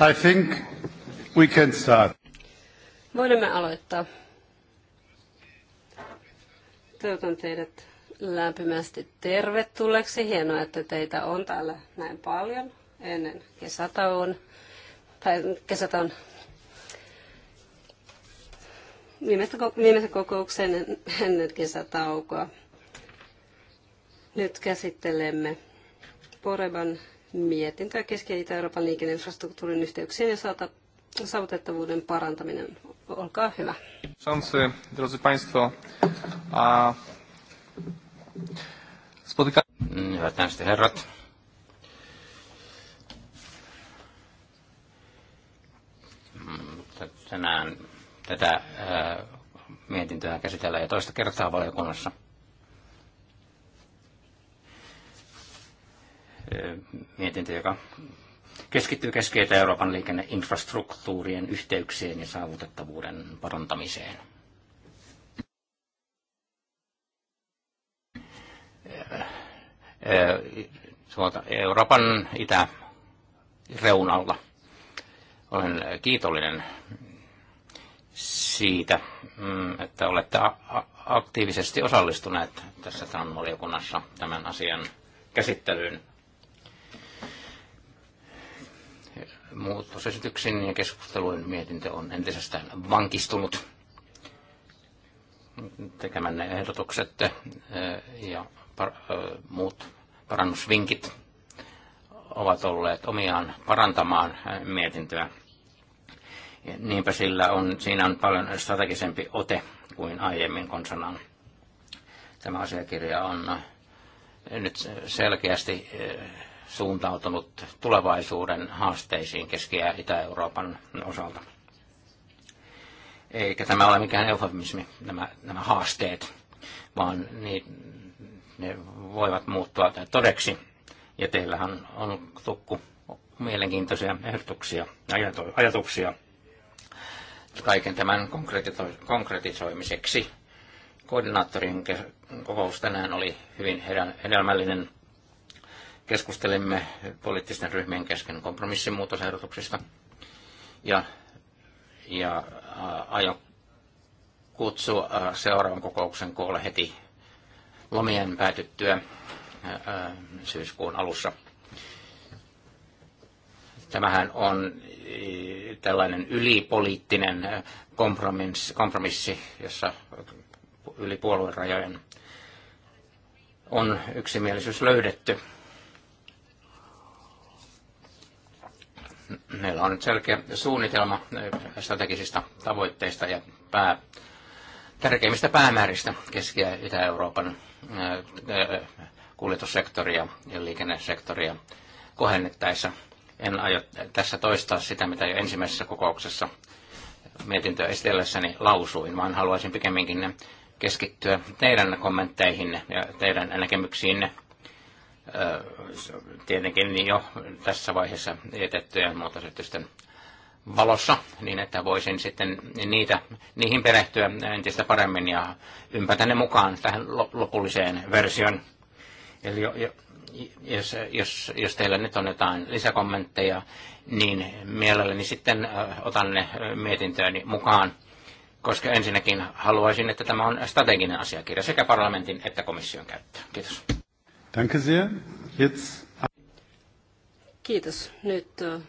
I think we can start. Voimme aloittaa. Toivotan teidät lämpimästi tervetulleeksi. Hienoa, että teitä on täällä näin paljon ennen kesätauon. Tai kesätauon viimeisen kokouksen ennen kesätaukoa. Nyt käsittelemme Poreban mietintöä Keski- ja Itä-Euroopan liikenneinfrastruktuurin yhteyksien ja saata, saavutettavuuden parantaminen. Olkaa hyvä. Szanowny, drodzy Państwo, a, spotyka... Hyvät näistä herrat. Tänään tätä ää, mietintöä käsitellään jo toista kertaa valiokunnassa – mietintö, joka keskittyy keskeitä Euroopan liikenneinfrastruktuurien yhteyksien ja saavutettavuuden parantamiseen. Euroopan itäreunalla olen kiitollinen siitä, mm, että olette aktiivisesti osallistuneet tässä tämän valiokunnassa tämän asian käsittelyyn muutosesityksen ja keskustelujen mietintö on entisestään vankistunut. Tekemänne ehdotukset äh, ja äh, muut parannusvinkit ovat olleet omiaan parantamaan äh, mietintöä. Niinpä sillä on, siinä on paljon strategisempi ote kuin aiemmin konsanaan. Tämä asiakirja on nyt selkeästi suuntautunut tulevaisuuden haasteisiin Keski- ja Itä-Euroopan osalta. Eikä tämä ole mikään eufemismi, nämä, nämä haasteet, vaan ni, niin, ne voivat muuttua todeksi. Ja teillähän on tukku mielenkiintoisia ehdotuksia, ajatuksia kaiken tämän konkretisoimiseksi. Koordinaattorin kokous tänään oli hyvin hedelmällinen Keskustelimme poliittisten ryhmien kesken kompromissimuutosehdotuksista ja, ja aion kutsua seuraavan kokouksen koolle heti lomien päätyttyä syyskuun alussa. Tämähän on tällainen ylipoliittinen kompromissi, kompromissi jossa yli rajojen on yksimielisyys löydetty meillä on nyt selkeä suunnitelma eh, strategisista tavoitteista ja pää, tärkeimmistä päämääristä Keski- ja Itä-Euroopan eh, eh, kuljetussektoria ja liikennesektoria kohennettaessa. En aio tässä toistaa sitä, mitä jo ensimmäisessä kokouksessa mietintöä esitellessäni lausuin, vaan haluaisin pikemminkin keskittyä teidän kommentteihinne ja teidän näkemyksiinne tietenkin jo tässä vaiheessa jätettyjen muotoisetysten valossa, niin että voisin sitten niitä, niihin perehtyä entistä paremmin ja ympätä ne mukaan tähän lopulliseen versioon. Eli jo, jo, jos, jos, jos teillä nyt on jotain lisäkommentteja, niin mielelläni sitten otan ne mietintööni mukaan, koska ensinnäkin haluaisin, että tämä on strateginen asiakirja sekä parlamentin että komission käyttöön. Kiitos. Danke sehr. Jetzt... Kiitos. Nyt äh,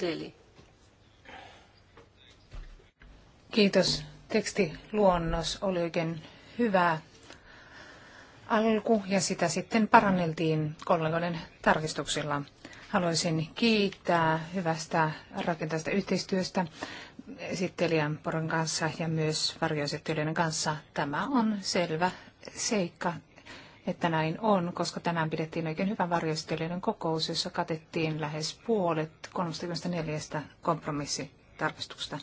Deli. Kiitos. Tekstiluonnos oli oikein hyvä alku ja sitä sitten paranneltiin kollegoiden tarkistuksilla. Haluaisin kiittää hyvästä rakentavasta yhteistyöstä esittelijän poron kanssa ja myös varjoesittelijöiden kanssa. Tämä on selvä seikka että näin on, koska tänään pidettiin oikein hyvä varjostelijoiden kokous, jossa katettiin lähes puolet 34 kompromissitarkastuksesta.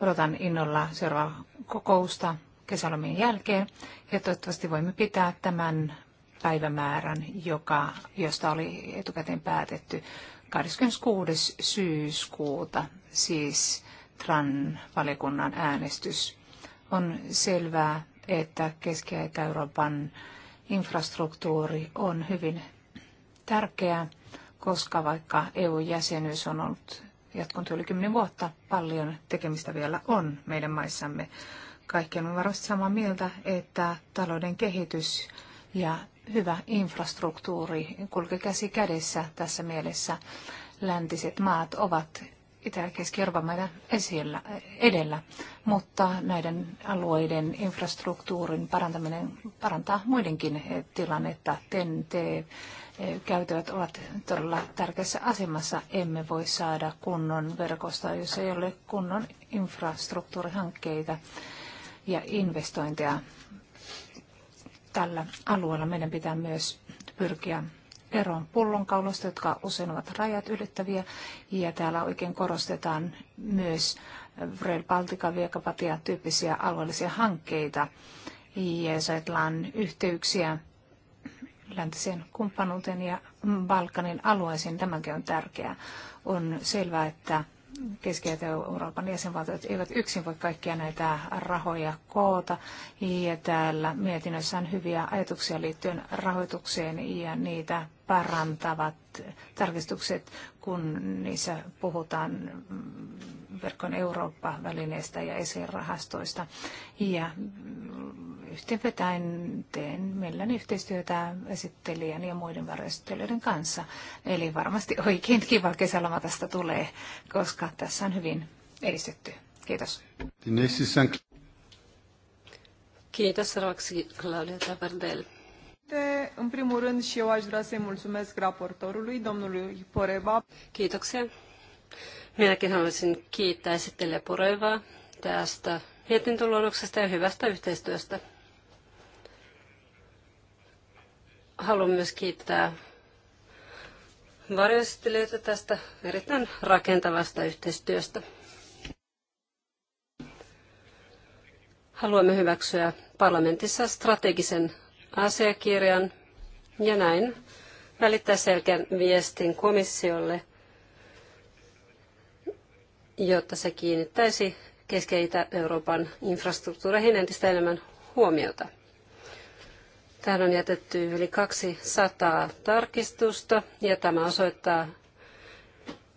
Odotan innolla seuraavaa kokousta kesälomien jälkeen ja toivottavasti voimme pitää tämän päivämäärän, joka, josta oli etukäteen päätetty 26. syyskuuta, siis TRAN-valiokunnan äänestys. On selvää, että Keski- ja euroopan infrastruktuuri on hyvin tärkeää, koska vaikka EU-jäsenyys on ollut jatkunut yli kymmenen vuotta, paljon tekemistä vielä on meidän maissamme. Kaikki on varmasti samaa mieltä, että talouden kehitys ja hyvä infrastruktuuri kulkee käsi kädessä tässä mielessä. Läntiset maat ovat Itä- ja keski esillä, edellä, mutta näiden alueiden infrastruktuurin parantaminen parantaa muidenkin tilannetta. TNT t eh, käytävät ovat todella tärkeässä asemassa. Emme voi saada kunnon verkosta, jos ei ole kunnon infrastruktuurihankkeita ja investointeja tällä alueella. Meidän pitää myös pyrkiä eroon pullonkauloista, jotka usein ovat rajat ylittäviä. Ja täällä oikein korostetaan myös Vrel Baltica, Viekapatia tyyppisiä alueellisia hankkeita. Ja jos ajatellaan yhteyksiä läntiseen kumppanuuteen ja Balkanin alueeseen, tämäkin on tärkeää. On selvää, että Keski- ja Euroopan jäsenvaltiot eivät yksin voi kaikkia näitä rahoja koota. Ja täällä mietinnössä on hyviä ajatuksia liittyen rahoitukseen ja niitä parantavat tarkistukset, kun niissä puhutaan verkon eurooppa välineestä ja esirahastoista. Ja yhteenvetäen teen mielelläni yhteistyötä esittelijän ja muiden varjoesittelijöiden kanssa. Eli varmasti oikein kiva kesäloma tästä tulee, koska tässä on hyvin edistetty. Kiitos. Kiitos seuraavaksi Claudia Tabardel. În primul rând și eu aș vrea să-i mulțumesc raportorului, domnului Poreva. Kiitoksia. Minäkin haluaisin kiittää esittelijä Porevaa tästä mietintöluonnoksesta ja hyvästä yhteistyöstä. Haluan myös kiittää varjostelijoita tästä erittäin rakentavasta yhteistyöstä. Haluamme hyväksyä parlamentissa strategisen asiakirjan ja näin välittää selkeän viestin komissiolle, jotta se kiinnittäisi keskeitä euroopan infrastruktuureihin entistä enemmän huomiota. Tähän on jätetty yli 200 tarkistusta ja tämä osoittaa,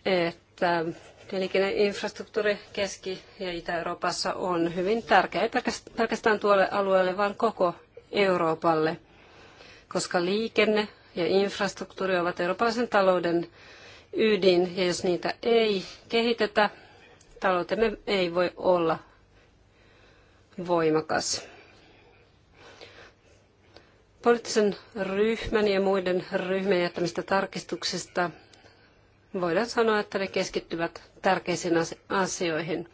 että liikenneinfrastruktuuri Keski- ja Itä-Euroopassa on hyvin tärkeä, ei pelkästään tuolle alueelle, vaan koko Euroopalle, koska liikenne ja infrastruktuuri ovat eurooppalaisen talouden ydin, ja jos niitä ei kehitetä, taloutemme ei voi olla voimakas. Poliittisen ryhmän ja muiden ryhmien jättämistä tarkistuksista voidaan sanoa, että ne keskittyvät tärkeisiin asioihin.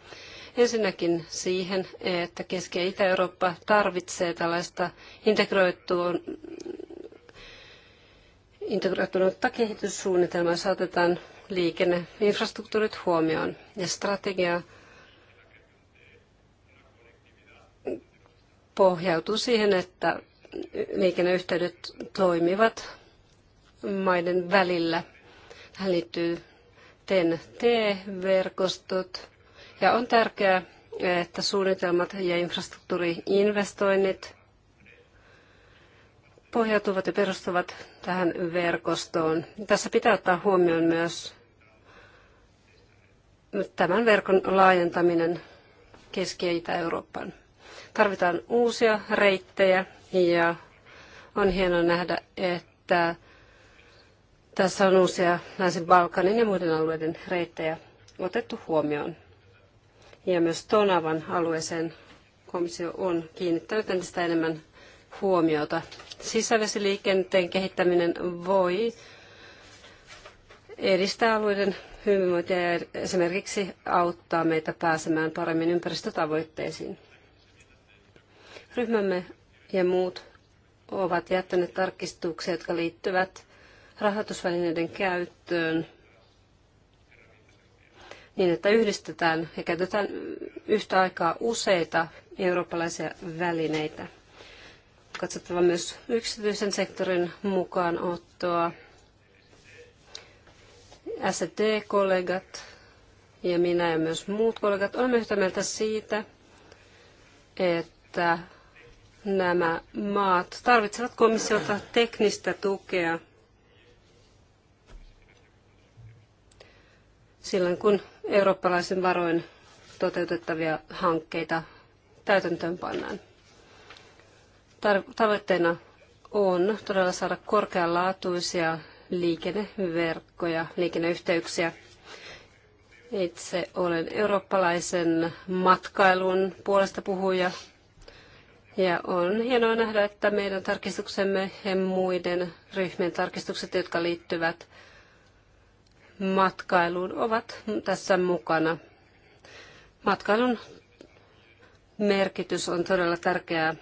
Ensinnäkin siihen, että Keski- ja Itä-Eurooppa tarvitsee tällaista integroitunutta kehityssuunnitelmaa, jossa otetaan liikenneinfrastruktuurit huomioon ja strategia pohjautuu siihen, että liikenneyhteydet toimivat maiden välillä. Tähän liittyy TEN-T-verkostot ja on tärkeää, että suunnitelmat ja infrastruktuuriinvestoinnit pohjautuvat ja perustuvat tähän verkostoon. Tässä pitää ottaa huomioon myös tämän verkon laajentaminen Keski- ja Itä-Eurooppaan. Tarvitaan uusia reittejä ja on hienoa nähdä, että tässä on uusia naisen Balkanin ja muiden alueiden reittejä otettu huomioon. Ja myös Tonavan alueeseen komissio on kiinnittänyt entistä enemmän huomiota. Sisävesiliikenteen kehittäminen voi edistää alueiden hyvinvointia ja esimerkiksi auttaa meitä pääsemään paremmin ympäristötavoitteisiin. Ryhmämme ja muut ovat jättäneet tarkistuksia, jotka liittyvät rahoitusvälineiden käyttöön niin, että yhdistetään ja käytetään yhtä aikaa useita eurooppalaisia välineitä. Katsottava myös yksityisen sektorin mukaanottoa. SD-kollegat ja minä ja myös muut kollegat olemme yhtä mieltä siitä, että nämä maat tarvitsevat komissiolta teknistä tukea silloin, kun eurooppalaisen varoin toteutettavia hankkeita täytäntöön pannaan. Tavoitteena on todella saada korkealaatuisia liikenneverkkoja, liikenneyhteyksiä. Itse olen eurooppalaisen matkailun puolesta puhuja ja on hienoa nähdä, että meidän tarkistuksemme ja muiden ryhmien tarkistukset, jotka liittyvät matkailuun, ovat tässä mukana. Matkailun merkitys on todella tärkeää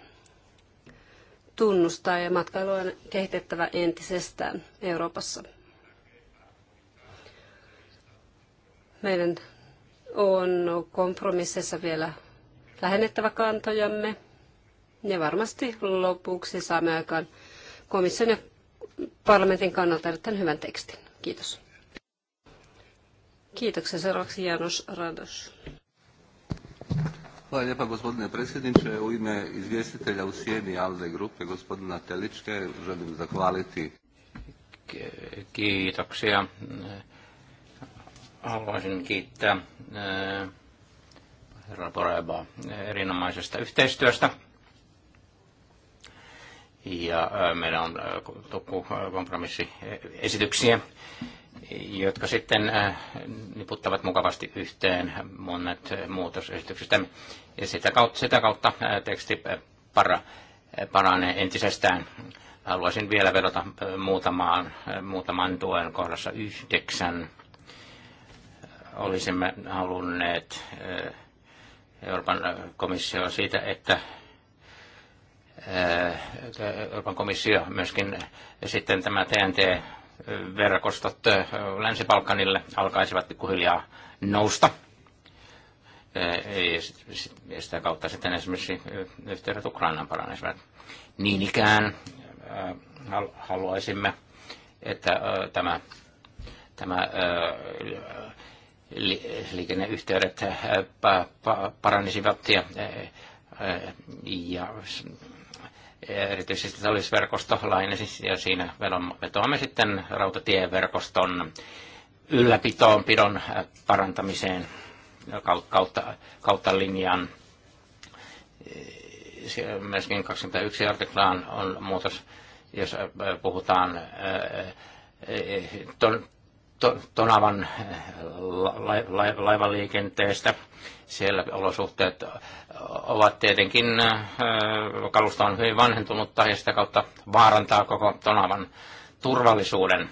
tunnustaa ja matkailu on kehitettävä entisestään Euroopassa. Meidän on kompromisseissa vielä lähennettävä kantojamme ne varmasti lopuksi saamme aikaan komission ja parlamentin kannalta erittäin hyvän tekstin. Kiitos. Kiitoksia. Seuraavaksi Janos Rados. Hvala lijepa gospodine predsjedniče. U ime izvjestitelja u sjeni ALDE grupe gospodina Teličke želim zahvaliti. Kiitoksia. Haluaisin kiittää eh, herra Poreba erinomaisesta yhteistyöstä ja meillä on tukku kompromissiesityksiä, jotka sitten niputtavat mukavasti yhteen monet muutosesityksistä. Ja sitä kautta, sitä kautta teksti para, paranee entisestään. Haluaisin vielä vedota muutamaan, muutaman tuen kohdassa yhdeksän. Olisimme halunneet Euroopan komissio siitä, että Euroopan komissio myöskin sitten tämä TNT-verkostot Länsi-Balkanille alkaisivat pikkuhiljaa nousta. Ja sitä kautta sitten esimerkiksi yhteydet Ukrainaan paranisivat. Niin ikään haluaisimme, että tämä, tämä liikenneyhteydet paranisivat ja ja erityisesti talvisverkostolainen, siis, ja siinä vetoamme sitten rautatieverkoston ylläpitoon, pidon äh, parantamiseen kautta, kautta linjaan. Äh, myöskin 21 artiklaan on muutos, jos äh, puhutaan Tonavan eh, laivaliikenteestä. Siellä olosuhteet eh, ovat tietenkin, eh, kalusta on hyvin vanhentunutta ja sitä kautta vaarantaa koko Tonavan turvallisuuden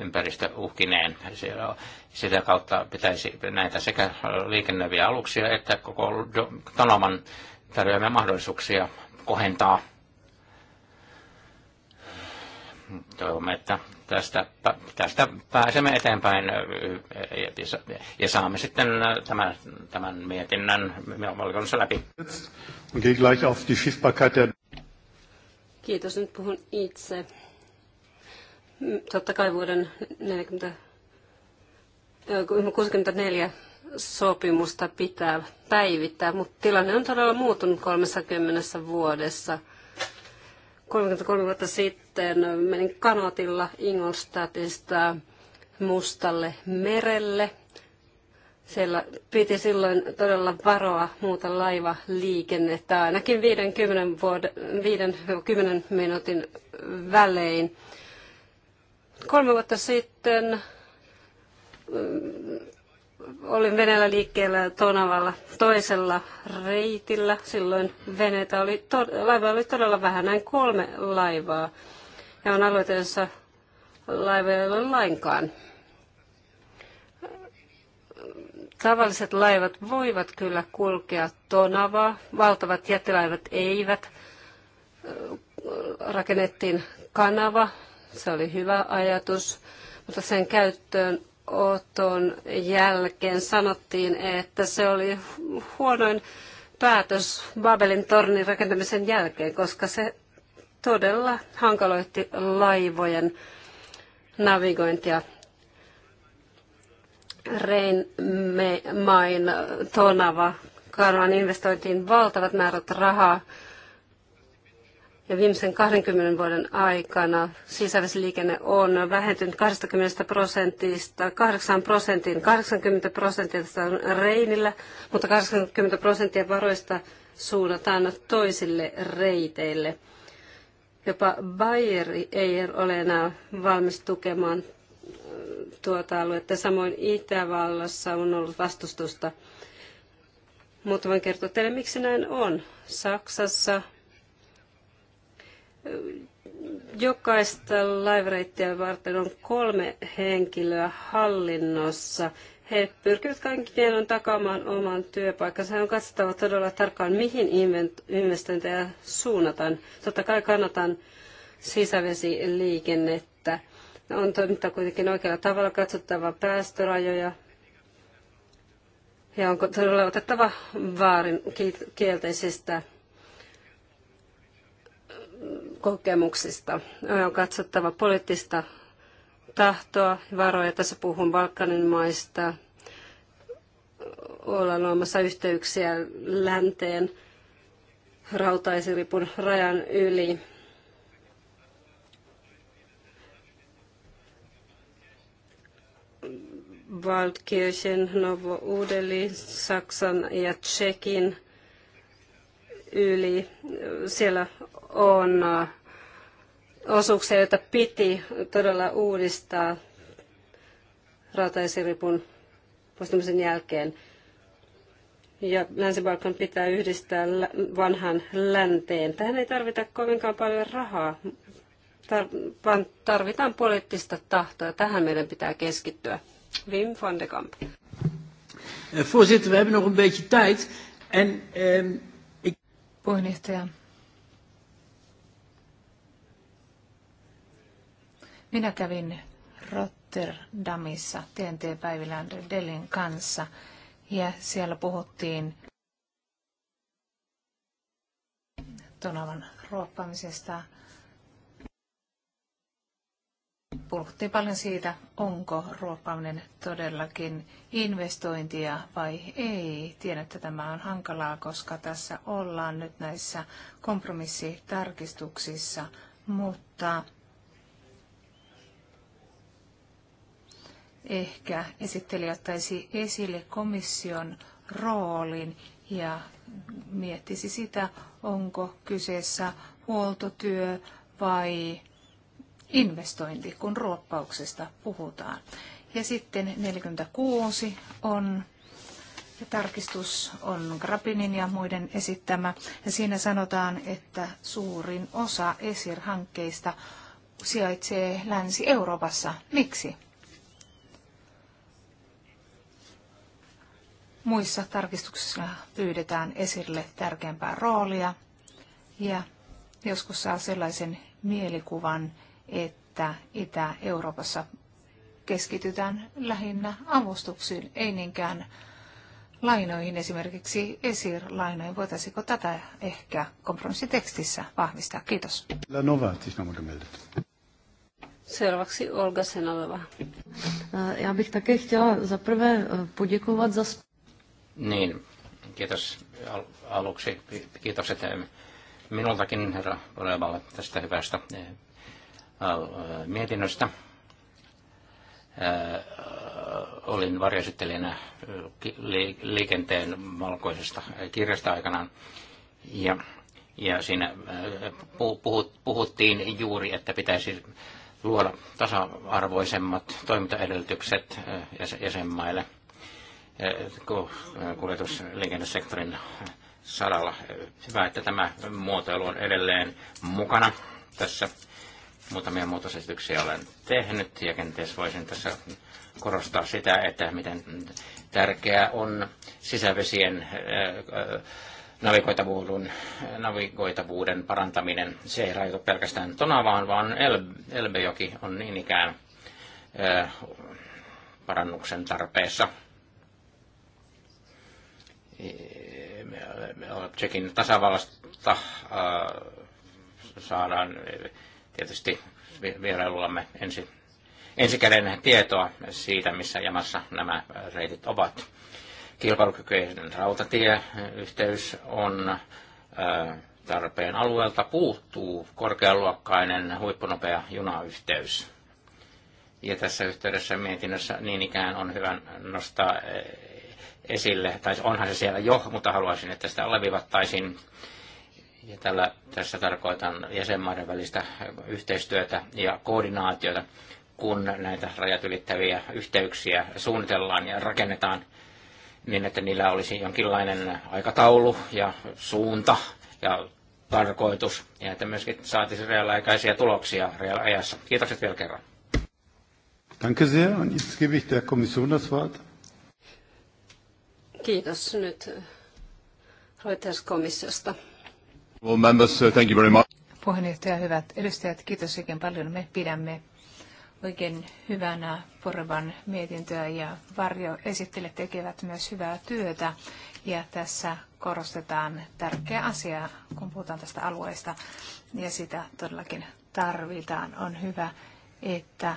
ympäristöuhkineen. Sitä kautta pitäisi näitä sekä liikenneviä aluksia että koko Tonavan tarjoamia mahdollisuuksia kohentaa Toivomme, että tästä, tästä pääsemme eteenpäin ja saamme sitten tämän, tämän mietinnän valkoisessa läpi. Kiitos, nyt puhun itse. Mm, totta kai vuoden 1964 sopimusta pitää päivittää, mutta tilanne on todella muuttunut 30 vuodessa – 33 vuotta sitten menin kanotilla Ingolstadtista Mustalle merelle. Siellä piti silloin todella varoa muuta laivaliikennettä ainakin 50, vuoden, 50 minuutin välein. Kolme vuotta sitten olin veneellä liikkeellä Tonavalla toisella reitillä. Silloin veneitä oli, to, laiva oli todella vähän, näin kolme laivaa. Ja on alueita, joissa laivoja ei ole lainkaan. Tavalliset laivat voivat kyllä kulkea Tonavaa, valtavat jättilaivat eivät. Rakennettiin kanava, se oli hyvä ajatus, mutta sen käyttöön oton jälkeen sanottiin, että se oli huonoin päätös Babelin tornin rakentamisen jälkeen, koska se todella hankaloitti laivojen navigointia. main tonava kanavaan investoitiin valtavat määrät rahaa ja viimeisen 20 vuoden aikana sisävesiliikenne on vähentynyt 20 prosentista 8 prosenttiin. 80 prosenttia on reinillä, mutta 80 prosenttia varoista suunnataan toisille reiteille. Jopa Bayer ei ole enää valmis tukemaan äh, tuota aluetta. Samoin Itävallassa on ollut vastustusta. Mutta voin kertoa teille, miksi näin on. Saksassa Jokaista laivareittiä varten on kolme henkilöä hallinnossa. He pyrkivät kaikki keinoin takaamaan oman työpaikkansa. He on katsottava todella tarkkaan, mihin investointeja suunnataan. Totta kai kannatan sisävesiliikennettä. On toimittava kuitenkin oikealla tavalla, katsottava päästörajoja ja onko todella otettava vaarin kielteisistä kokemuksista. On katsottava poliittista tahtoa ja varoja. Tässä puhun Balkanin maista. Ollaan luomassa yhteyksiä länteen rautaisiripun rajan yli. Waldkirchen, Novo Udeli, Saksan ja Tsekin yli. Siellä on osuuksia, joita piti todella uudistaa rautaisiripun poistumisen jälkeen. Ja Länsi-Balkan pitää yhdistää vanhan länteen. Tähän ei tarvita kovinkaan paljon rahaa, vaan tarvitaan poliittista tahtoa. Tähän meidän pitää keskittyä. Wim van de Kamp. Voorzitter, we hebben nog een beetje tijd. En, um, ik... Puheenjohtaja, Minä kävin Rotterdamissa TNT-päivillä Delin kanssa ja siellä puhuttiin Tonavan ruoppaamisesta. Puhuttiin paljon siitä, onko ruoppaaminen todellakin investointia vai ei. Tiedän, että tämä on hankalaa, koska tässä ollaan nyt näissä kompromissitarkistuksissa, mutta ehkä esittelijä ottaisi esille komission roolin ja miettisi sitä, onko kyseessä huoltotyö vai investointi, kun ruoppauksesta puhutaan. Ja sitten 46 on ja tarkistus on Grabinin ja muiden esittämä. Ja siinä sanotaan, että suurin osa ESIR-hankkeista sijaitsee Länsi-Euroopassa. Miksi? Muissa tarkistuksissa pyydetään esille tärkeämpää roolia ja joskus saa sellaisen mielikuvan, että Itä-Euroopassa keskitytään lähinnä avustuksiin, ei niinkään lainoihin, esimerkiksi esirlainoihin. Voitaisiko tätä ehkä kompromissitekstissä vahvistaa? Kiitos. Nova, siis Olga Senoveva. Ja bych také chtěla zaprvé eh, poděkovat za niin, kiitos al- aluksi. Kiitokset eh, minultakin, herra Polevalle, tästä hyvästä eh, eh, mietinnöstä. Olin li- liikenteen valkoisesta kirjasta aikanaan. Ja, ja siinä puhuttiin juuri, että pitäisi luoda tasa-arvoisemmat toimintaedellytykset jäsenmaille – Eh, kuljetusliikennesektorin saralla. Hyvä, että tämä muotoilu on edelleen mukana tässä. Muutamia muutosesityksiä olen tehnyt ja kenties voisin tässä korostaa sitä, että miten tärkeää on sisävesien eh, navigoitavuuden, navigoitavuuden parantaminen. Se ei rajoitu pelkästään Tonavaan, vaan El, Elbejoki on niin ikään eh, parannuksen tarpeessa Tsekin tasavallasta äh, saadaan tietysti vierailullamme ensi, ensikäden tietoa siitä, missä jamassa nämä reitit ovat. Kilpailukykyinen rautatieyhteys äh, on äh, tarpeen alueelta puuttuu korkealuokkainen huippunopea junayhteys. Ja tässä yhteydessä mietinnössä niin ikään on hyvä nostaa esille, tai onhan se siellä jo, mutta haluaisin, että sitä alleviivattaisiin. Ja tällä, tässä tarkoitan jäsenmaiden välistä yhteistyötä ja koordinaatiota, kun näitä rajat ylittäviä yhteyksiä suunnitellaan ja rakennetaan niin, että niillä olisi jonkinlainen aikataulu ja suunta ja tarkoitus, ja että myöskin saataisiin reaaliaikaisia tuloksia reaaliajassa. Kiitokset vielä kerran. Danke sehr, und jetzt gebe ich der Kommission das Wort. Kiitos nyt Reuters-komissiosta. Well, members, uh, thank you very much. Puheenjohtaja, hyvät edustajat, kiitos oikein paljon. Me pidämme oikein hyvänä Porevan mietintöä ja Varjo esittelijät tekevät myös hyvää työtä. Ja tässä korostetaan tärkeä asia, kun puhutaan tästä alueesta ja sitä todellakin tarvitaan. On hyvä, että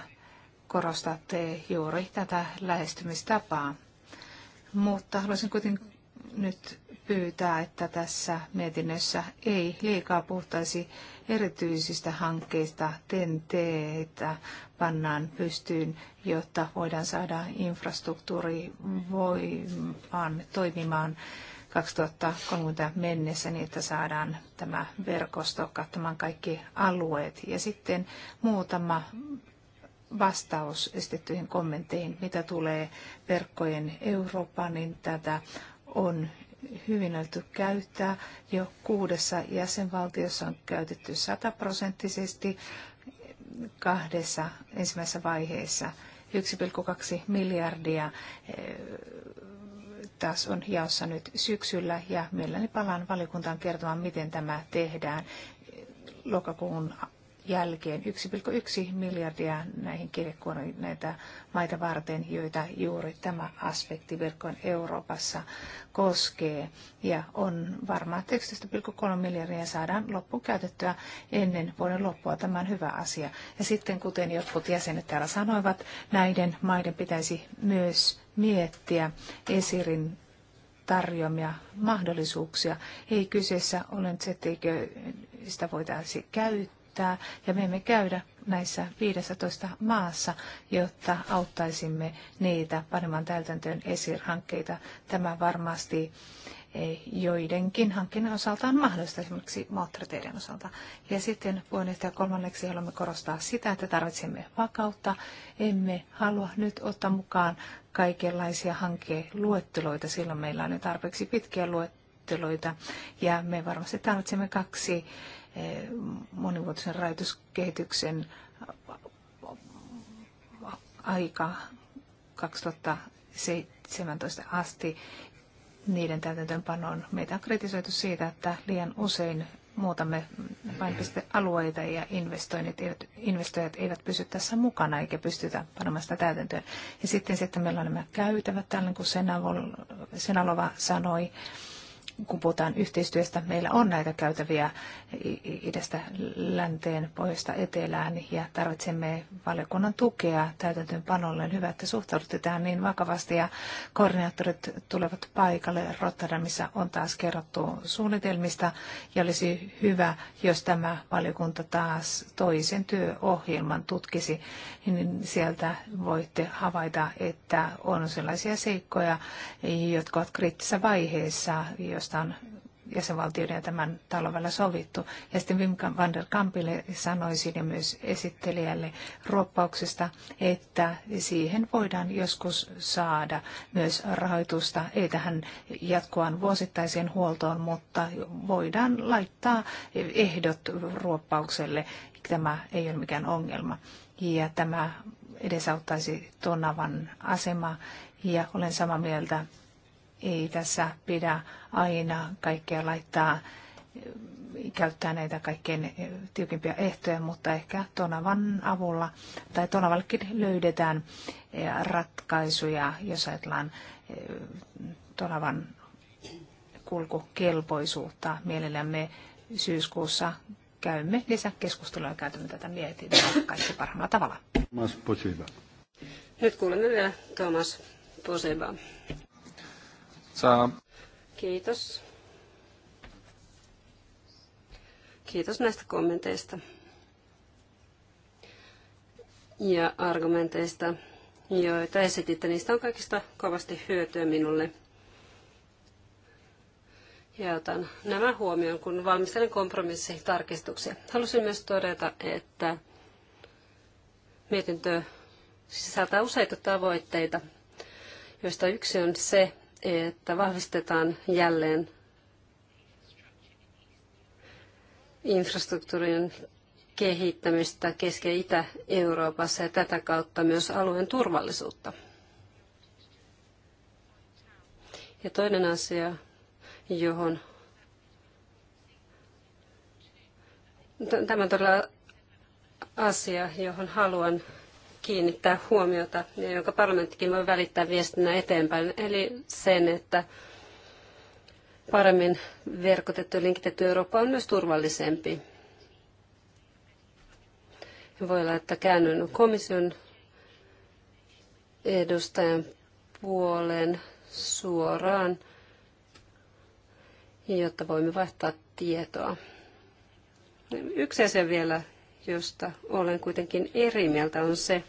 korostatte juuri tätä lähestymistapaa mutta haluaisin kuitenkin nyt pyytää, että tässä mietinnössä ei liikaa puhtaisi erityisistä hankkeista että pannaan pystyyn, jotta voidaan saada infrastruktuuri voimaan toimimaan 2030 mennessä niin, että saadaan tämä verkosto kattamaan kaikki alueet. Ja sitten muutama vastaus esitettyihin kommentteihin, mitä tulee verkkojen Eurooppaan, niin tätä on hyvin alettu käyttää. Jo kuudessa jäsenvaltiossa on käytetty sataprosenttisesti kahdessa ensimmäisessä vaiheessa 1,2 miljardia eh, taas on jaossa nyt syksyllä ja mielelläni palaan valiokuntaan kertomaan, miten tämä tehdään lokakuun jälkeen 1,1 miljardia näihin kirjekuoriin näitä maita varten, joita juuri tämä aspekti verkkoon Euroopassa koskee. Ja on varmaan 11,3 miljardia saadaan loppuun käytettyä ennen vuoden loppua. Tämä on hyvä asia. Ja sitten, kuten jotkut jäsenet täällä sanoivat, näiden maiden pitäisi myös miettiä esirin tarjoamia mahdollisuuksia. Ei kyseessä ole se, etteikö sitä voitaisiin käyttää käyttää ja me emme käydä näissä 15 maassa, jotta auttaisimme niitä panemaan täytäntöön esirhankkeita. Tämä varmasti eh, joidenkin hankkeiden osalta on mahdollista, esimerkiksi moottoriteiden osalta. Ja sitten puheenjohtaja kolmanneksi haluamme korostaa sitä, että tarvitsemme vakautta. Emme halua nyt ottaa mukaan kaikenlaisia hankeluetteloita, silloin meillä on jo tarpeeksi pitkiä luetteloita. Ja me varmasti tarvitsemme kaksi monivuotisen rajoituskehityksen aika 2017 asti niiden täytäntöönpanoon. Meitä on kritisoitu siitä, että liian usein muutamme painopistealueita ja investoinnit eivät, investoijat eivät pysy tässä mukana eikä pystytä panemaan sitä täytäntöön. Ja sitten se, että meillä on nämä käytävät, tällainen kuin Senalova sanoi, kun puhutaan yhteistyöstä, meillä on näitä käytäviä idästä länteen, pohjoista etelään ja tarvitsemme valiokunnan tukea täytäntöönpanolle. On hyvä, että suhtaudutte tähän niin vakavasti ja koordinaattorit tulevat paikalle. Rotterdamissa on taas kerrottu suunnitelmista ja olisi hyvä, jos tämä valiokunta taas toisen työohjelman tutkisi, niin sieltä voitte havaita, että on sellaisia seikkoja, jotka ovat kriittisessä vaiheessa, jos josta on jäsenvaltioiden ja tämän talon välillä sovittu. Ja sitten Wim van der Kampille sanoisin ja myös esittelijälle ruoppauksesta, että siihen voidaan joskus saada myös rahoitusta, ei tähän jatkuaan vuosittaiseen huoltoon, mutta voidaan laittaa ehdot ruoppaukselle. Tämä ei ole mikään ongelma. Ja tämä edesauttaisi Tonavan asemaa ja olen samaa mieltä ei tässä pidä aina kaikkea laittaa käyttää näitä kaikkein tiukimpia ehtoja, mutta ehkä Tonavan avulla tai Tonavallekin löydetään eh, ratkaisuja, jos ajatellaan eh, Tonavan kulkukelpoisuutta. Mielellämme syyskuussa käymme lisäkeskustelua ja käytämme tätä mietintöä kaikki parhaalla tavalla. Nyt kuulemme vielä Thomas Poseba. Saa. Kiitos. Kiitos näistä kommenteista ja argumenteista, joita esititte. Niistä on kaikista kovasti hyötyä minulle. Ja otan nämä huomioon, kun valmistelen tarkistuksia. Halusin myös todeta, että mietintö sisältää useita tavoitteita, joista yksi on se, että vahvistetaan jälleen infrastruktuurin kehittämistä Keski- ja Itä-Euroopassa ja tätä kautta myös alueen turvallisuutta. Ja toinen asia, johon tämä on todella asia, johon haluan kiinnittää huomiota ja jonka parlamenttikin voi välittää viestinnä eteenpäin. Eli sen, että paremmin verkotettu ja linkitetty Eurooppa on myös turvallisempi. Voi olla, että käännyn komission edustajan puolen suoraan, jotta voimme vaihtaa tietoa. Yksi asia vielä, josta olen kuitenkin eri mieltä, on se,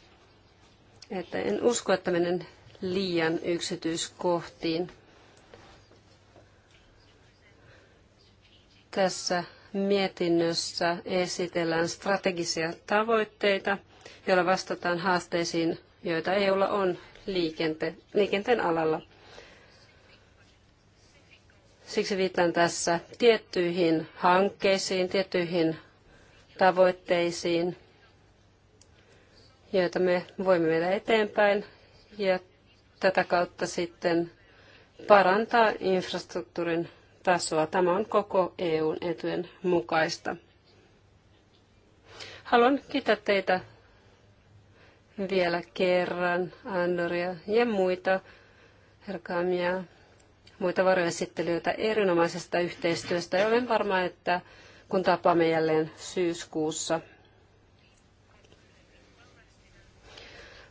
että en usko, että menen liian yksityiskohtiin. Tässä mietinnössä esitellään strategisia tavoitteita, joilla vastataan haasteisiin, joita EUlla on liikente, liikenteen alalla. Siksi viittaan tässä tiettyihin hankkeisiin, tiettyihin tavoitteisiin, joita me voimme viedä eteenpäin ja tätä kautta sitten parantaa infrastruktuurin tasoa. Tämä on koko EUn etujen mukaista. Haluan kiittää teitä vielä kerran, Andoria ja muita, herkaamia, muita varoesittelyitä erinomaisesta yhteistyöstä. Ja olen varma, että kun tapaamme jälleen syyskuussa.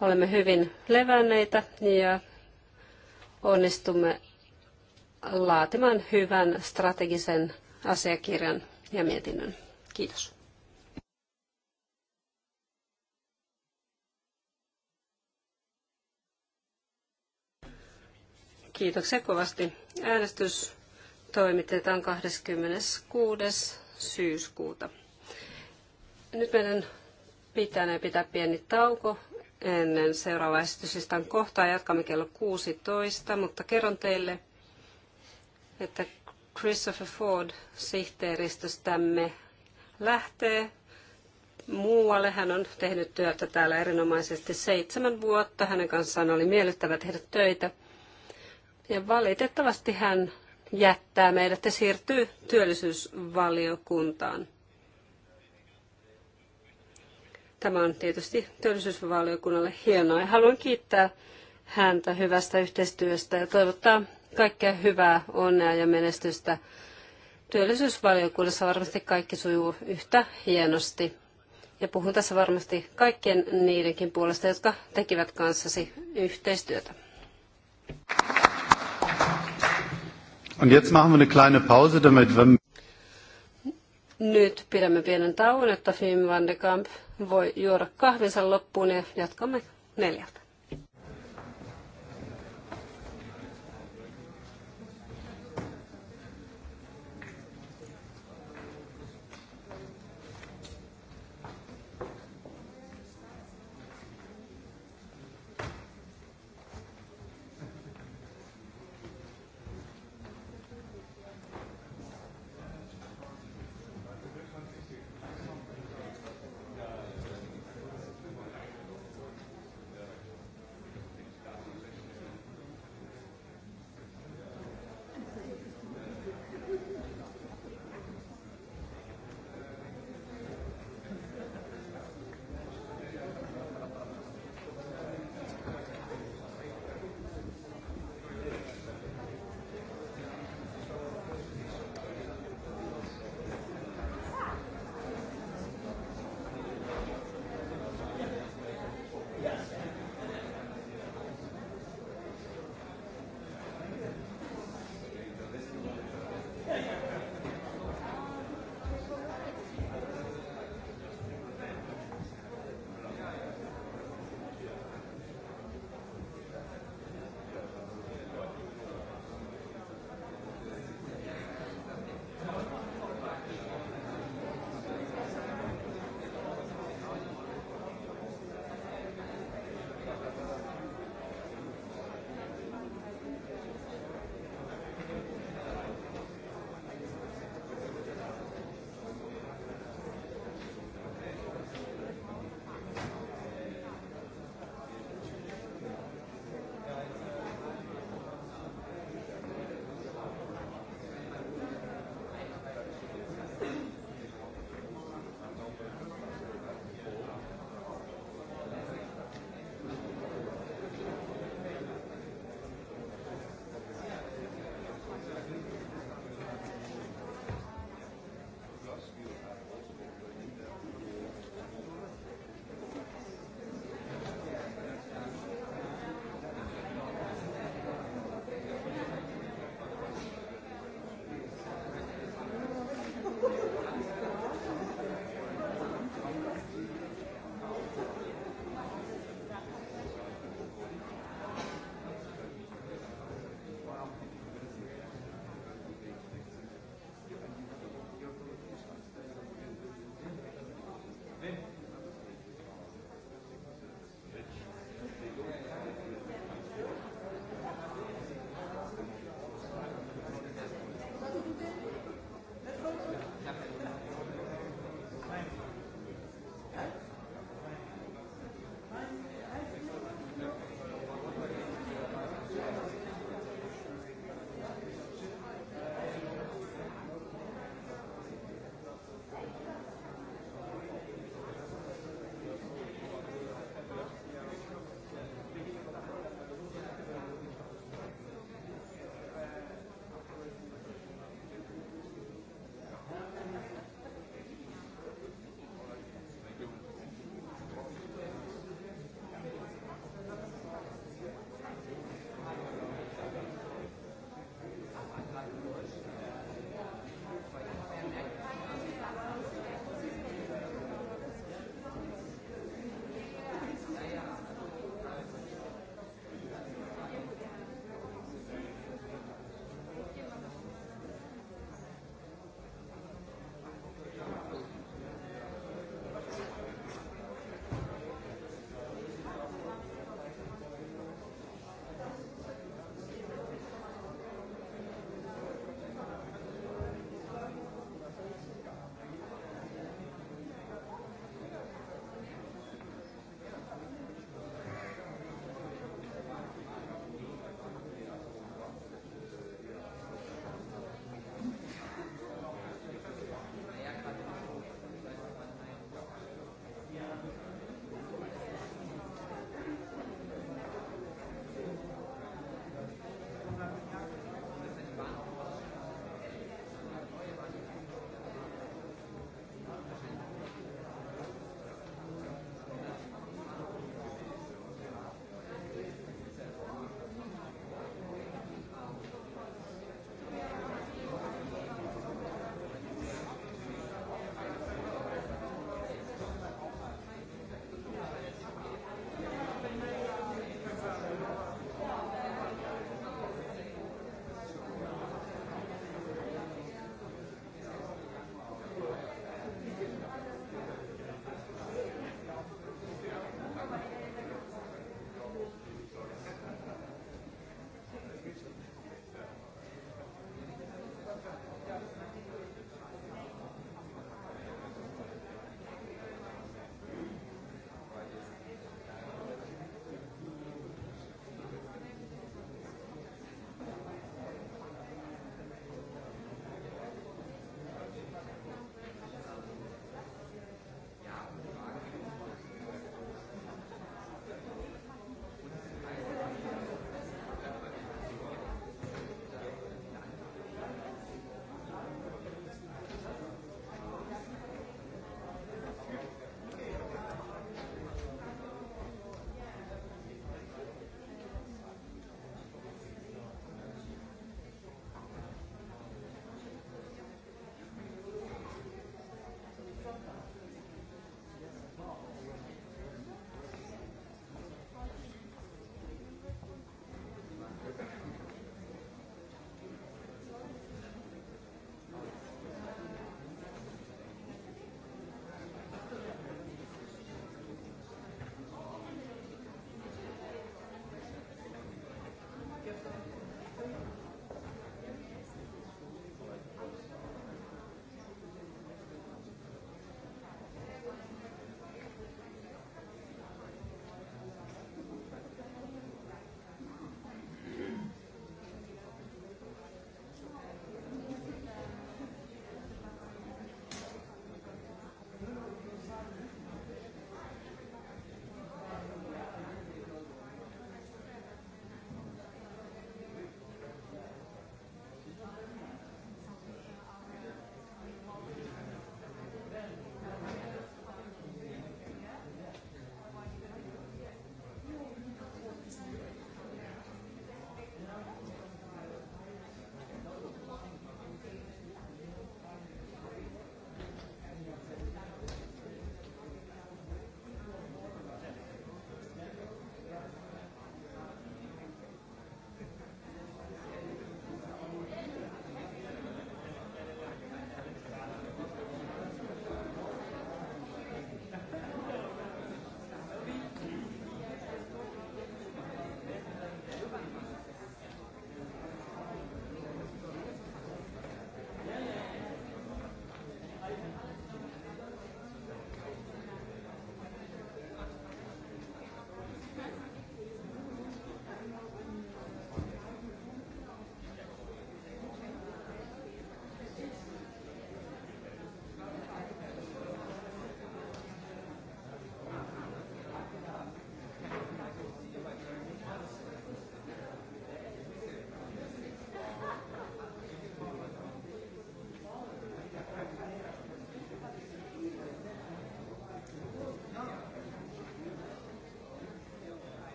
Olemme hyvin levänneitä ja onnistumme laatimaan hyvän strategisen asiakirjan ja mietinnön. Kiitos. Kiitoksia kovasti. Äänestys toimitetaan 26 syyskuuta. Nyt meidän pitää pitää pieni tauko ennen seuraavaa esityslistan kohtaa. Jatkamme kello 16, mutta kerron teille, että Christopher Ford sihteeristöstämme lähtee muualle. Hän on tehnyt työtä täällä erinomaisesti seitsemän vuotta. Hänen kanssaan oli miellyttävä tehdä töitä. Ja valitettavasti hän jättää meidät ja siirtyy työllisyysvaliokuntaan. Tämä on tietysti työllisyysvaliokunnalle hienoa ja haluan kiittää häntä hyvästä yhteistyöstä ja toivottaa kaikkea hyvää, onnea ja menestystä. Työllisyysvaliokunnassa varmasti kaikki sujuu yhtä hienosti. Ja puhun tässä varmasti kaikkien niidenkin puolesta, jotka tekivät kanssasi yhteistyötä. Und jetzt machen wir eine kleine Pause, damit wir... Nyt pidämme pienen tauon, että Fim van de Kamp voi juoda kahvinsa loppuun ja jatkamme neljältä.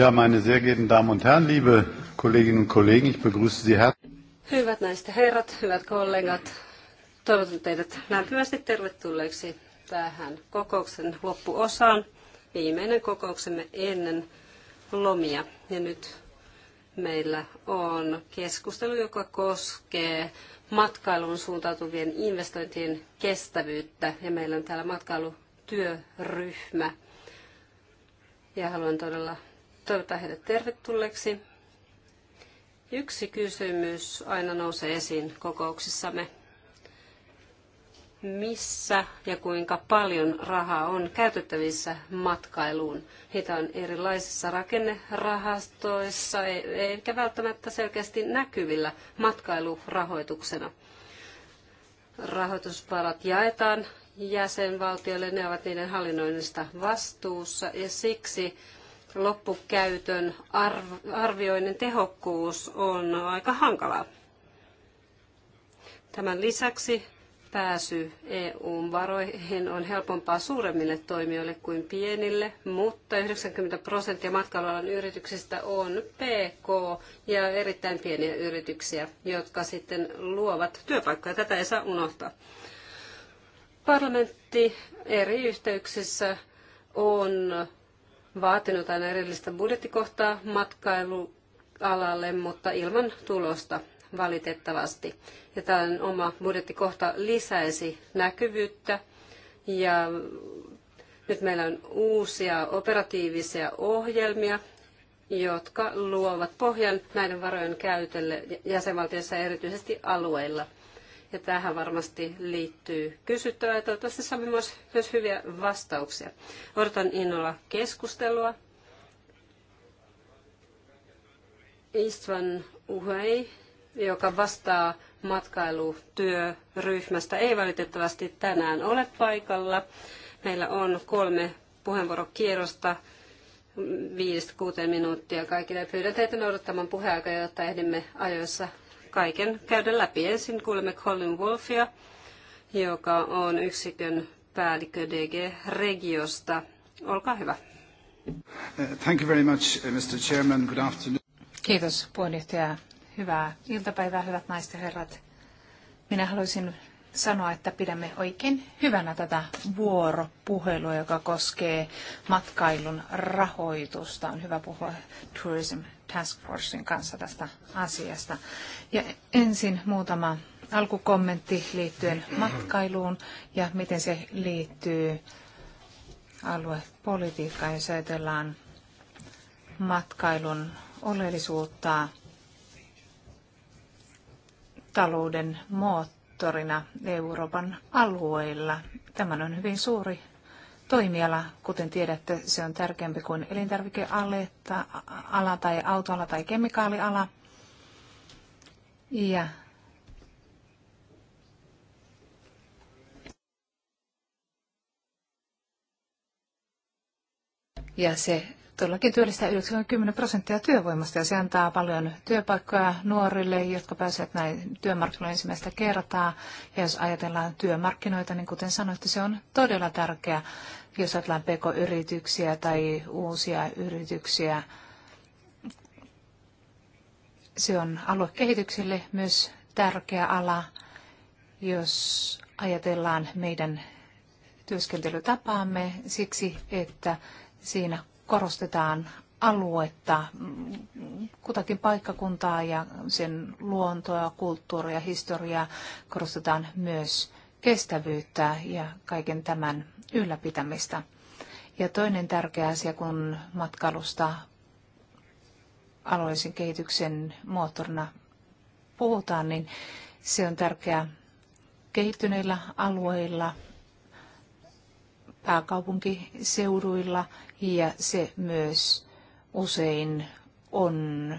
Ja, meine sehr geehrten Damen und Herren, liebe Kolleginnen und Kollegen, ich begrüße Sie herzlich. Hyvät naiset ja herrat, hyvät kollegat, toivotan teidät lämpimästi tervetulleeksi tähän kokouksen loppuosaan, viimeinen kokouksemme ennen lomia. Ja nyt meillä on keskustelu, joka koskee matkailuun suuntautuvien investointien kestävyyttä. Ja meillä on täällä matkailutyöryhmä. Ja haluan todella toivotan heidät tervetulleeksi. Yksi kysymys aina nousee esiin kokouksissamme. Missä ja kuinka paljon rahaa on käytettävissä matkailuun? Heitä on erilaisissa rakennerahastoissa, e- eikä välttämättä selkeästi näkyvillä matkailurahoituksena. Rahoitusvarat jaetaan jäsenvaltioille, ne ovat niiden hallinnoinnista vastuussa ja siksi loppukäytön arvioinnin tehokkuus on aika hankalaa. Tämän lisäksi pääsy EU-varoihin on helpompaa suuremmille toimijoille kuin pienille, mutta 90 prosenttia matkailualan yrityksistä on PK ja erittäin pieniä yrityksiä, jotka sitten luovat työpaikkoja. Tätä ei saa unohtaa. Parlamentti eri yhteyksissä on vaatinut aina erillistä budjettikohtaa matkailualalle, mutta ilman tulosta valitettavasti. Ja tällainen oma budjettikohta lisäisi näkyvyyttä ja nyt meillä on uusia operatiivisia ohjelmia, jotka luovat pohjan näiden varojen käytölle jäsenvaltioissa erityisesti alueilla – ja tähän varmasti liittyy kysyttävää ja toivottavasti saamme myös, myös hyviä vastauksia. Odotan innolla keskustelua. Istvan Uhei, joka vastaa matkailutyöryhmästä, ei valitettavasti tänään ole paikalla. Meillä on kolme puheenvuorokierrosta viidestä kuuteen minuuttia kaikille. Pyydän teitä noudattamaan puheaikaa, jotta ehdimme ajoissa kaiken käydä läpi. Ensin kuulemme Colin Wolfia, joka on yksikön päällikkö DG Regiosta. Olkaa hyvä. Thank you very much, uh, Mr. Chairman. Good afternoon. Kiitos puheenjohtaja. Hyvää iltapäivää, hyvät naiset ja herrat. Minä haluaisin sanoa, että pidämme oikein hyvänä tätä vuoropuhelua, joka koskee matkailun rahoitusta. On hyvä puhua Tourism Task Forcein kanssa tästä asiasta. Ja ensin muutama alkukommentti liittyen matkailuun ja miten se liittyy aluepolitiikkaan, jos ajatellaan matkailun oleellisuutta talouden moottorina Euroopan alueilla. Tämä on hyvin suuri toimiala. Kuten tiedätte, se on tärkeämpi kuin elintarvikeala tai autoala tai kemikaaliala. Ja Ja se todellakin työllistää 90 prosenttia työvoimasta ja se antaa paljon työpaikkoja nuorille, jotka pääsevät näin työmarkkinoille ensimmäistä kertaa. Ja jos ajatellaan työmarkkinoita, niin kuten sanoitte, se on todella tärkeä jos ajatellaan pk-yrityksiä tai uusia yrityksiä, se on aluekehitykselle myös tärkeä ala, jos ajatellaan meidän työskentelytapaamme siksi, että siinä korostetaan aluetta, kutakin paikkakuntaa ja sen luontoa, kulttuuria, historiaa, korostetaan myös kestävyyttä ja kaiken tämän ylläpitämistä. Ja toinen tärkeä asia, kun matkailusta alueellisen kehityksen moottorina puhutaan, niin se on tärkeä kehittyneillä alueilla, pääkaupunkiseuduilla ja se myös usein on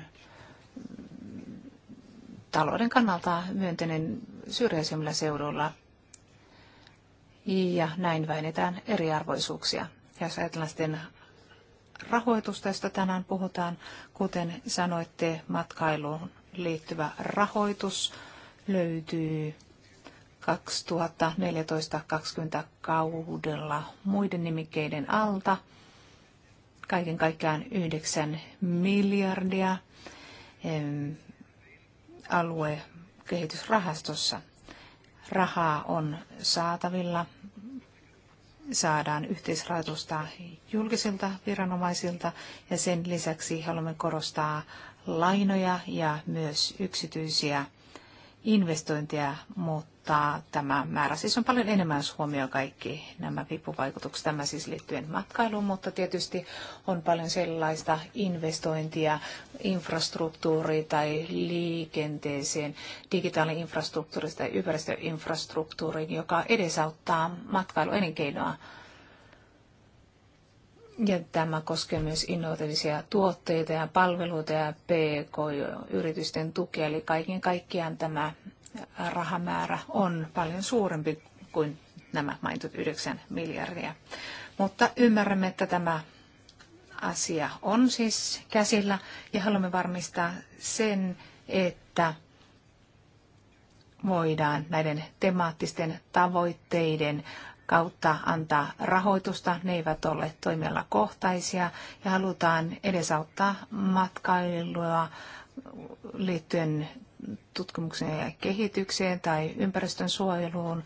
talouden kannalta myönteinen syrjäisemmillä seuduilla ja näin vähennetään eriarvoisuuksia. Ja jos ajatellaan sitten rahoitusta, josta tänään puhutaan, kuten sanoitte, matkailuun liittyvä rahoitus löytyy 2014-2020 kaudella muiden nimikkeiden alta. Kaiken kaikkiaan 9 miljardia alue kehitysrahastossa rahaa on saatavilla, saadaan yhteisrahoitusta julkisilta viranomaisilta ja sen lisäksi haluamme korostaa lainoja ja myös yksityisiä investointeja, mutta mutta tämä määrä siis on paljon enemmän, jos huomioi kaikki nämä vipuvaikutukset. Tämä siis liittyen matkailuun, mutta tietysti on paljon sellaista investointia infrastruktuuriin tai liikenteeseen, digitaalinen infrastruktuurista tai ympäristöinfrastruktuuriin, joka edesauttaa matkailuelinkeinoa. Ja tämä koskee myös innovatiivisia tuotteita ja palveluita ja PK-yritysten tukea, eli kaiken kaikkiaan tämä rahamäärä on paljon suurempi kuin nämä mainitut 9 miljardia. Mutta ymmärrämme, että tämä asia on siis käsillä ja haluamme varmistaa sen, että voidaan näiden temaattisten tavoitteiden kautta antaa rahoitusta. Ne eivät ole kohtaisia ja halutaan edesauttaa matkailua liittyen tutkimukseen ja kehitykseen tai ympäristön suojeluun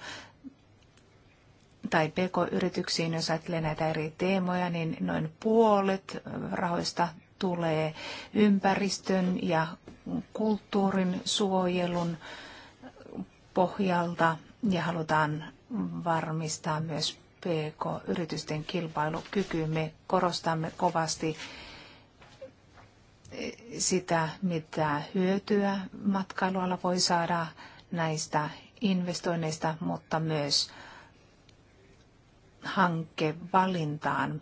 tai pk-yrityksiin, jos ajattelee näitä eri teemoja, niin noin puolet rahoista tulee ympäristön ja kulttuurin suojelun pohjalta ja halutaan varmistaa myös PK-yritysten kilpailukyky. Me korostamme kovasti sitä, mitä hyötyä matkailualla voi saada näistä investoinneista, mutta myös hankevalintaan.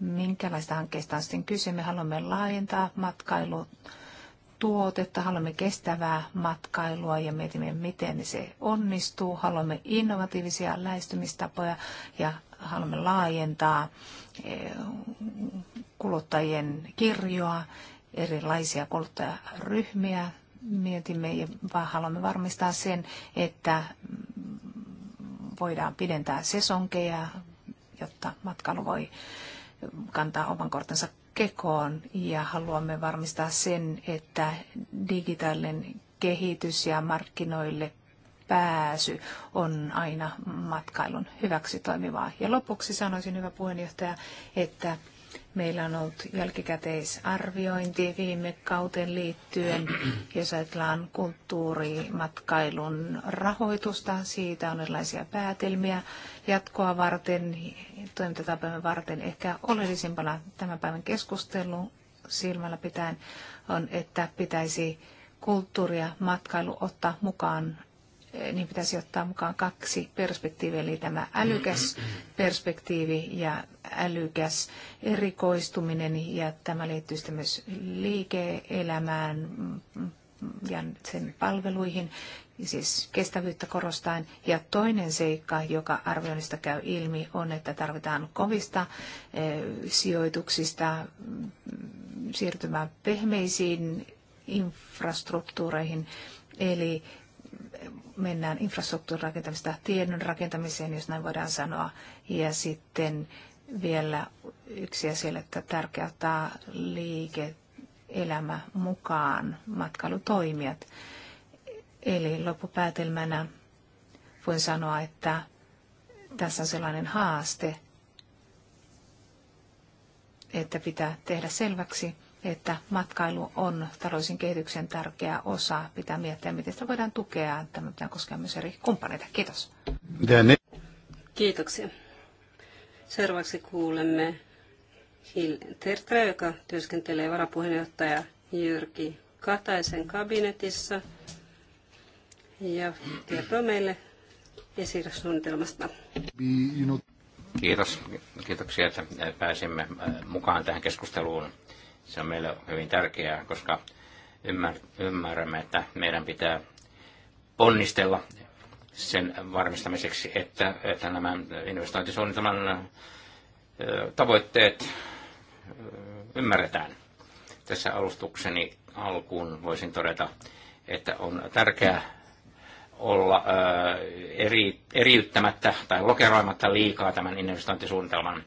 Minkälaista hankkeista on sitten kyse? Me haluamme laajentaa matkailutuotetta, haluamme kestävää matkailua ja mietimme, miten se onnistuu. Haluamme innovatiivisia lähestymistapoja ja haluamme laajentaa eh, kuluttajien kirjoa, erilaisia kuluttajaryhmiä mietimme ja haluamme varmistaa sen, että voidaan pidentää sesonkeja, jotta matkailu voi kantaa oman kortensa kekoon ja haluamme varmistaa sen, että digitaalinen kehitys ja markkinoille pääsy on aina matkailun hyväksi toimivaa. Ja lopuksi sanoisin, hyvä puheenjohtaja, että Meillä on ollut jälkikäteisarviointi viime kauteen liittyen, jos ajatellaan kulttuurimatkailun rahoitusta. Siitä on erilaisia päätelmiä jatkoa varten, toimintatapojen varten. Ehkä oleellisimpana tämän päivän keskustelu silmällä pitäen on, että pitäisi kulttuuri ja matkailu ottaa mukaan Eh, niin pitäisi ottaa mukaan kaksi perspektiiviä, eli tämä älykäs perspektiivi ja älykäs erikoistuminen, ja tämä liittyy sitten myös liike-elämään ja sen palveluihin, siis kestävyyttä korostaen. Ja toinen seikka, joka arvioinnista käy ilmi, on, että tarvitaan kovista eh, sijoituksista mm, siirtymään pehmeisiin infrastruktuureihin, eli mennään infrastruktuurin rakentamista tiedon rakentamiseen, jos näin voidaan sanoa. Ja sitten vielä yksi asia, että tärkeää ottaa liike-elämä mukaan, matkailutoimijat. Eli loppupäätelmänä voin sanoa, että tässä on sellainen haaste, että pitää tehdä selväksi, että matkailu on taloudellisen kehityksen tärkeä osa. Pitää miettiä, miten sitä voidaan tukea. Tämä pitää koskea myös eri kumppaneita. Kiitos. Kiitoksia. Seuraavaksi kuulemme Hil Tertre, joka työskentelee varapuheenjohtaja Jyrki Kataisen kabinetissa ja kertoo meille esirasuunnitelmasta. Kiitos. Kiitoksia, että pääsimme mukaan tähän keskusteluun se on meille hyvin tärkeää, koska ymmärrämme, että meidän pitää ponnistella sen varmistamiseksi, että, että nämä investointisuunnitelman tavoitteet ymmärretään. Tässä alustukseni alkuun voisin todeta, että on tärkeää olla eri, eriyttämättä tai lokeroimatta liikaa tämän investointisuunnitelman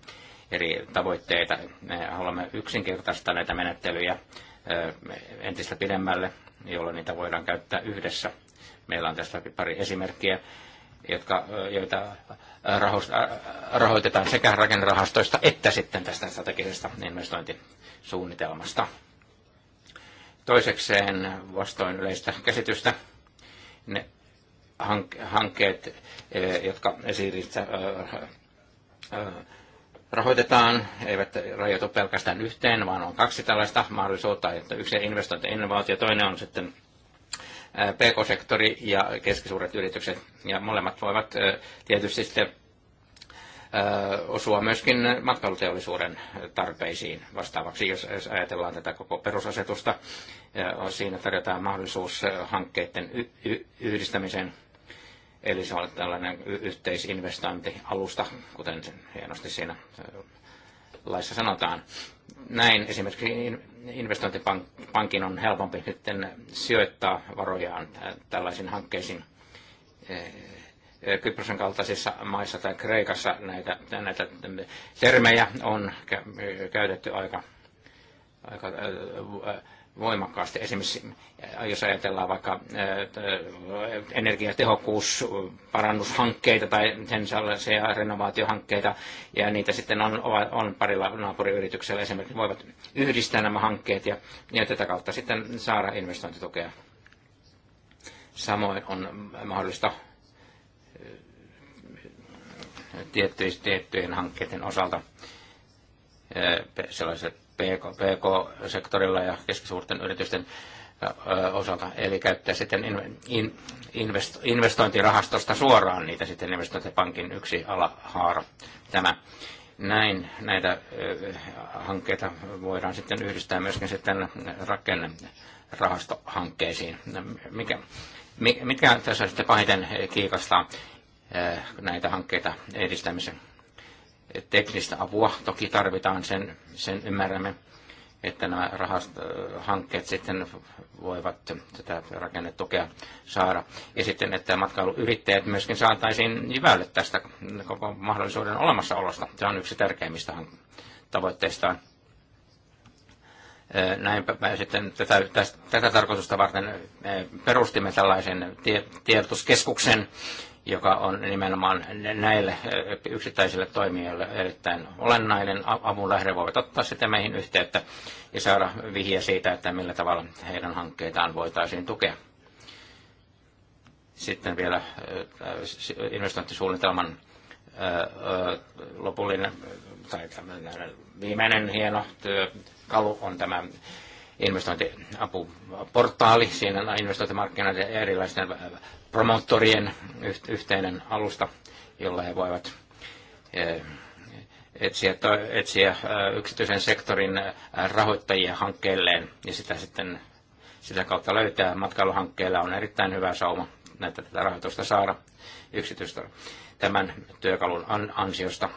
eri tavoitteita. Me haluamme yksinkertaistaa näitä menettelyjä entistä pidemmälle, jolloin niitä voidaan käyttää yhdessä. Meillä on tästä pari esimerkkiä, jotka, joita rahoitetaan sekä rakennerahastoista että sitten tästä strategisesta investointisuunnitelmasta. Toisekseen vastoin yleistä käsitystä ne hankkeet, jotka siirrytään rahoitetaan, eivät rajoitu pelkästään yhteen, vaan on kaksi tällaista mahdollisuutta, että yksi investointi innovaatio, toinen on sitten PK-sektori ja keskisuuret yritykset. Ja molemmat voivat tietysti sitten osua myöskin matkailuteollisuuden tarpeisiin vastaavaksi, jos ajatellaan tätä koko perusasetusta. Siinä tarjotaan mahdollisuus hankkeiden yhdistämiseen Eli se on tällainen yhteisinvestointialusta, kuten sen hienosti siinä laissa sanotaan. Näin esimerkiksi investointipankin on helpompi sitten sijoittaa varojaan tällaisiin hankkeisiin. Kyprosen kaltaisissa maissa tai Kreikassa näitä, näitä termejä on käytetty aika, aika voimakkaasti. Esimerkiksi äh, jos ajatellaan vaikka äh, energiatehokkuusparannushankkeita tai sen sellaisia renovaatiohankkeita, ja niitä sitten on, on parilla naapuriyrityksellä esimerkiksi, voivat yhdistää nämä hankkeet ja, ja tätä kautta sitten saada investointitukea. Samoin on mahdollista äh, tiettyjen, tiettyjen hankkeiden osalta sellaiset PK, sektorilla ja keskisuurten yritysten osalta, eli käyttää sitten investointirahastosta suoraan niitä sitten investointipankin yksi alahaara tämä. Näin näitä hankkeita voidaan sitten yhdistää myöskin sitten rakennerahastohankkeisiin. No, mikä, mitkä tässä sitten pahiten kiikastaa näitä hankkeita edistämisen teknistä apua toki tarvitaan, sen, sen ymmärrämme, että nämä rahast, hankkeet sitten voivat tätä rakennetukea saada. Ja sitten, että matkailuyrittäjät myöskin saataisiin jyvälle tästä koko mahdollisuuden olemassaolosta. Se on yksi tärkeimmistä tavoitteistaan. Näinpä sitten tätä, tästä, tätä tarkoitusta varten perustimme tällaisen tie, tiedotuskeskuksen, joka on nimenomaan näille yksittäisille toimijoille erittäin olennainen lähde. Voivat ottaa sitä meihin yhteyttä ja saada vihiä siitä, että millä tavalla heidän hankkeitaan voitaisiin tukea. Sitten vielä investointisuunnitelman lopullinen tai viimeinen hieno työkalu on tämä investointiapuportaali. Siinä on investointimarkkinoiden erilaisten promottorien yhteinen alusta, jolla he voivat eh, etsiä, etsiä eh, yksityisen sektorin eh, rahoittajia hankkeelleen ja sitä sitten sitä kautta löytää. Matkailuhankkeella on erittäin hyvä sauma näitä tätä rahoitusta saada yksityistä tämän työkalun ansiosta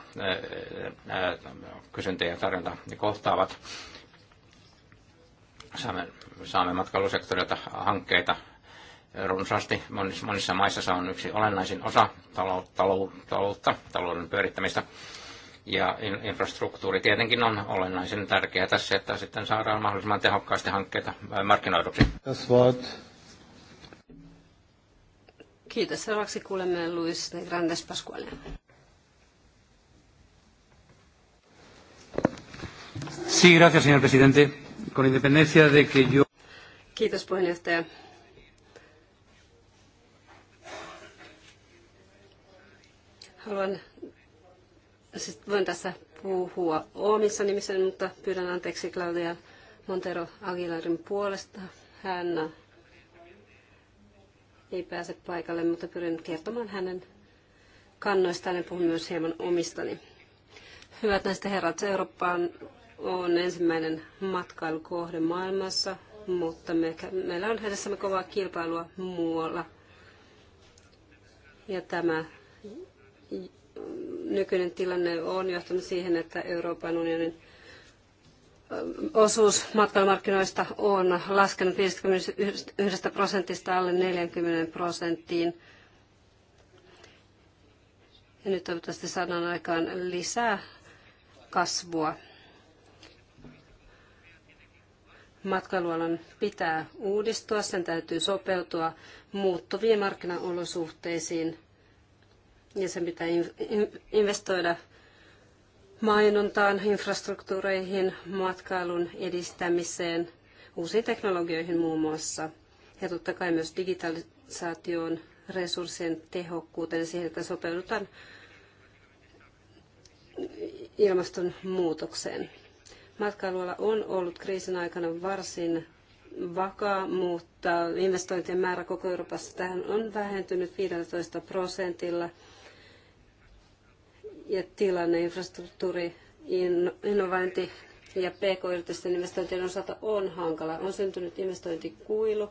kysyntä ja tarjonta kohtaavat. Saamme, saamme matkailusektorilta hankkeita runsaasti. Monissa, monissa maissa se on yksi olennaisin osa taloutta, talouden pyörittämistä. Ja infrastruktuuri tietenkin on olennaisen tärkeää tässä, että sitten saadaan mahdollisimman tehokkaasti hankkeita markkinoiduksi. Kiitos. Seuraavaksi kuulemme Luis de Grandes Pascualia. Sí, gracias, señor presidente. Con independencia de que yo... Kiitos, puheenjohtaja Haluan, siis voin tässä puhua omissa nimissäni, mutta pyydän anteeksi Claudia Montero Aguilarin puolesta. Hän ei pääse paikalle, mutta pyrin kertomaan hänen kannoistaan ja puhun myös hieman omistani. Hyvät näistä herrat, Eurooppaan on ensimmäinen matkailukohde maailmassa, mutta me, meillä on edessämme kovaa kilpailua muualla. Ja tämä nykyinen tilanne on johtanut siihen, että Euroopan unionin osuus matkailumarkkinoista on laskenut 51 prosentista alle 40 prosenttiin. Ja nyt toivottavasti saadaan aikaan lisää kasvua. Matkailualan pitää uudistua, sen täytyy sopeutua muuttuviin markkinaolosuhteisiin ja sen pitää investoida mainontaan, infrastruktuureihin, matkailun edistämiseen, uusiin teknologioihin muun muassa ja totta kai myös digitalisaatioon, resurssien tehokkuuteen ja siihen, että sopeudutaan ilmastonmuutokseen. Matkailuala on ollut kriisin aikana varsin vakaa, mutta investointien määrä koko Euroopassa tähän on vähentynyt 15 prosentilla – ja tilanne infrastruktuuri, innovointi ja pk-yritysten investointien osalta on hankala. On syntynyt investointikuilu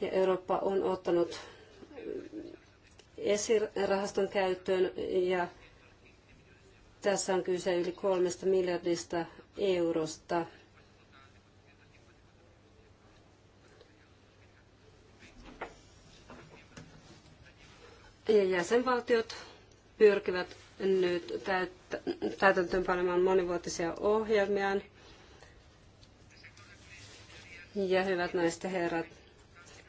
ja Eurooppa on ottanut esirahaston käyttöön ja tässä on kyse yli kolmesta miljardista eurosta. Ja jäsenvaltiot pyrkivät nyt täytäntöönpanemaan monivuotisia ohjelmiaan. Ja hyvät naiset ja herrat,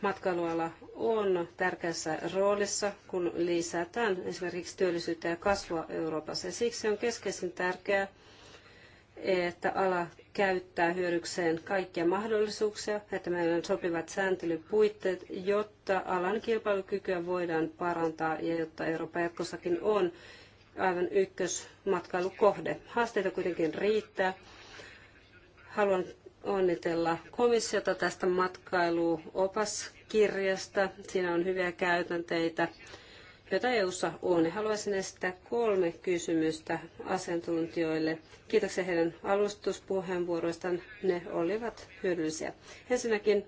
matkailuala on tärkeässä roolissa, kun lisätään esimerkiksi työllisyyttä ja kasvua Euroopassa. Ja siksi on keskeisen tärkeää, että ala käyttää hyödykseen kaikkia mahdollisuuksia, että meillä on sopivat sääntelypuitteet, jotta alan kilpailukykyä voidaan parantaa ja jotta Eurooppa jatkossakin on aivan ykkösmatkailukohde. Haasteita kuitenkin riittää. Haluan onnitella komissiota tästä matkailuopaskirjasta. Siinä on hyviä käytänteitä joita EU-ssa on. haluaisin esittää kolme kysymystä asiantuntijoille. Kiitoksia heidän alustuspuheenvuoroistaan. Ne olivat hyödyllisiä. Ensinnäkin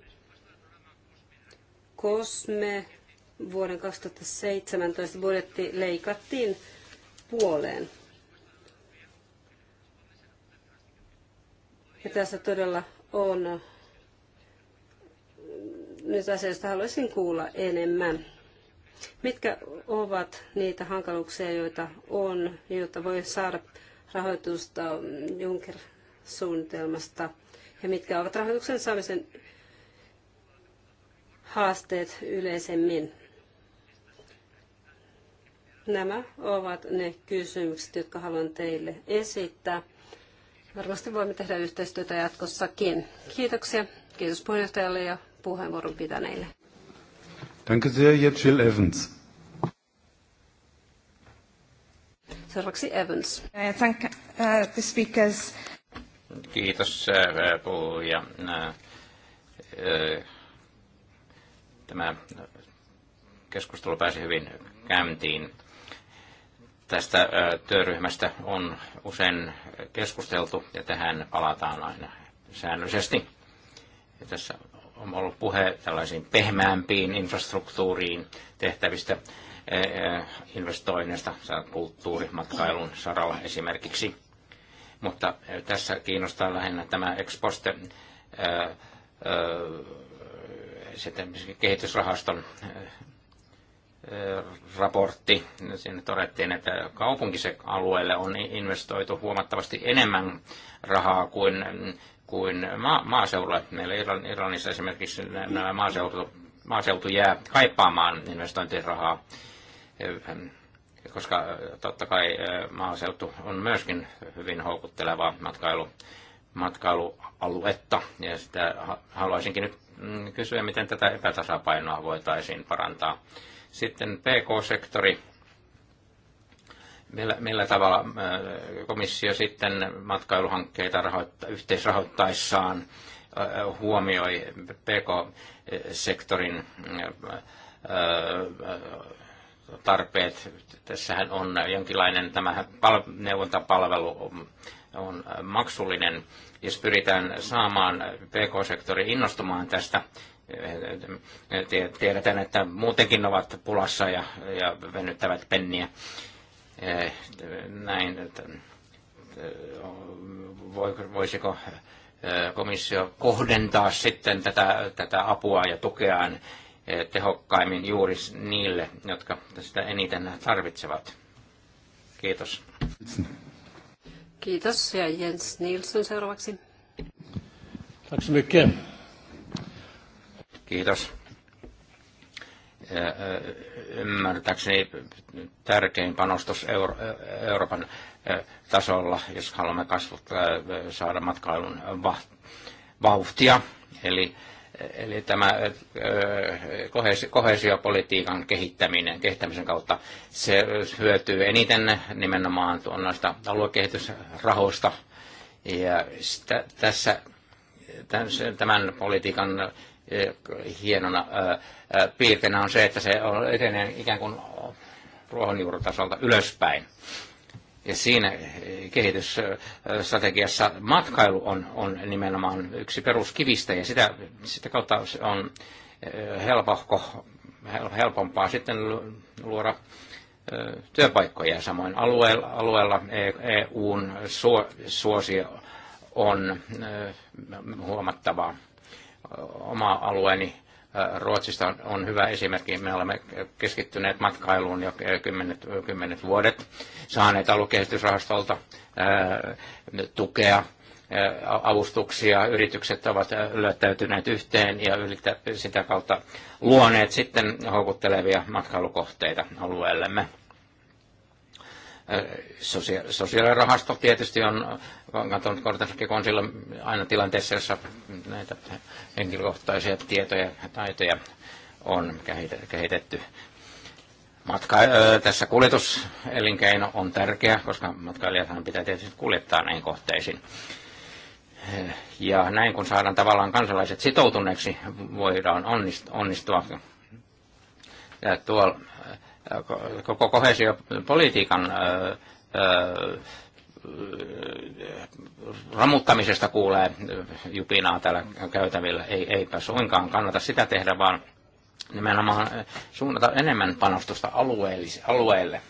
COSME vuoden 2017 budjetti leikattiin puoleen. Ja tässä todella on nyt asioista haluaisin kuulla enemmän. Mitkä ovat niitä hankaluuksia, joita on, jotta voi saada rahoitusta Juncker-suunnitelmasta? Ja mitkä ovat rahoituksen saamisen haasteet yleisemmin? Nämä ovat ne kysymykset, jotka haluan teille esittää. Varmasti voimme tehdä yhteistyötä jatkossakin. Kiitoksia. Kiitos puheenjohtajalle ja puheenvuoron pitäneille. Danke sehr, jetzt Jill Evans. Seuraavaksi Evans. Thank uh, the speakers. Kiitos uh, uh, puhuja. Tämä keskustelu pääsi hyvin käyntiin. Tästä työryhmästä on usein keskusteltu ja tähän palataan aina säännöllisesti. Ja tässä on ollut puhe tällaisiin pehmeämpiin infrastruktuuriin tehtävistä eh, eh, investoinneista kulttuurimatkailun saralla esimerkiksi. Mutta eh, tässä kiinnostaa lähinnä tämä Exposte, kehitysrahaston raportti. Siinä todettiin, että alueelle on investoitu huomattavasti enemmän rahaa kuin kuin ma- maaseudulla. Meillä Iran, Irlannissa esimerkiksi nämä maaseutu, maaseutu jää kaipaamaan investointirahaa, koska äh, totta kai äh, maaseutu on myöskin hyvin houkutteleva matkailu, matkailualuetta. Ja sitä haluaisinkin nyt mm, kysyä, miten tätä epätasapainoa voitaisiin parantaa. Sitten PK-sektori Millä, millä tavalla äh, komissio sitten matkailuhankkeita rahoitta, yhteisrahoittaessaan äh, huomioi PK-sektorin äh, tarpeet. Tässähän on jonkinlainen tämä neuvontapalvelu on maksullinen. Jos pyritään saamaan PK-sektori innostumaan tästä, tiedetään, että muutenkin ovat pulassa ja, ja venyttävät penniä Eh, näin, että eh, voisiko eh, komissio kohdentaa sitten tätä, tätä apua ja tukeaan tehokkaimmin juuri niille, jotka sitä eniten tarvitsevat. Kiitos. Kiitos. Ja Jens Nilsson seuraavaksi. Tack så mycket. Kiitos ymmärtääkseni tärkein panostus Euro- Euroopan tasolla, jos haluamme kasvut, saada matkailun vauhtia. Eli, eli tämä kohesiopolitiikan kehittäminen, kehittämisen kautta, se hyötyy eniten nimenomaan tuonnoista aluekehitysrahoista. Ja sitä, tässä tämän politiikan Eh, hienona piirteinä on se, että se on etenee ikään kuin ruohonjuuritasolta ylöspäin. Ja siinä eh, kehitysstrategiassa matkailu on, on nimenomaan yksi peruskivistä ja sitä, sitä kautta on eh, helpohko, helpompaa sitten luoda työpaikkoja. Samoin alueella, alueella EUn e suosio on huomattavaa oma alueeni Ruotsista on hyvä esimerkki. Me olemme keskittyneet matkailuun jo kymmenet, kymmenet vuodet, saaneet aluekehitysrahastolta tukea, avustuksia, yritykset ovat löytäytyneet yhteen ja sitä kautta luoneet sitten houkuttelevia matkailukohteita alueellemme. sosiaalirahasto tietysti on kantanut kortensa kekoon silloin aina tilanteessa, jossa näitä henkilökohtaisia tietoja ja taitoja on kehitetty. Matka, ö, tässä kuljetuselinkeino on tärkeä, koska matkailijathan pitää tietysti kuljettaa näihin kohteisiin. Ja näin kun saadaan tavallaan kansalaiset sitoutuneeksi, voidaan onnistua. Ja tuolla koko kohesiopolitiikan Äh, ramuttamisesta kuulee äh, jupinaa täällä käytävillä. Ei, eipä suinkaan kannata sitä tehdä, vaan nimenomaan äh, suunnata enemmän panostusta alueelle.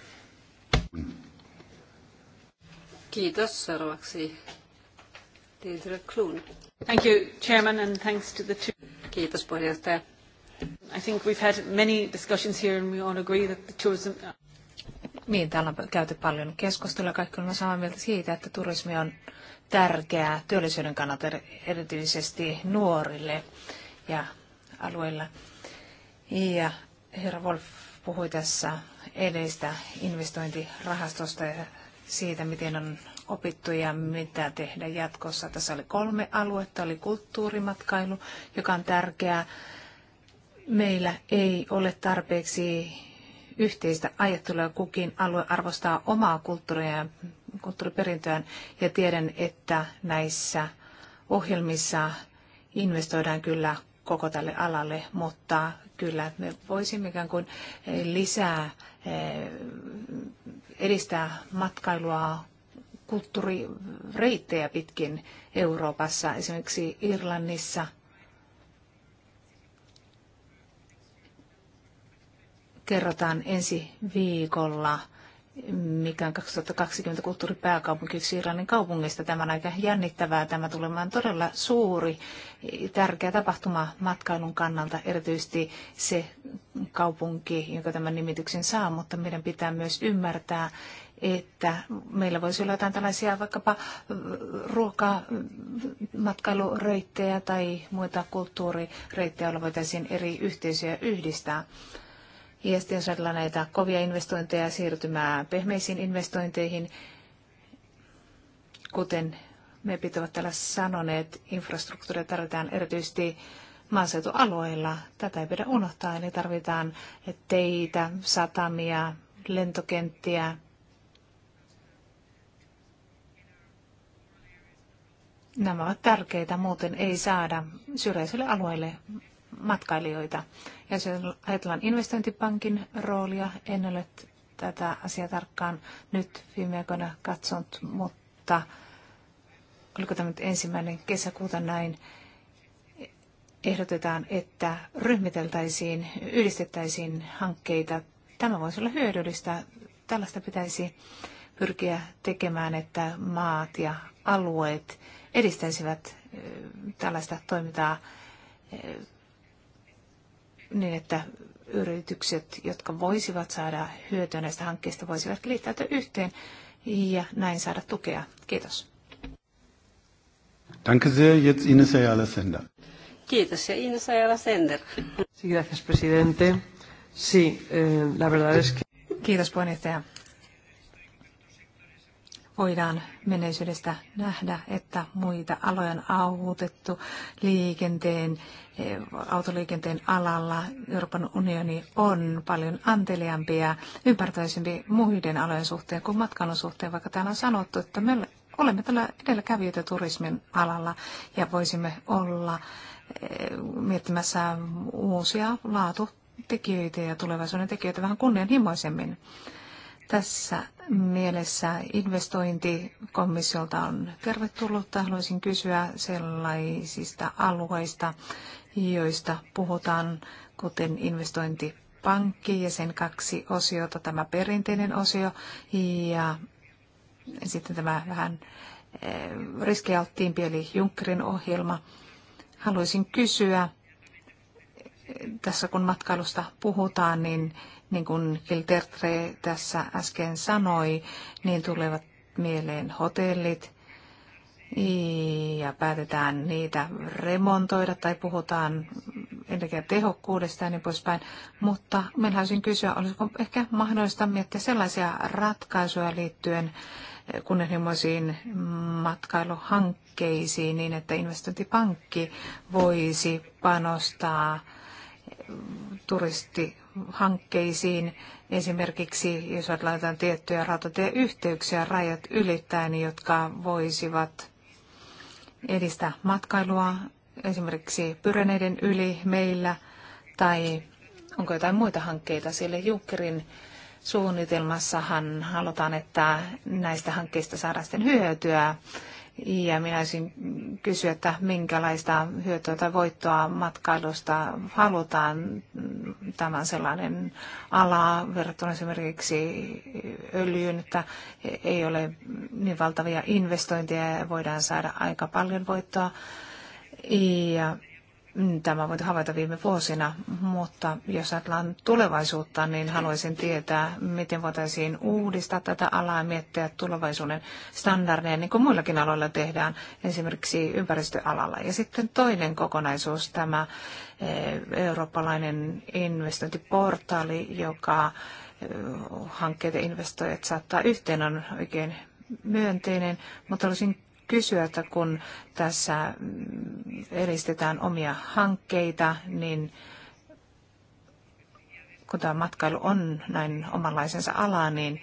Kiitos. Seuraavaksi Deirdre Kloon. Thank you, Chairman, and thanks to the two. Kiitos puheenjohtaja. I think we've had many discussions here and we all agree that the tourism... Niin, täällä on käyty paljon keskustelua. Kaikki on samaa mieltä siitä, että turismi on tärkeää työllisyyden kannalta erityisesti nuorille ja alueilla. Ja herra Wolf puhui tässä edellistä investointirahastosta ja siitä, miten on opittu ja mitä tehdä jatkossa. Tässä oli kolme aluetta, oli kulttuurimatkailu, joka on tärkeää. Meillä ei ole tarpeeksi yhteistä ajattelua. Kukin alue arvostaa omaa kulttuuria, kulttuuriperintöään ja tiedän, että näissä ohjelmissa investoidaan kyllä koko tälle alalle, mutta kyllä me voisimme ikään kuin eh, lisää eh, edistää matkailua kulttuurireittejä pitkin Euroopassa, esimerkiksi Irlannissa – kerrotaan ensi viikolla, mikä on 2020 kulttuuripääkaupunki Iranin kaupungista. Tämä on aika jännittävää. Tämä tulemaan todella suuri, tärkeä tapahtuma matkailun kannalta, erityisesti se kaupunki, joka tämän nimityksen saa, mutta meidän pitää myös ymmärtää, että meillä voisi olla jotain tällaisia vaikkapa ruokamatkailureittejä tai muita kulttuurireittejä, joilla voitaisiin eri yhteisöjä yhdistää. IST saralla näitä kovia investointeja siirtymään pehmeisiin investointeihin, kuten me pitävät täällä sanoneet, infrastruktuuria tarvitaan erityisesti maaseutualueilla. Tätä ei pidä unohtaa, eli tarvitaan teitä, satamia, lentokenttiä. Nämä ovat tärkeitä, muuten ei saada syrjäisille alueille matkailijoita. Ja jos ajatellaan investointipankin roolia, en ole tätä asiaa tarkkaan nyt viime aikoina katsonut, mutta oliko tämä nyt ensimmäinen kesäkuuta näin, ehdotetaan, että ryhmiteltäisiin, yhdistettäisiin hankkeita. Tämä voisi olla hyödyllistä. Tällaista pitäisi pyrkiä tekemään, että maat ja alueet edistäisivät tällaista toimintaa niin, että yritykset, jotka voisivat saada hyötyä näistä hankkeista, voisivat liittäytyä yhteen ja näin saada tukea. Kiitos. Danke sehr. Jetzt Ines Ayala Sender. Kiitos ja Ines Ayala Sender. Sí, gracias, presidente. Sí, eh, la verdad es que... Kiitos puheenjohtaja voidaan menneisyydestä nähdä, että muita aloja on autettu liikenteen, eh, autoliikenteen alalla. Euroopan unioni on paljon anteliampi ja ympärtäisempi muiden alojen suhteen kuin matkailun suhteen, vaikka täällä on sanottu, että me olemme tällä edelläkävijöitä turismin alalla ja voisimme olla eh, miettimässä uusia laatutekijöitä ja tulevaisuuden tekijöitä vähän kunnianhimoisemmin. Tässä mielessä investointi komissiolta on tervetullut. Haluaisin kysyä sellaisista alueista, joista puhutaan, kuten investointipankki ja sen kaksi osiota, tämä perinteinen osio ja sitten tämä vähän eh, riskialttiimpi eli Junckerin ohjelma. Haluaisin kysyä, tässä kun matkailusta puhutaan, niin niin kuin Kiltertre tässä äsken sanoi, niin tulevat mieleen hotellit ja päätetään niitä remontoida tai puhutaan energiatehokkuudesta ja niin poispäin. Mutta meillä haluaisin kysyä, olisiko ehkä mahdollista miettiä sellaisia ratkaisuja liittyen kunnianhimoisiin matkailuhankkeisiin niin, että investointipankki voisi panostaa turistihankkeisiin. Esimerkiksi jos laitetaan tiettyjä rautatieyhteyksiä rajat ylittäen, niin jotka voisivat edistää matkailua esimerkiksi Pyreneiden yli meillä tai onko jotain muita hankkeita sille Junckerin suunnitelmassahan halutaan, että näistä hankkeista saadaan sitten hyötyä ja minä olisin kysyä, että minkälaista hyötyä tai voittoa matkailusta halutaan. tämän sellainen ala verrattuna esimerkiksi öljyyn, että ei ole niin valtavia investointeja ja voidaan saada aika paljon voittoa. Ja Tämä on voitu havaita viime vuosina, mutta jos ajatellaan tulevaisuutta, niin haluaisin tietää, miten voitaisiin uudistaa tätä alaa ja miettiä tulevaisuuden standardeja, niin kuin muillakin aloilla tehdään, esimerkiksi ympäristöalalla. Ja sitten toinen kokonaisuus, tämä eh, eurooppalainen investointiportaali, joka eh, hankkeiden investoijat saattaa yhteen, on oikein myönteinen, mutta olisin kysyä, että kun tässä edistetään omia hankkeita, niin kun tämä matkailu on näin omanlaisensa ala, niin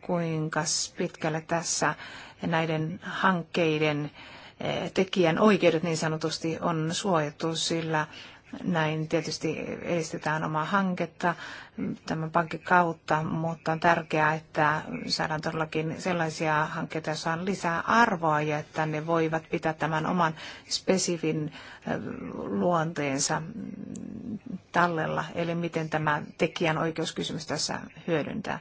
kuinka pitkälle tässä näiden hankkeiden eh, tekijän oikeudet niin sanotusti on suojattu, sillä näin tietysti edistetään omaa hanketta tämän pankin kautta, mutta on tärkeää, että saadaan todellakin sellaisia hankkeita, joissa on lisää arvoa ja että ne voivat pitää tämän oman spesifin luonteensa tallella, eli miten tämä tekijän oikeuskysymys tässä hyödyntää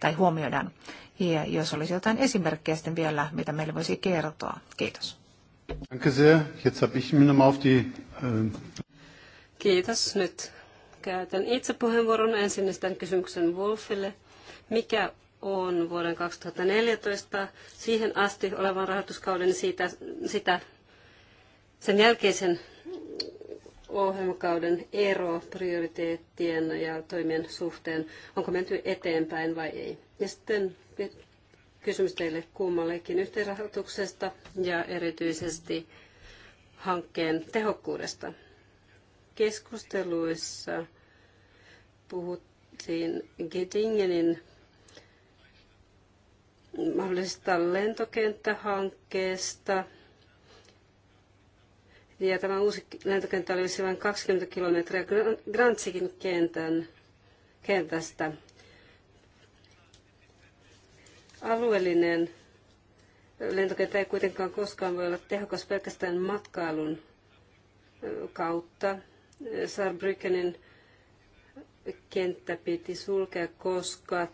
tai huomioidaan. Ja jos olisi jotain esimerkkejä sitten vielä, mitä meille voisi kertoa. Kiitos. Danke sehr. Jetzt habe ich mir nochmal auf die ähm, Kiitos. Nyt käytän itse puheenvuoron ensin kysymyksen Wolfille. Mikä on vuoden 2014 siihen asti olevan rahoituskauden siitä, sitä sen jälkeisen ohjelmakauden ero prioriteettien ja toimien suhteen? Onko menty eteenpäin vai ei? Ja sitten kysymys teille kummallekin yhteenrahoituksesta ja erityisesti hankkeen tehokkuudesta keskusteluissa puhuttiin Gettingenin mahdollisesta lentokenttähankkeesta. Ja tämä uusi lentokenttä olisi vain 20 kilometriä Grantsikin kentän, kentästä. Alueellinen lentokenttä ei kuitenkaan koskaan voi olla tehokas pelkästään matkailun kautta. Saarbrückenin kenttä piti sulkea, koska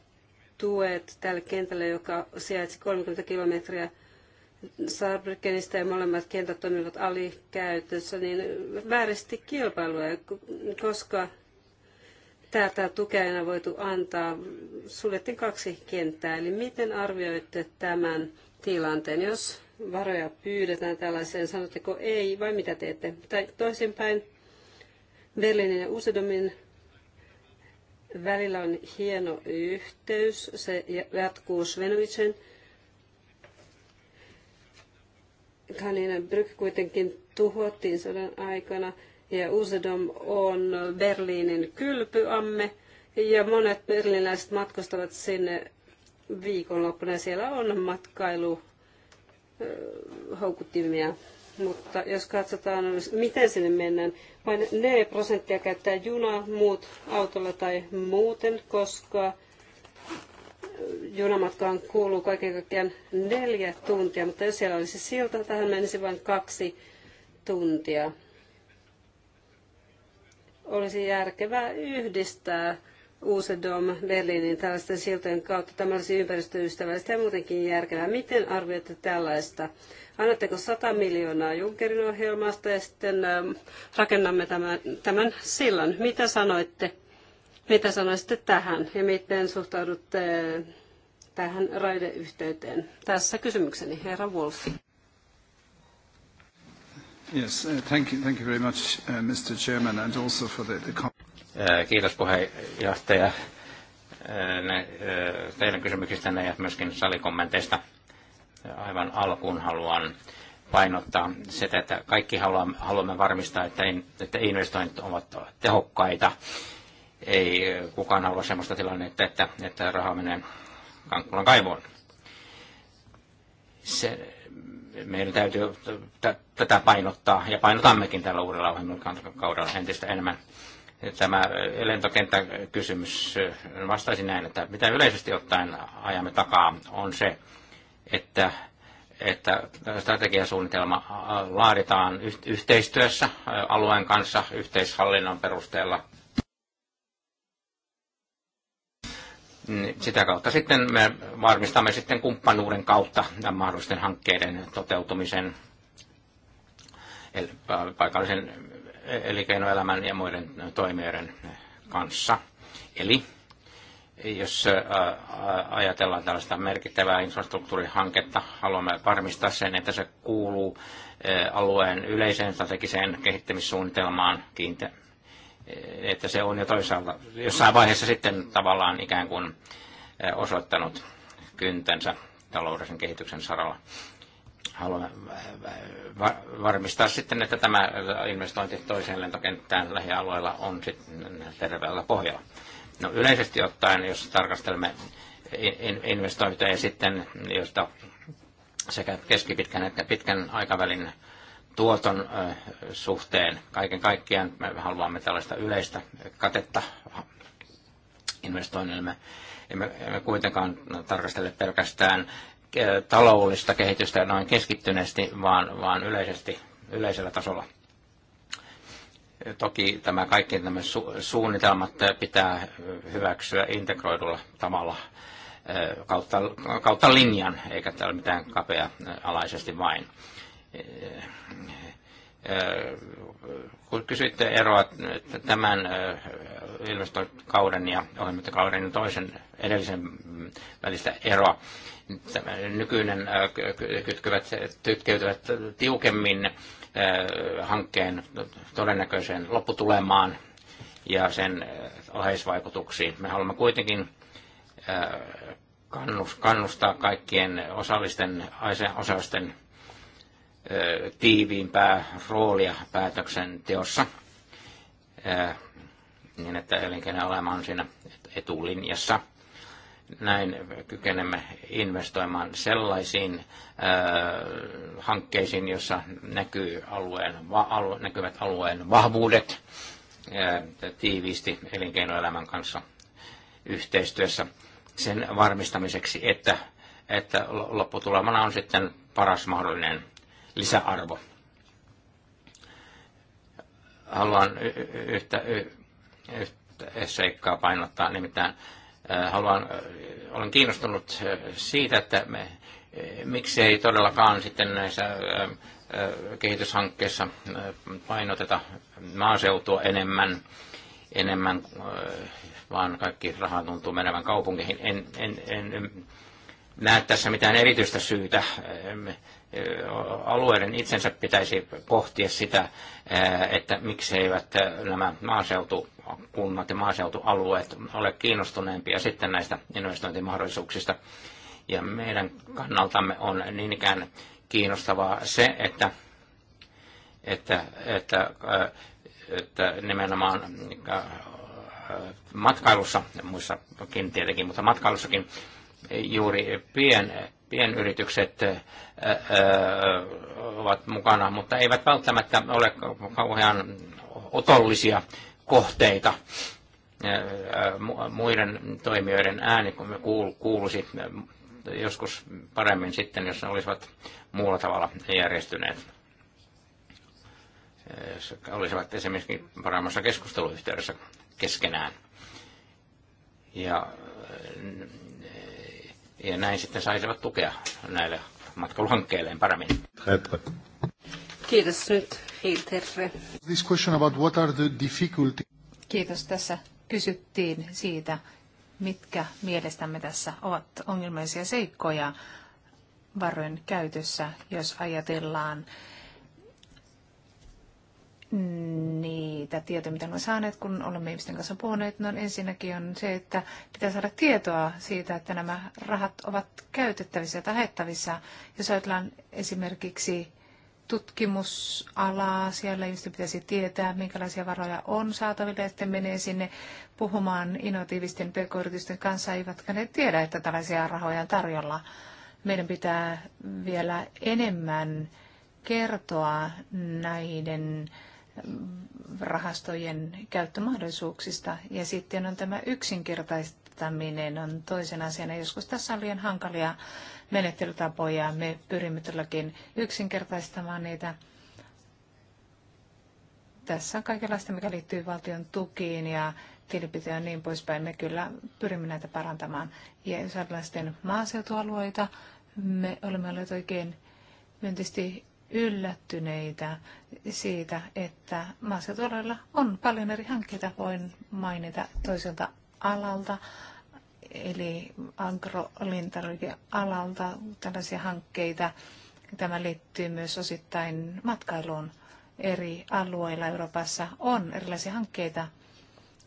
tuet tälle kentälle, joka sijaitsi 30 kilometriä Saarbrückenistä ja molemmat kentät toimivat alikäytössä, niin vääristi kilpailua, koska tätä tukea ei voitu antaa. Suljettiin kaksi kenttää, eli miten arvioitte tämän tilanteen, jos varoja pyydetään tällaiseen, sanotteko ei vai mitä teette? Tai toisinpäin, Berliinin ja Usedomin välillä on hieno yhteys. Se jatkuu Svenovicen. Kaninen Brück kuitenkin tuhottiin sodan aikana ja Usedom on Berliinin kylpyamme ja monet berliiniläiset matkustavat sinne viikonloppuna. Siellä on matkailu houkuttimia. Mutta jos katsotaan, miten sinne mennään, vain 4 prosenttia käyttää junaa, muut autolla tai muuten, koska junamatkaan kuuluu kaiken kaikkiaan neljä tuntia, mutta jos siellä olisi silta, tähän menisi vain kaksi tuntia. Olisi järkevää yhdistää Uusedom Berliinin tällaisten siltojen kautta. Tämä olisi ympäristöystävällistä ja muutenkin järkevää. Miten arvioitte tällaista? Annatteko 100 miljoonaa Junckerin ohjelmasta ja sitten rakennamme tämän, tämän sillan? Mitä sanoitte? Mitä sanoisitte tähän ja miten suhtaudutte tähän raideyhteyteen? Tässä kysymykseni, herra Wolf. Yes, uh, thank you, thank you very much, uh, Mr. Chairman, and also for the, the... Äh, kiitos puheenjohtaja äh, äh, teidän kysymyksistänne ja myöskin salikommenteista aivan alkuun haluan painottaa sitä, että kaikki haluamme, haluamme varmistaa, että, in, että investoinnit ovat tehokkaita. Ei kukaan halua sellaista tilannetta, että, että raha menee kankkulan kaivoon. Se, meidän täytyy tätä painottaa, ja painotammekin tällä uudella ohjelmakaudella entistä enemmän. Tämä lentokenttäkysymys, vastaisi näin, että mitä yleisesti ottaen ajamme takaa, on se, että, että strategiasuunnitelma äh, laaditaan yhteistyössä äh, alueen kanssa yhteishallinnon perusteella. Mm, sitä kautta sitten me varmistamme sitten kumppanuuden kautta tämän mahdollisten hankkeiden toteutumisen äh, paikallisen elinkeinoelämän ja muiden toimijoiden kanssa. Eli jos ajatellaan tällaista merkittävää infrastruktuurihanketta, haluamme varmistaa sen, että se kuuluu alueen yleiseen strategiseen kehittämissuunnitelmaan kiinte, että se on jo toisaalta jossain vaiheessa sitten tavallaan ikään kuin osoittanut kyntensä taloudellisen kehityksen saralla. Haluamme varmistaa sitten, että tämä investointi toiseen lentokenttään lähialueella on sitten terveellä pohjalla. No yleisesti ottaen, jos tarkastelemme investointeja sitten, joista sekä keskipitkän että pitkän aikavälin tuoton suhteen. Kaiken kaikkiaan me haluamme tällaista yleistä katetta investoinnille. Emme, emme kuitenkaan tarkastele pelkästään taloudellista kehitystä noin keskittyneesti, vaan, vaan yleisesti, yleisellä tasolla. Toki tämä kaikki nämä su- suunnitelmat pitää hyväksyä integroidulla tavalla eh, kautta, kautta linjan, eikä täällä mitään kapea-alaisesti eh, vain. Eh, kun kysytte eroa tämän ilmastokauden ja ohjelmistokauden ja toisen edellisen välistä eroa, niin nykyinen kytkevät, kytkeytyvät tiukemmin Eh, hankkeen todennäköiseen lopputulemaan ja sen eh, oheisvaikutuksiin. Me haluamme kuitenkin eh, kannustaa kaikkien osallisten, osallisten tiiviimpää roolia päätöksenteossa niin, että elinkeinoelämä on siinä etulinjassa – näin kykenemme investoimaan sellaisiin ö, äh, hankkeisiin, joissa näkyy alueen, va, alu, näkyvät alueen vahvuudet ö, äh, tiiviisti elinkeinoelämän kanssa yhteistyössä sen varmistamiseksi, että, että lopputulemana on sitten paras mahdollinen lisäarvo. Haluan yhtä, yhtä, yhtä seikkaa painottaa, nimittäin Äh, haluan, äh, olen kiinnostunut äh, siitä, että me, miksei todellakaan sitten näissä kehityshankkeissa painoteta maaseutua enemmän, enemmän vaan kaikki raha tuntuu menevän kaupunkeihin. En, en, en näe tässä mitään erityistä syytä alueiden itsensä pitäisi pohtia sitä, että miksi eivät nämä maaseutukunnat ja maaseutualueet ole kiinnostuneempia sitten näistä investointimahdollisuuksista. Ja meidän kannaltamme on niin ikään kiinnostavaa se, että, että, että, että nimenomaan matkailussa, muissakin tietenkin, mutta matkailussakin juuri pien pienyritykset ovat mukana, mutta eivät välttämättä ole kauhean otollisia kohteita muiden toimijoiden ääni kuuluisi joskus paremmin sitten, jos ne olisivat muulla tavalla järjestyneet. Jos olisivat esimerkiksi paremmassa keskusteluyhteydessä keskenään. Ja ja näin sitten saisivat tukea näille matkailuhankkeilleen paremmin. Kiitos nyt, Hilterre. This question about what are the difficulty... Kiitos. Tässä kysyttiin siitä, mitkä mielestämme tässä ovat ongelmallisia seikkoja varojen käytössä, jos ajatellaan niitä tietoja, mitä olemme saaneet, kun olemme ihmisten kanssa puhuneet. No ensinnäkin on se, että pitää saada tietoa siitä, että nämä rahat ovat käytettävissä tai haettavissa. Jos ajatellaan esimerkiksi tutkimusalaa, siellä ihmisten pitäisi tietää, minkälaisia varoja on saatavilla, että menee sinne puhumaan innovatiivisten pk-yritysten kanssa, eivätkä ne tiedä, että tällaisia rahoja on tarjolla. Meidän pitää vielä enemmän kertoa näiden rahastojen käyttömahdollisuuksista. Ja sitten on tämä yksinkertaistaminen on toisen asiana. Joskus tässä on liian hankalia menettelytapoja. Me pyrimme todellakin yksinkertaistamaan niitä. Tässä on kaikenlaista, mikä liittyy valtion tukiin ja tilinpitoon ja niin poispäin. Me kyllä pyrimme näitä parantamaan. Ja jos maaseutualueita, me olemme olleet oikein myönteisesti yllättyneitä siitä, että todella on paljon eri hankkeita. Voin mainita toiselta alalta, eli agrolintarvikealalta tällaisia hankkeita. Tämä liittyy myös osittain matkailuun. Eri alueilla Euroopassa on erilaisia hankkeita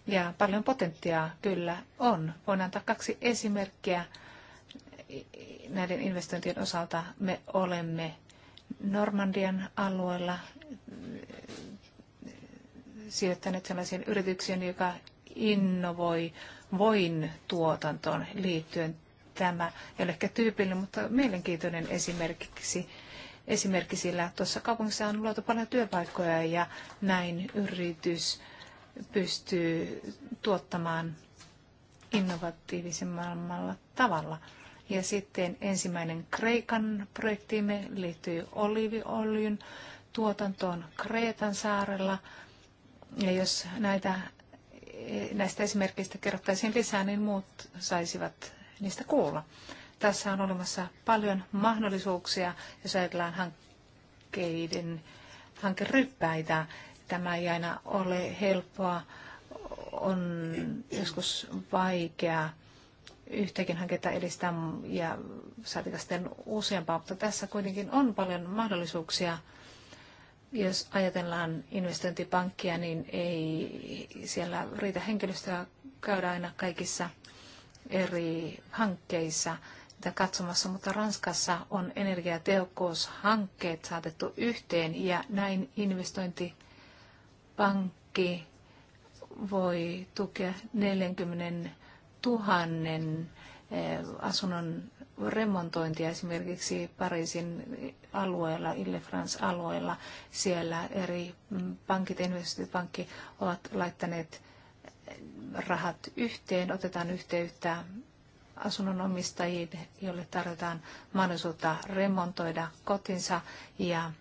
ja paljon potentiaa kyllä on. Voin antaa kaksi esimerkkiä näiden investointien osalta. Me olemme Normandian alueella eh, sijoittaneet sellaisiin yrityksiin, joka innovoi voin tuotantoon liittyen. Tämä ei ole ehkä tyypillinen, mutta mielenkiintoinen esimerkiksi esimerkki, sillä tuossa kaupungissa on luotu paljon työpaikkoja ja näin yritys pystyy tuottamaan innovatiivisemmalla tavalla. Ja sitten ensimmäinen Kreikan projektimme liittyy oliiviöljyn tuotantoon Kreetan saarella. Ja jos näitä, näistä esimerkkeistä kerrottaisiin lisää, niin muut saisivat niistä kuulla. Tässä on olemassa paljon mahdollisuuksia, jos ajatellaan hankkeiden hankeryppäitä. Tämä ei aina ole helppoa, on joskus vaikeaa yhtäkin hanketta edistää ja saatika sitten useampaa, mutta tässä kuitenkin on paljon mahdollisuuksia. Jos ajatellaan investointipankkia, niin ei siellä riitä henkilöstöä käydä aina kaikissa eri hankkeissa niitä katsomassa, mutta Ranskassa on energiatehokkuushankkeet saatettu yhteen ja näin investointipankki voi tukea 40 tuhannen eh, asunnon remontointia esimerkiksi Pariisin alueella, Ile-France-alueella. Siellä eri mm, pankit, investointipankki ovat laittaneet eh, rahat yhteen, otetaan yhteyttä asunnonomistajiin, joille tarjotaan mahdollisuutta remontoida kotinsa ja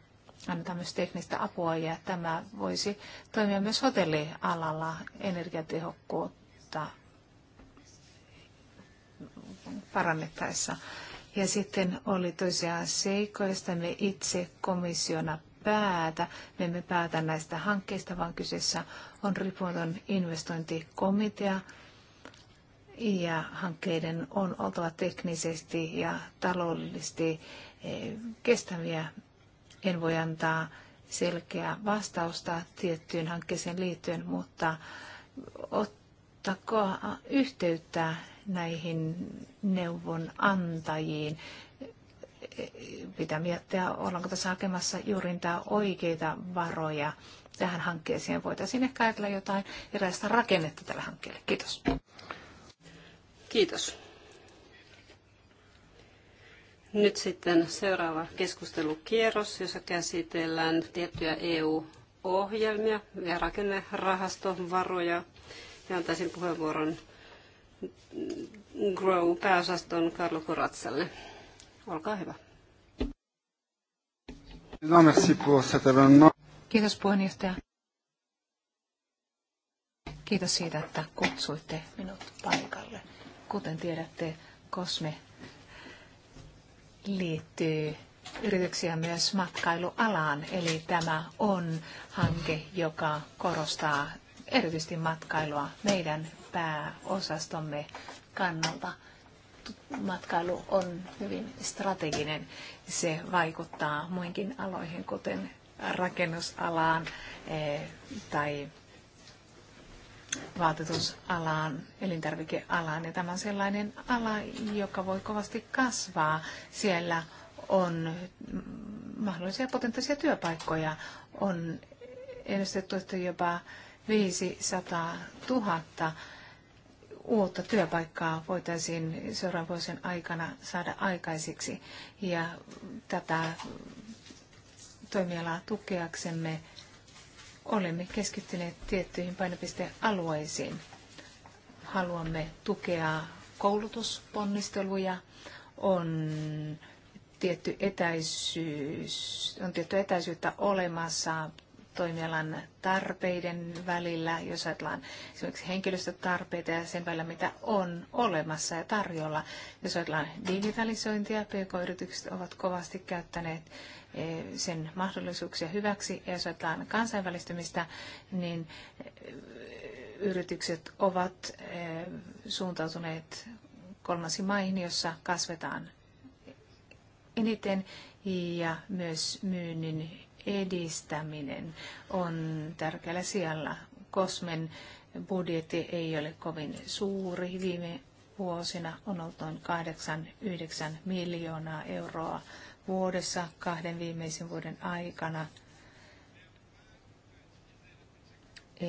annetaan myös teknistä apua ja tämä voisi toimia myös hotellialalla energiatehokkuutta parannettaessa. Ja sitten oli tosiaan seikoista, me itse komissiona päätä. Me emme päätä näistä hankkeista, vaan kyseessä on riippumaton investointikomitea. Ja hankkeiden on oltava teknisesti ja taloudellisesti eh, kestäviä. En voi antaa selkeää vastausta tiettyyn hankkeeseen liittyen, mutta ottakaa yhteyttä näihin neuvonantajiin. Pitää miettiä, ollaanko tässä hakemassa juurintaa oikeita varoja tähän hankkeeseen. Voitaisiin ehkä ajatella jotain eräistä rakennetta tällä hankkeelle. Kiitos. Kiitos. Nyt sitten seuraava keskustelukierros, jossa käsitellään tiettyjä EU-ohjelmia ja rakennerahastovaroja. Ja antaisin puheenvuoron Grow-pääosaston Carlo Kuratsalle. Olkaa hyvä. Kiitos puheenjohtaja. Kiitos siitä, että kutsuitte minut paikalle. Kuten tiedätte, Kosme liittyy yrityksiä myös matkailualaan, eli tämä on hanke, joka korostaa erityisesti matkailua meidän pääosastomme kannalta. Matkailu on hyvin strateginen. Se vaikuttaa muinkin aloihin, kuten rakennusalaan eh, tai vaatetusalaan, elintarvikealaan. Ja tämä on sellainen ala, joka voi kovasti kasvaa. Siellä on mahdollisia potentiaalisia työpaikkoja. On ennustettu, että jopa 500 000 uutta työpaikkaa voitaisiin seuraavan vuosien aikana saada aikaisiksi. Ja tätä toimialaa tukeaksemme olemme keskittyneet tiettyihin painopistealueisiin. Haluamme tukea koulutusponnisteluja, on tietty, etäisyys, on tietty etäisyyttä olemassa toimialan tarpeiden välillä, jos ajatellaan esimerkiksi henkilöstötarpeita ja sen välillä, mitä on olemassa ja tarjolla. Jos ajatellaan digitalisointia, pk-yritykset ovat kovasti käyttäneet eh, sen mahdollisuuksia hyväksi. Ja jos ajatellaan kansainvälistymistä, niin eh, yritykset ovat eh, suuntautuneet kolmansiin maihin, jossa kasvetaan eniten ja myös myynnin edistäminen on tärkeällä sijalla. Kosmen budjetti ei ole kovin suuri. Viime vuosina on ollut noin 8-9 miljoonaa euroa vuodessa kahden viimeisen vuoden aikana. E,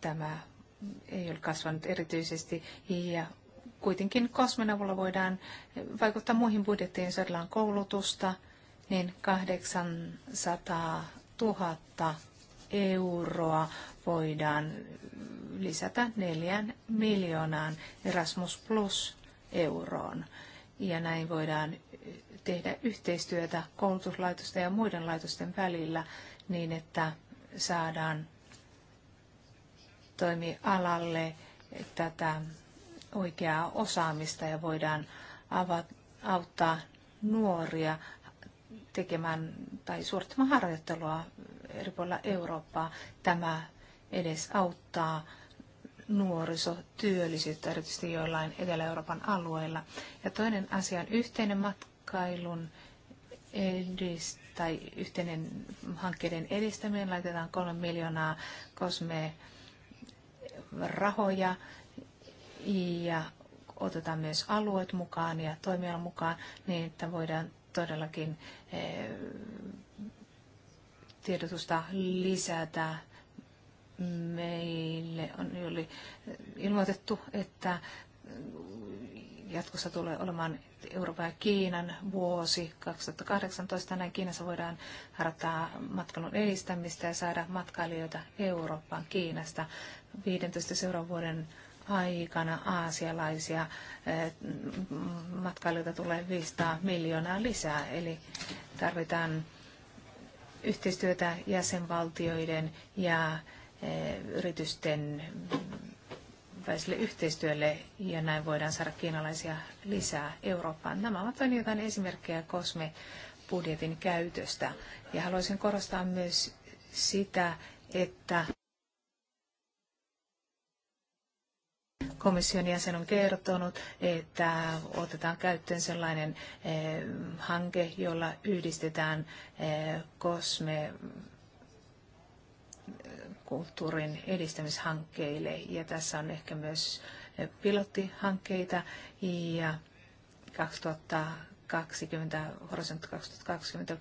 tämä ei ole kasvanut erityisesti ja kuitenkin kosmen avulla voidaan vaikuttaa muihin budjettiin, saadaan koulutusta, niin 800 000 euroa voidaan lisätä neljän miljoonaan Erasmus Plus euroon. Ja näin voidaan tehdä yhteistyötä koulutuslaitosten ja muiden laitosten välillä niin, että saadaan toimialalle tätä oikeaa osaamista ja voidaan auttaa nuoria tekemään tai suorittamaan harjoittelua eri puolilla Eurooppaa. Tämä edes auttaa nuorisotyöllisyyttä, erityisesti joillain Etelä-Euroopan alueilla. Ja toinen asia on yhteinen matkailun edis, tai yhteinen hankkeiden edistäminen. Laitetaan kolme miljoonaa kosme rahoja ja otetaan myös alueet mukaan ja toimijoilla mukaan niin, että voidaan todellakin eh, tiedotusta lisätä. Meille on oli ilmoitettu, että jatkossa tulee olemaan Euroopan ja Kiinan vuosi 2018. Näin Kiinassa voidaan harjoittaa matkailun edistämistä ja saada matkailijoita Eurooppaan Kiinasta 15 seuraavan vuoden aikana aasialaisia eh, matkailijoita tulee 500 miljoonaa lisää, eli tarvitaan yhteistyötä jäsenvaltioiden ja eh, yritysten väiselle yhteistyölle ja näin voidaan saada kiinalaisia lisää Eurooppaan. Nämä ovat vain jotain esimerkkejä kosme-budjetin käytöstä. Ja haluaisin korostaa myös sitä, että komission jäsen on kertonut, että otetaan käyttöön sellainen eh, hanke, jolla yhdistetään eh, kosme eh, kulttuurin edistämishankkeille ja tässä on ehkä myös pilottihankkeita ja 2020, horisontti 2020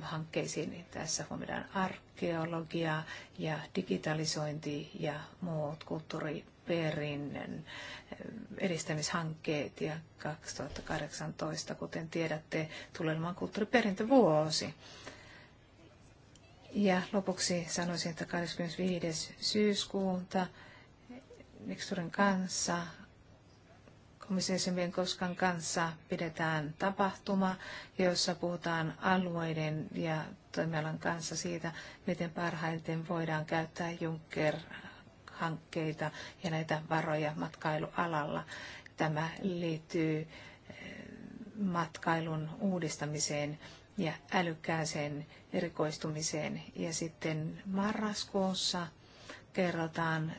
hankkeisiin. Tässä huomioidaan arkeologia ja digitalisointi ja muut kulttuuri perinnön eh, edistämishankkeet ja 2018, kuten tiedätte, tulee olemaan kulttuuriperintövuosi. Ja lopuksi sanoisin, että 25. syyskuuta Miksturin kanssa, komissiosimien Koskan kanssa pidetään tapahtuma, jossa puhutaan alueiden ja toimialan kanssa siitä, miten parhaiten voidaan käyttää Juncker hankkeita ja näitä varoja matkailualalla. Tämä liittyy eh, matkailun uudistamiseen ja älykkääseen erikoistumiseen. Ja sitten marraskuussa kerrotaan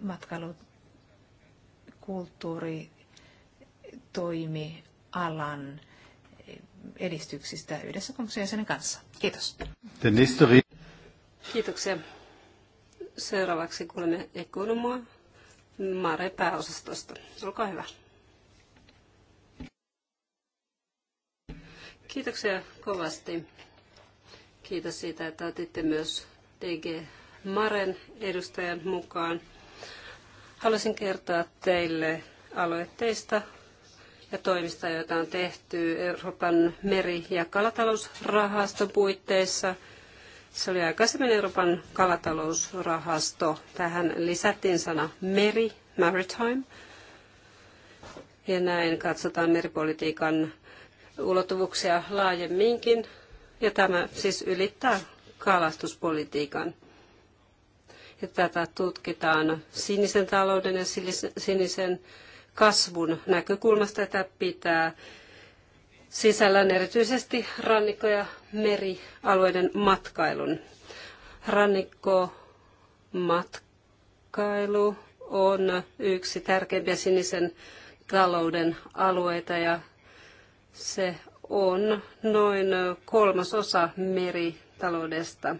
matkailukulttuuritoimialan edistyksistä yhdessä komission kanssa. Kiitos. Kiitoksia. Seuraavaksi kuulemme Ekonomoa Mare pääosastosta. Olkaa hyvä. Kiitoksia kovasti. Kiitos siitä, että otitte myös DG Maren edustajan mukaan. Haluaisin kertoa teille aloitteista ja toimista, joita on tehty Euroopan meri- ja kalatalousrahaston puitteissa – se oli aikaisemmin Euroopan kalatalousrahasto. Tähän lisättiin sana meri, maritime. Ja näin katsotaan meripolitiikan ulottuvuuksia laajemminkin. Ja tämä siis ylittää kalastuspolitiikan. Ja tätä tutkitaan sinisen talouden ja sinisen kasvun näkökulmasta. Tätä pitää sisällään erityisesti rannikko- ja merialueiden matkailun. Rannikkomatkailu on yksi tärkeimpiä sinisen talouden alueita ja se on noin kolmasosa meritaloudesta.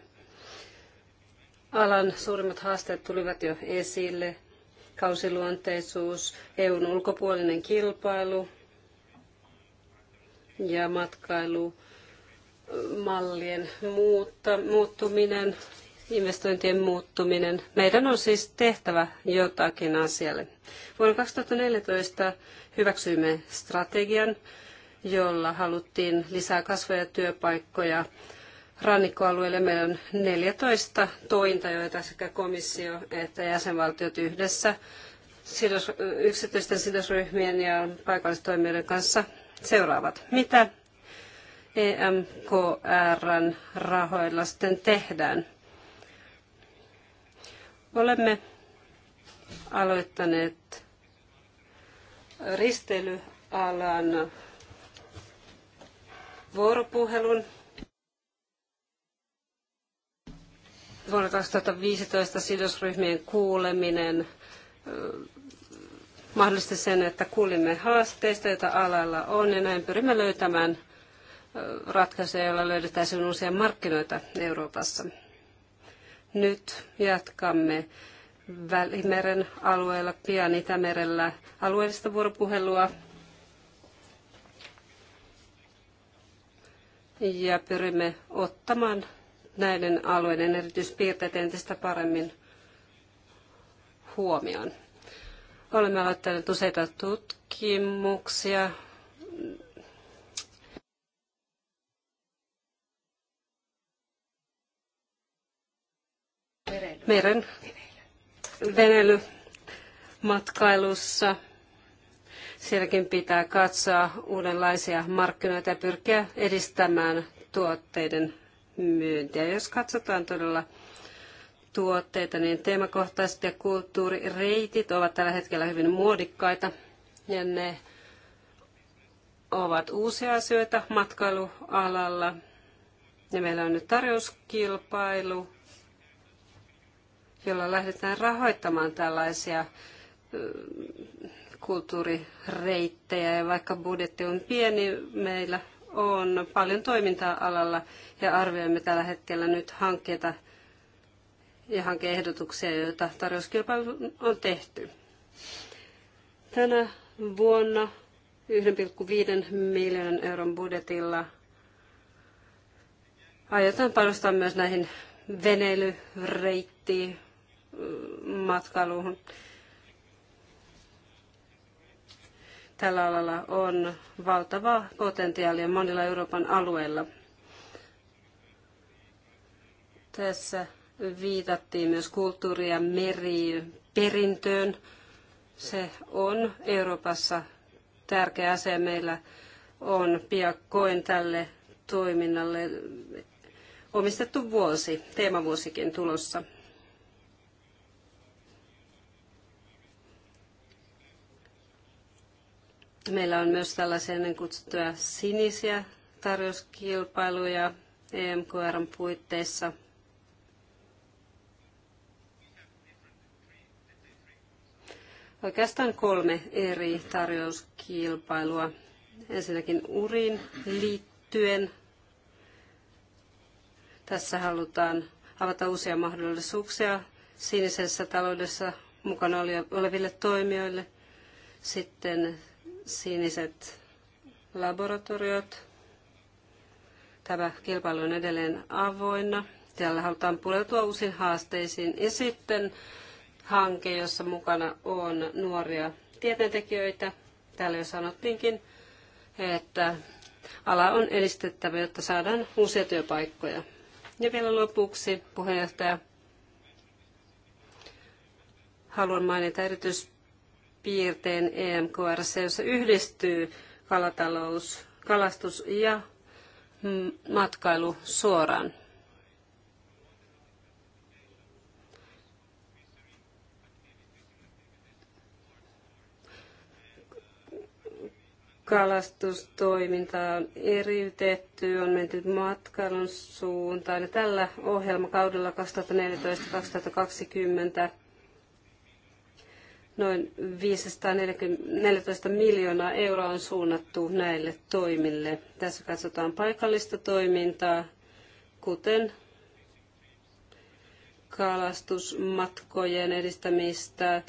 Alan suurimmat haasteet tulivat jo esille. Kausiluonteisuus, EUn ulkopuolinen kilpailu, ja matkailumallien muutta, muuttuminen, investointien muuttuminen. Meidän on siis tehtävä jotakin asialle. Vuonna 2014 hyväksyimme strategian, jolla haluttiin lisää kasvoja ja työpaikkoja rannikkoalueelle. Meillä on 14 tointa, joita sekä komissio että jäsenvaltiot yhdessä sidos, yksityisten sidosryhmien ja paikallistoimijoiden kanssa seuraavat. Mitä EMKRn rahoilla sitten tehdään? Olemme aloittaneet risteilyalan vuoropuhelun vuonna 2015 sidosryhmien kuuleminen, mahdollisti sen, että kuulimme haasteista, joita alalla on, ja näin pyrimme löytämään ratkaisuja, joilla löydetään uusia markkinoita Euroopassa. Nyt jatkamme Välimeren alueella, pian Itämerellä alueellista vuoropuhelua. Ja pyrimme ottamaan näiden alueiden erityispiirteet entistä paremmin huomioon. Olemme aloittaneet useita tutkimuksia meren venelymatkailussa. Sielläkin pitää katsoa uudenlaisia markkinoita ja pyrkiä edistämään tuotteiden myyntiä. Jos katsotaan todella tuotteita, niin teemakohtaiset ja kulttuurireitit ovat tällä hetkellä hyvin muodikkaita ja ne ovat uusia asioita matkailualalla. Ja meillä on nyt tarjouskilpailu, jolla lähdetään rahoittamaan tällaisia kulttuurireittejä. Ja vaikka budjetti on pieni, meillä on paljon toimintaa alalla ja arvioimme tällä hetkellä nyt hankkeita, ja hankeehdotuksia, joita tarjouskilpailu on tehty. Tänä vuonna 1,5 miljoonan euron budjetilla aiotaan panostaa myös näihin veneilyreittiin, matkailuun. Tällä alalla on valtava potentiaali monilla Euroopan alueilla. Tässä viitattiin myös kulttuuri- ja meriperintöön. Se on Euroopassa tärkeä asia. Meillä on piakkoin tälle toiminnalle omistettu vuosi, teemavuosikin tulossa. Meillä on myös tällaisia niin kutsuttuja sinisiä tarjouskilpailuja EMKRn puitteissa – oikeastaan kolme eri tarjouskilpailua. Ensinnäkin uriin liittyen. Tässä halutaan avata uusia mahdollisuuksia sinisessä taloudessa mukana oleville toimijoille. Sitten siniset laboratoriot. Tämä kilpailu on edelleen avoinna. täällä halutaan pureutua uusiin haasteisiin. Ja sitten hanke, jossa mukana on nuoria tieteentekijöitä. Täällä jo sanottiinkin, että ala on edistettävä, jotta saadaan uusia työpaikkoja. Ja vielä lopuksi, puheenjohtaja, haluan mainita erityispiirteen EMKRC, jossa yhdistyy kalatalous, kalastus ja mm, matkailu suoraan. kalastustoiminta on eriytetty, on menty matkailun suuntaan. Ja tällä ohjelmakaudella 2014-2020 noin 514 miljoonaa euroa on suunnattu näille toimille. Tässä katsotaan paikallista toimintaa, kuten kalastusmatkojen edistämistä,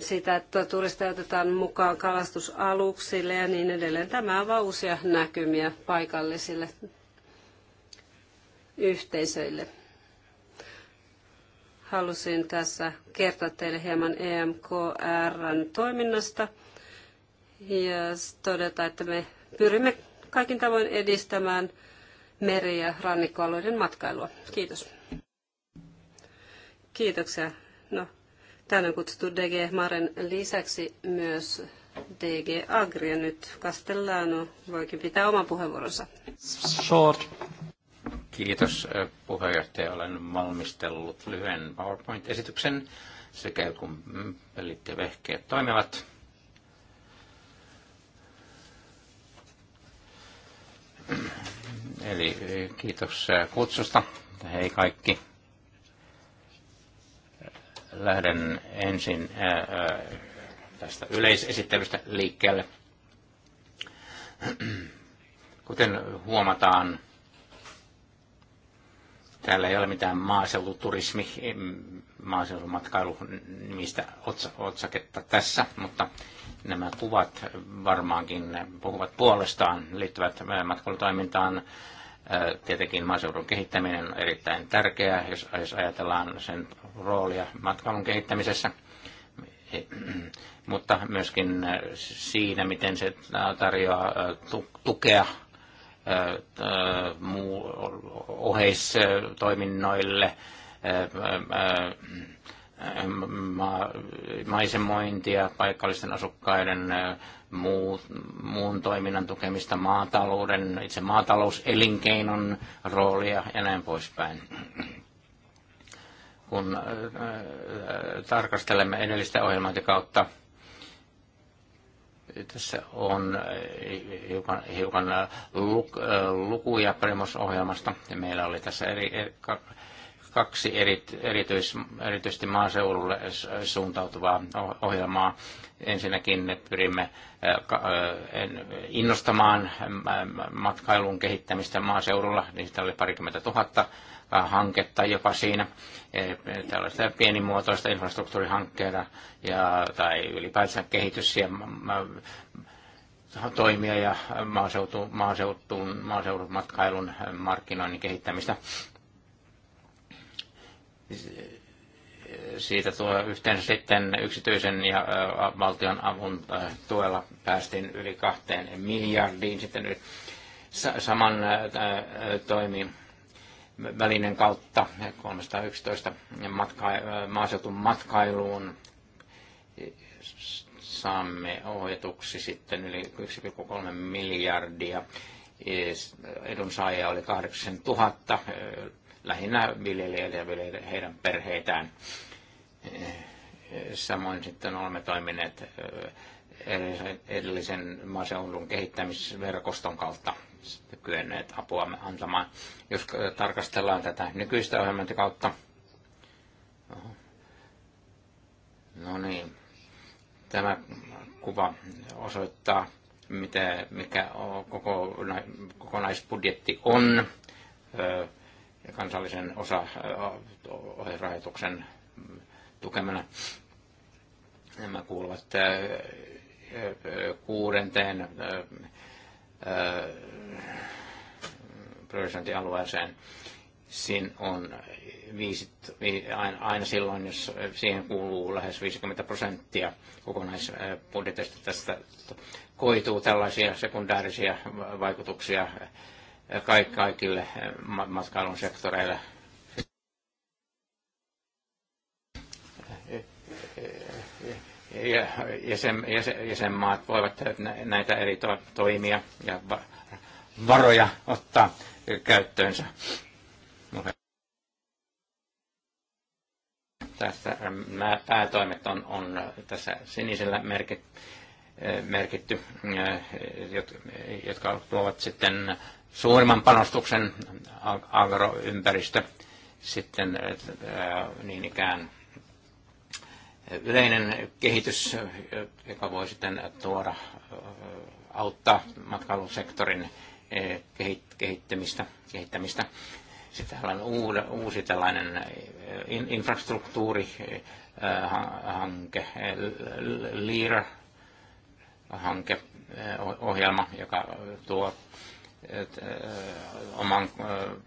sitä, että turisteja otetaan mukaan kalastusaluksille ja niin edelleen. Tämä avaa uusia näkymiä paikallisille yhteisöille. Halusin tässä kertoa teille hieman EMKRn toiminnasta ja todeta, että me pyrimme kaikin tavoin edistämään meri- ja rannikkoalueiden matkailua. Kiitos. Kiitoksia. No, Täällä on kutsuttu DG Maren lisäksi myös DG Agri ja nyt Castellano voikin pitää oman puheenvuoronsa. Short. Kiitos puheenjohtaja. Olen valmistellut lyhyen PowerPoint-esityksen sekä kun pelit ja vehkeet toimivat. Eli kiitos kutsusta. Hei kaikki lähden ensin tästä yleisesittelystä liikkeelle. Kuten huomataan, täällä ei ole mitään maaseututurismi, maaseutumatkailu nimistä otsaketta tässä, mutta nämä kuvat varmaankin puhuvat puolestaan, liittyvät matkailutoimintaan. Tietenkin maaseudun kehittäminen on erittäin tärkeää, jos, jos ajatellaan sen roolia matkailun kehittämisessä, e- mutta myöskin siinä, miten se tarjoaa tukea muu oheistoiminnoille, maisemointia, paikallisten asukkaiden muun toiminnan tukemista, maatalouden, itse maatalouselinkeinon roolia ja näin poispäin kun äh, äh, tarkastelemme edellistä kautta. Tässä on äh, hiukan, hiukan luk, lukuja premos ohjelmasta Meillä oli tässä eri, kaksi eri, erityis, erityisesti maaseudulle suuntautuvaa ohjelmaa. Ensinnäkin pyrimme innostamaan matkailun kehittämistä maaseudulla. Niistä oli parikymmentä tuhatta hanketta jopa siinä, e, tällaista pienimuotoista infrastruktuurihankkeita ja, tai ylipäätään kehitys ja toimia ja maaseutu, maaseutun maaseudun matkailun markkinoinnin kehittämistä. Siitä tuo yhteensä sitten yksityisen ja valtion avun tuella päästiin yli kahteen miljardiin sitten saman toimiin välinen kautta 311 matka, maaseutun matkailuun saamme ohjetuksi sitten yli 1,3 miljardia. Edunsaajia oli 8000, lähinnä viljelijöitä ja viljelijöitä, heidän perheitään. Samoin sitten olemme toimineet edellisen maaseudun kehittämisverkoston kautta sitten kyenneet apua antamaan. Jos äh, tarkastellaan tätä nykyistä ohjelmointikautta, no niin, tämä kuva osoittaa, mitä, mikä koko, kokonaisbudjetti on kansallisen osa ohjelrahoituksen tukemana. Nämä kuuluvat kuudenteen priorisointialueeseen. Siinä on viisi, aina silloin, jos siihen kuuluu lähes 50 prosenttia kokonaisbudjetista tästä koituu tällaisia sekundäärisiä vaikutuksia kaikille matkailun sektoreille jäsen, jäsen, jäsenmaat voivat näitä eri to, toimia ja va, varoja ottaa käyttöönsä. Tässä ähm, nämä päätoimet on, on äh, tässä sinisellä merkit, äh, merkitty, äh, jotka tuovat sitten suurimman panostuksen agroympäristö sitten niin ikään yleinen kehitys, joka voi sitten tuoda, auttaa matkailusektorin kehittämistä. kehittämistä. Sitten on uusi tällainen infrastruktuurihanke, LIRA-hanke, ohjelma, joka tuo oman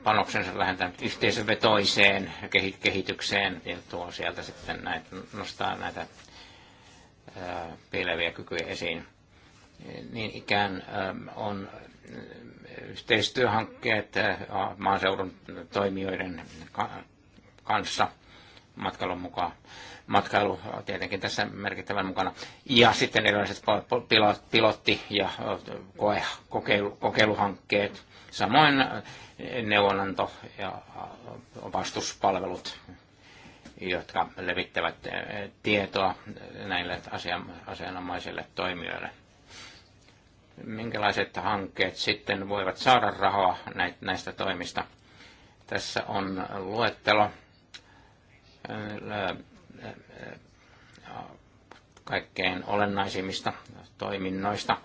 panoksensa lähentänyt yhteisövetoiseen kehitykseen ja tuo sieltä sitten näitä, nostaa näitä piileviä kykyjä esiin. Niin ikään on yhteistyöhankkeet maaseudun toimijoiden kanssa matkailun mukaan matkailu tietenkin tässä merkittävän mukana. Ja sitten erilaiset pilotti- ja kokeilu, kokeiluhankkeet, samoin neuvonanto- ja opastuspalvelut, jotka levittävät tietoa näille asianomaisille toimijoille. Minkälaiset hankkeet sitten voivat saada rahaa näistä toimista? Tässä on luettelo Äh, kaikkein olennaisimmista toiminnoista.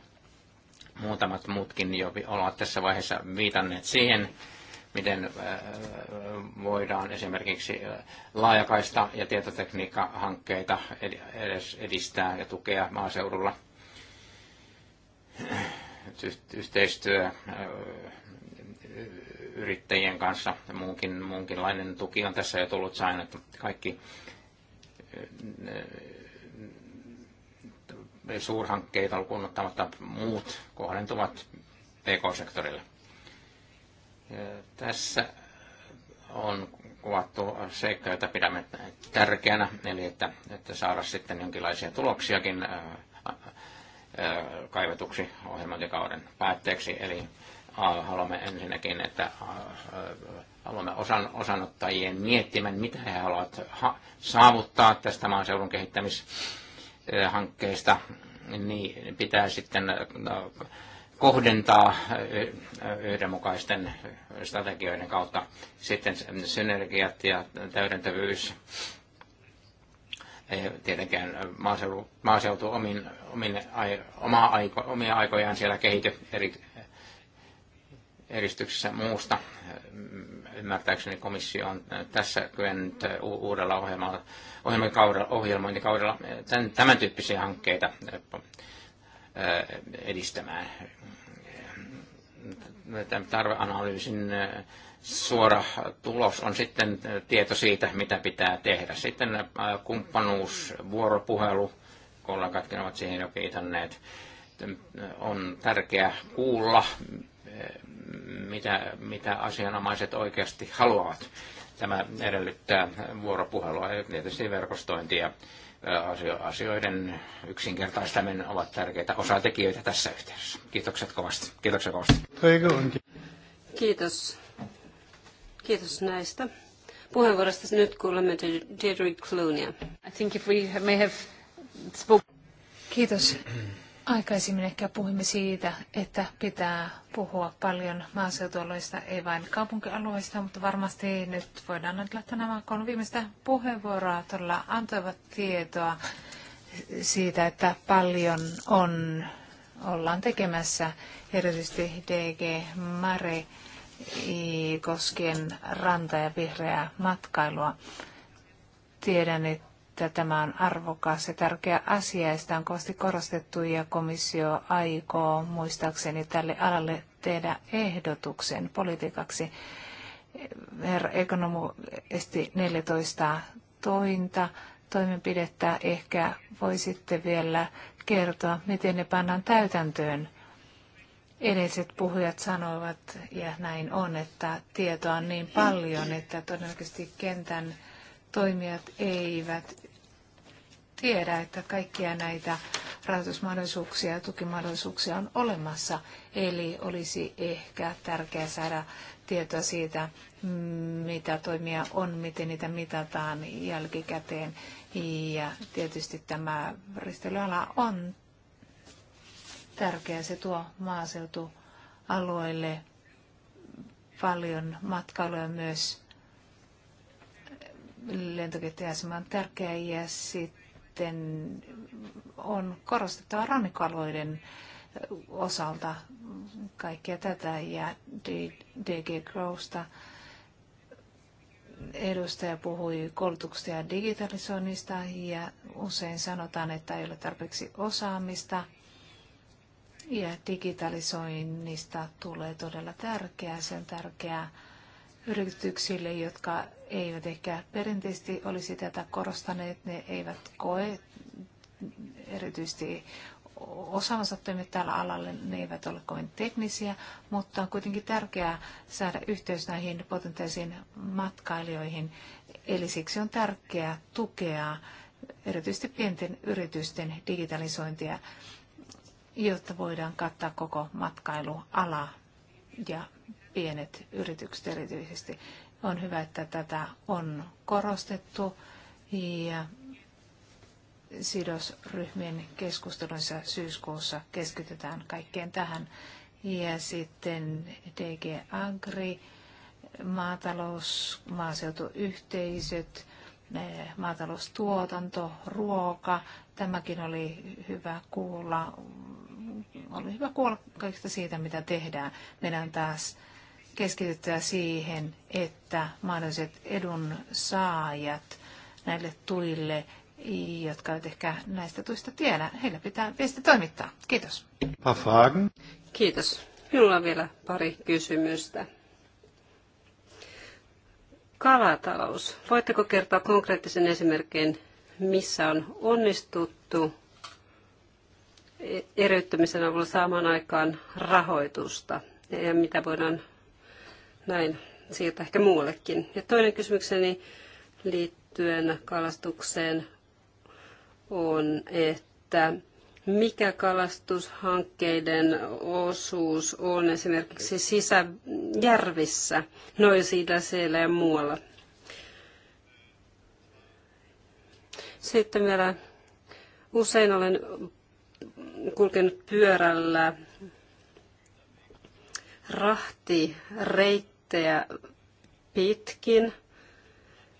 Muutamat muutkin jo ovat tässä vaiheessa viitanneet siihen, miten äh, voidaan esimerkiksi äh, laajakaista ja tietotekniikkahankkeita edes edistää ja tukea maaseudulla. Yhteistyö yrittäjien kanssa ja muunkin, muunkinlainen tuki on tässä jo tullut sain, että kaikki suurhankkeita lukuun ottamatta muut kohdentuvat pk-sektorille. Tässä on kuvattu seikka, jota pidämme tärkeänä, eli että, että saada sitten jonkinlaisia tuloksiakin kaivetuksi ohjelmointikauden päätteeksi. Eli haluamme ensinnäkin, että haluamme osan, osanottajien miettimään, mitä he haluavat ha- saavuttaa tästä maaseudun kehittämishankkeesta, niin pitää sitten no, kohdentaa yhdenmukaisten strategioiden kautta sitten synergiat ja täydentävyys. Ei tietenkään maaseutu, maaseutu omin, omin, omaa aiko, omia aikojaan siellä kehity eri, eristyksessä muusta. Ymmärtääkseni komissio on tässä kyennyt uudella ohjelmalla, ohjelmakaudella, ohjelmointikaudella tämän, tämän tyyppisiä hankkeita eh, edistämään. Tarveanalyysin eh, suora tulos on sitten tieto siitä, mitä pitää tehdä. Sitten eh, kumppanuus, vuoropuhelu, kollegatkin ovat siihen jo viitanneet, on tärkeää kuulla, mitä, mitä asianomaiset oikeasti haluavat. Tämä edellyttää vuoropuhelua ja tietysti verkostointia. Asioiden yksinkertaistaminen ovat tärkeitä osatekijöitä tässä yhteydessä. Kiitokset kovasti. Kiitoksia kovasti. Kiitos. Kiitos näistä puheenvuorosta. Nyt kuulemme Deirdre Cloonia. I think if we may have Kiitos. Aikaisemmin ehkä puhuimme siitä, että pitää puhua paljon maaseutualueista, ei vain kaupunkialueista, mutta varmasti nyt voidaan ajatella, että nämä kolme viimeistä puheenvuoroa todella antoivat tietoa siitä, että paljon on, ollaan tekemässä erityisesti DG Mare koskien ranta- ja vihreää matkailua. Tiedän, että että tämä on arvokas ja tärkeä asia ja sitä on kovasti korostettu ja komissio aikoo muistaakseni tälle alalle tehdä ehdotuksen politiikaksi. Herra Ekonomu esti 14 tointa toimenpidettä. Ehkä voisitte vielä kertoa, miten ne pannaan täytäntöön. Edelliset puhujat sanoivat, ja näin on, että tietoa on niin paljon, että todennäköisesti kentän toimijat eivät tiedä, että kaikkia näitä rahoitusmahdollisuuksia ja tukimahdollisuuksia on olemassa. Eli olisi ehkä tärkeää saada tietoa siitä, mitä toimia on, miten niitä mitataan jälkikäteen. Ja tietysti tämä risteilyala on tärkeä. Se tuo maaseutualueille paljon matkailua myös lentokenttäasema on tärkeä ja sitten sitten on korostettava rannikkoalueiden osalta kaikkea tätä ja DG Growsta edustaja puhui koulutuksesta ja digitalisoinnista ja usein sanotaan, että ei ole tarpeeksi osaamista ja digitalisoinnista tulee todella tärkeää, sen tärkeää yrityksille, jotka eivät ehkä perinteisesti olisi tätä korostaneet, ne eivät koe erityisesti osaavansa toimia tällä alalla, ne eivät ole kovin teknisiä, mutta on kuitenkin tärkeää saada yhteys näihin potentiaalisiin matkailijoihin. Eli siksi on tärkeää tukea erityisesti pienten yritysten digitalisointia, jotta voidaan kattaa koko matkailuala ja pienet yritykset erityisesti. On hyvä, että tätä on korostettu ja sidosryhmien keskusteluissa syyskuussa keskitytään kaikkeen tähän. Ja sitten DG Agri, maatalous, maaseutuyhteisöt, maataloustuotanto, ruoka. Tämäkin oli hyvä kuulla. Oli hyvä kuulla kaikista siitä, mitä tehdään. Meidän taas keskityttyä siihen, että mahdolliset edunsaajat näille tuille, jotka eivät ehkä näistä tuista tiedä, heillä pitää viesti toimittaa. Kiitos. Kiitos. Minulla on vielä pari kysymystä. Kalatalous. Voitteko kertoa konkreettisen esimerkin, missä on onnistuttu e- eriyttämisen avulla saamaan aikaan rahoitusta ja mitä voidaan näin siirtää ehkä muullekin. Ja toinen kysymykseni liittyen kalastukseen on, että mikä kalastushankkeiden osuus on esimerkiksi sisäjärvissä, siitä siellä ja muualla. Sitten vielä usein olen kulkenut pyörällä rahtireitti reittejä pitkin.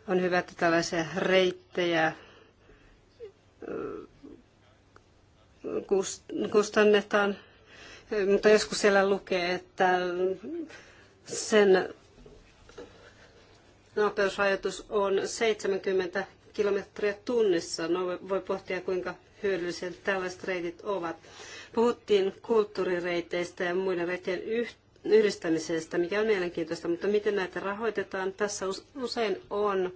On hyvä, että tällaisia reittejä kustannetaan, mutta joskus siellä lukee, että sen nopeusrajoitus on 70 kilometriä tunnissa. No voi pohtia, kuinka hyödylliset tällaiset reitit ovat. Puhuttiin kulttuurireiteistä ja muiden reittien yhteydessä yhdistämisestä, mikä on mielenkiintoista, mutta miten näitä rahoitetaan, tässä usein on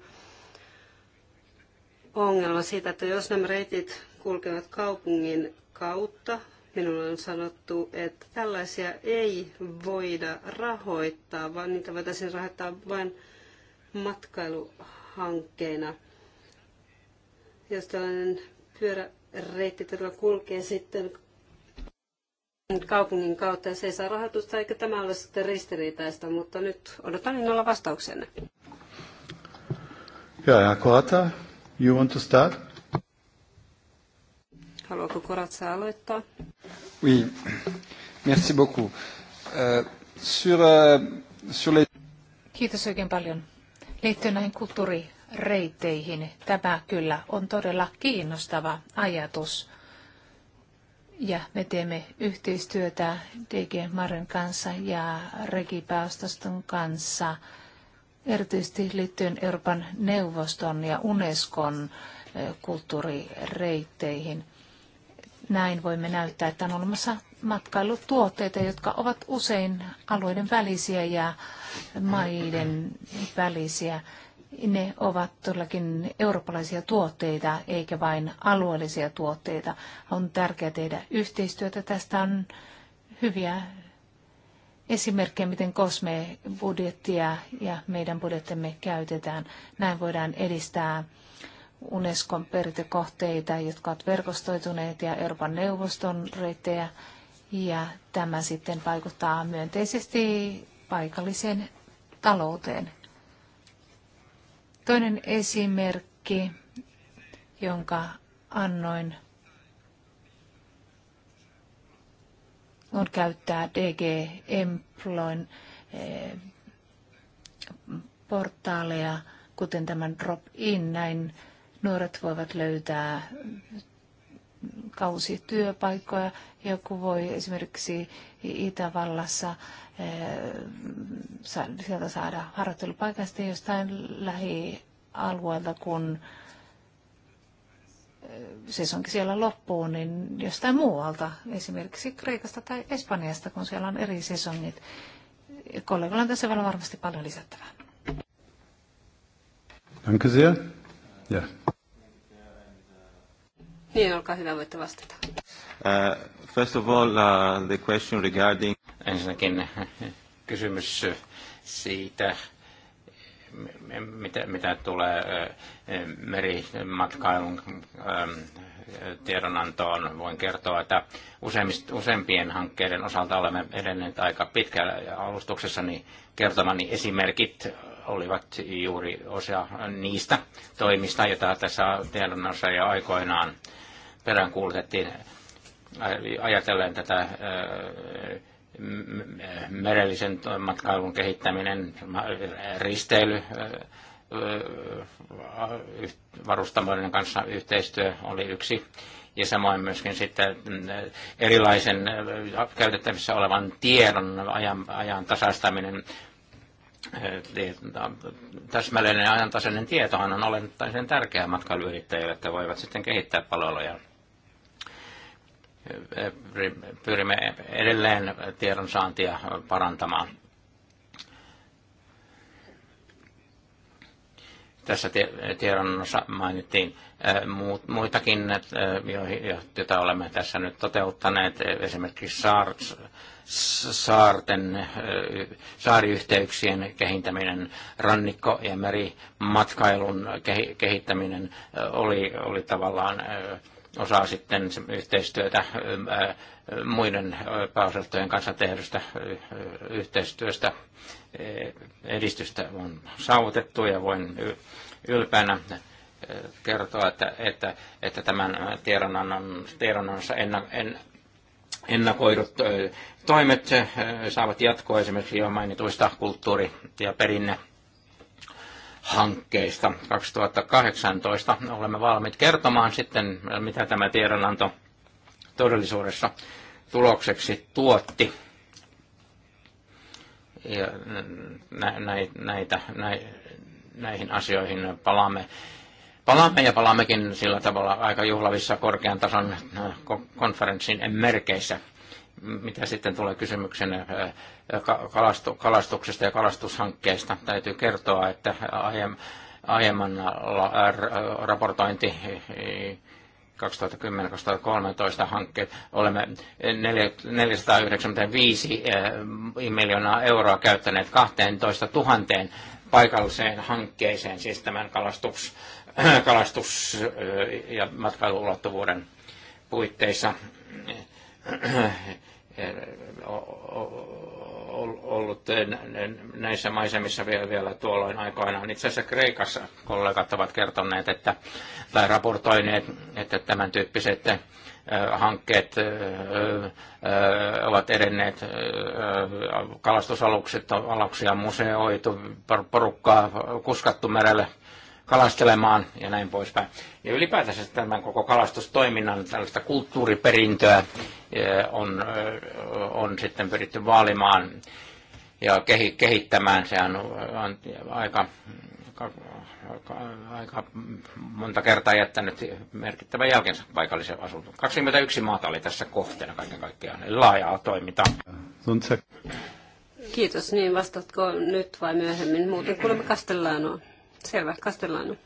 ongelma siitä, että jos nämä reitit kulkevat kaupungin kautta, minulle on sanottu, että tällaisia ei voida rahoittaa, vaan niitä voitaisiin rahoittaa vain matkailuhankkeena. Jos tällainen pyöräreitti todella kulkee sitten kaupungin kautta ja se ei saa rahoitusta, eikä tämä ole sitten ristiriitaista, mutta nyt odotan innolla vastauksenne. Ja, ja Korata, you want to start? Haluatko Koratsa aloittaa? Oui, merci beaucoup. Uh, sur, uh, sur les... Kiitos oikein paljon. Liittyen näihin kulttuurireiteihin, tämä kyllä on todella kiinnostava ajatus ja me teemme yhteistyötä DG Maren kanssa ja Regipäästöstön kanssa, erityisesti liittyen Euroopan neuvoston ja Unescon kulttuurireitteihin. Näin voimme näyttää, että on olemassa matkailutuotteita, jotka ovat usein alueiden välisiä ja maiden välisiä ne ovat todellakin eurooppalaisia tuotteita eikä vain alueellisia tuotteita. On tärkeää tehdä yhteistyötä. Tästä on hyviä esimerkkejä, miten COSME-budjettia ja meidän budjettemme käytetään. Näin voidaan edistää Unescon perintökohteita, jotka ovat verkostoituneet ja Euroopan neuvoston reittejä. Ja tämä sitten vaikuttaa myönteisesti paikalliseen talouteen Toinen esimerkki, jonka annoin, on käyttää DG Employn eh, portaaleja, kuten tämän Drop In, näin nuoret voivat löytää kausi työpaikkoja. Joku voi esimerkiksi Itävallassa eh, sieltä saada harjoittelupaikasta jostain lähialueelta, kun eh, se onkin siellä loppuun, niin jostain muualta, esimerkiksi Kreikasta tai Espanjasta, kun siellä on eri sesongit. Kollegalla on tässä vielä varmasti paljon lisättävää. Danke sehr. Ja. Niin, olkaa hyvä, voitte vastata. Uh, first of all, uh, the question regarding... Ensinnäkin eh, kysymys siitä, mitä, mitä tulee eh, merimatkailun tiedonantoon, voin kertoa, että useimmist, useimpien hankkeiden osalta olemme edenneet aika pitkällä ja alustuksessani kertomani esimerkit olivat juuri osa niistä toimista, joita tässä tiedonannossa jo aikoinaan peräänkuulutettiin ajatellen tätä merellisen matkailun kehittäminen, risteily, varustamoiden kanssa yhteistyö oli yksi. Ja samoin myöskin sitten erilaisen käytettävissä olevan tiedon ajan, ajan tasastaminen. No, Täsmällinen ajantasainen tietohan on olennaisen tärkeä matkailuyrittäjille, että voivat sitten kehittää palveluja pyrimme edelleen tiedonsaantia parantamaan. Tässä tiedon mainittiin muitakin, joita olemme tässä nyt toteuttaneet, esimerkiksi SARS, saarten, saariyhteyksien kehittäminen, rannikko- ja merimatkailun kehittäminen oli, oli tavallaan osaa sitten yhteistyötä muiden pääosastojen kanssa tehdystä yhteistyöstä. E, edistystä on saavutettu ja voin ylpeänä kertoa, että, että, että tämän tiedonannon, tiedonannossa enna, en, ennakoidut toimet saavat jatkoa esimerkiksi jo mainituista kulttuuri- ja perinne- hankkeista 2018. Olemme valmiit kertomaan sitten, mitä tämä tiedonanto todellisuudessa tulokseksi tuotti. Ja näitä, näihin asioihin palaamme. Palaamme ja palaammekin sillä tavalla aika juhlavissa korkean tason konferenssin merkeissä mitä sitten tulee kysymyksen äh, kalastuksesta ja kalastushankkeista, täytyy kertoa, että aiemman raportointi 2010-2013 hankkeet. Olemme 495 äh, miljoonaa euroa käyttäneet 12 000 paikalliseen hankkeeseen, siis tämän kalastus, kalastus- äh, ja matkailuulottuvuuden puitteissa ollut eh, näissä maisemissa vielä tuolloin aikoinaan. Itse asiassa Kreikassa kollegat ovat kertoneet että, tai raportoineet, että tämän tyyppiset eh, hankkeet eh, ovat edenneet, kalastusalukset, aluksia museoitu, porukkaa kuskattu merelle – kalastelemaan ja näin poispäin. Ja ylipäätänsä tämän koko kalastustoiminnan tällaista kulttuuriperintöä eh, on, eh, on sitten pyritty vaalimaan ja kehittämään. Se on, aika, aika, aika monta kertaa jättänyt merkittävän jälkensä paikallisen asuntoon. 21 maata oli tässä kohteena kaiken kaikkiaan, laajaa toimintaa. Kiitos, niin vastatko nyt vai myöhemmin? Muuten kuulemme on. Selvä, kastellaan.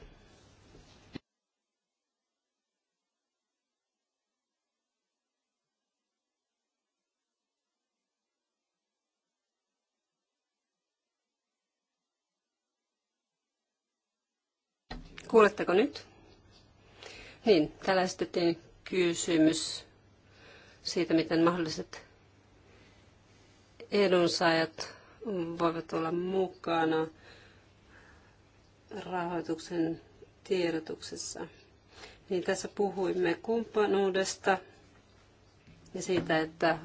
Kuuletteko nyt? Niin, täällä esitettiin kysymys siitä, miten mahdolliset edunsaajat voivat olla mukana rahoituksen tiedotuksessa. Niin tässä puhuimme kumppanuudesta ja siitä, että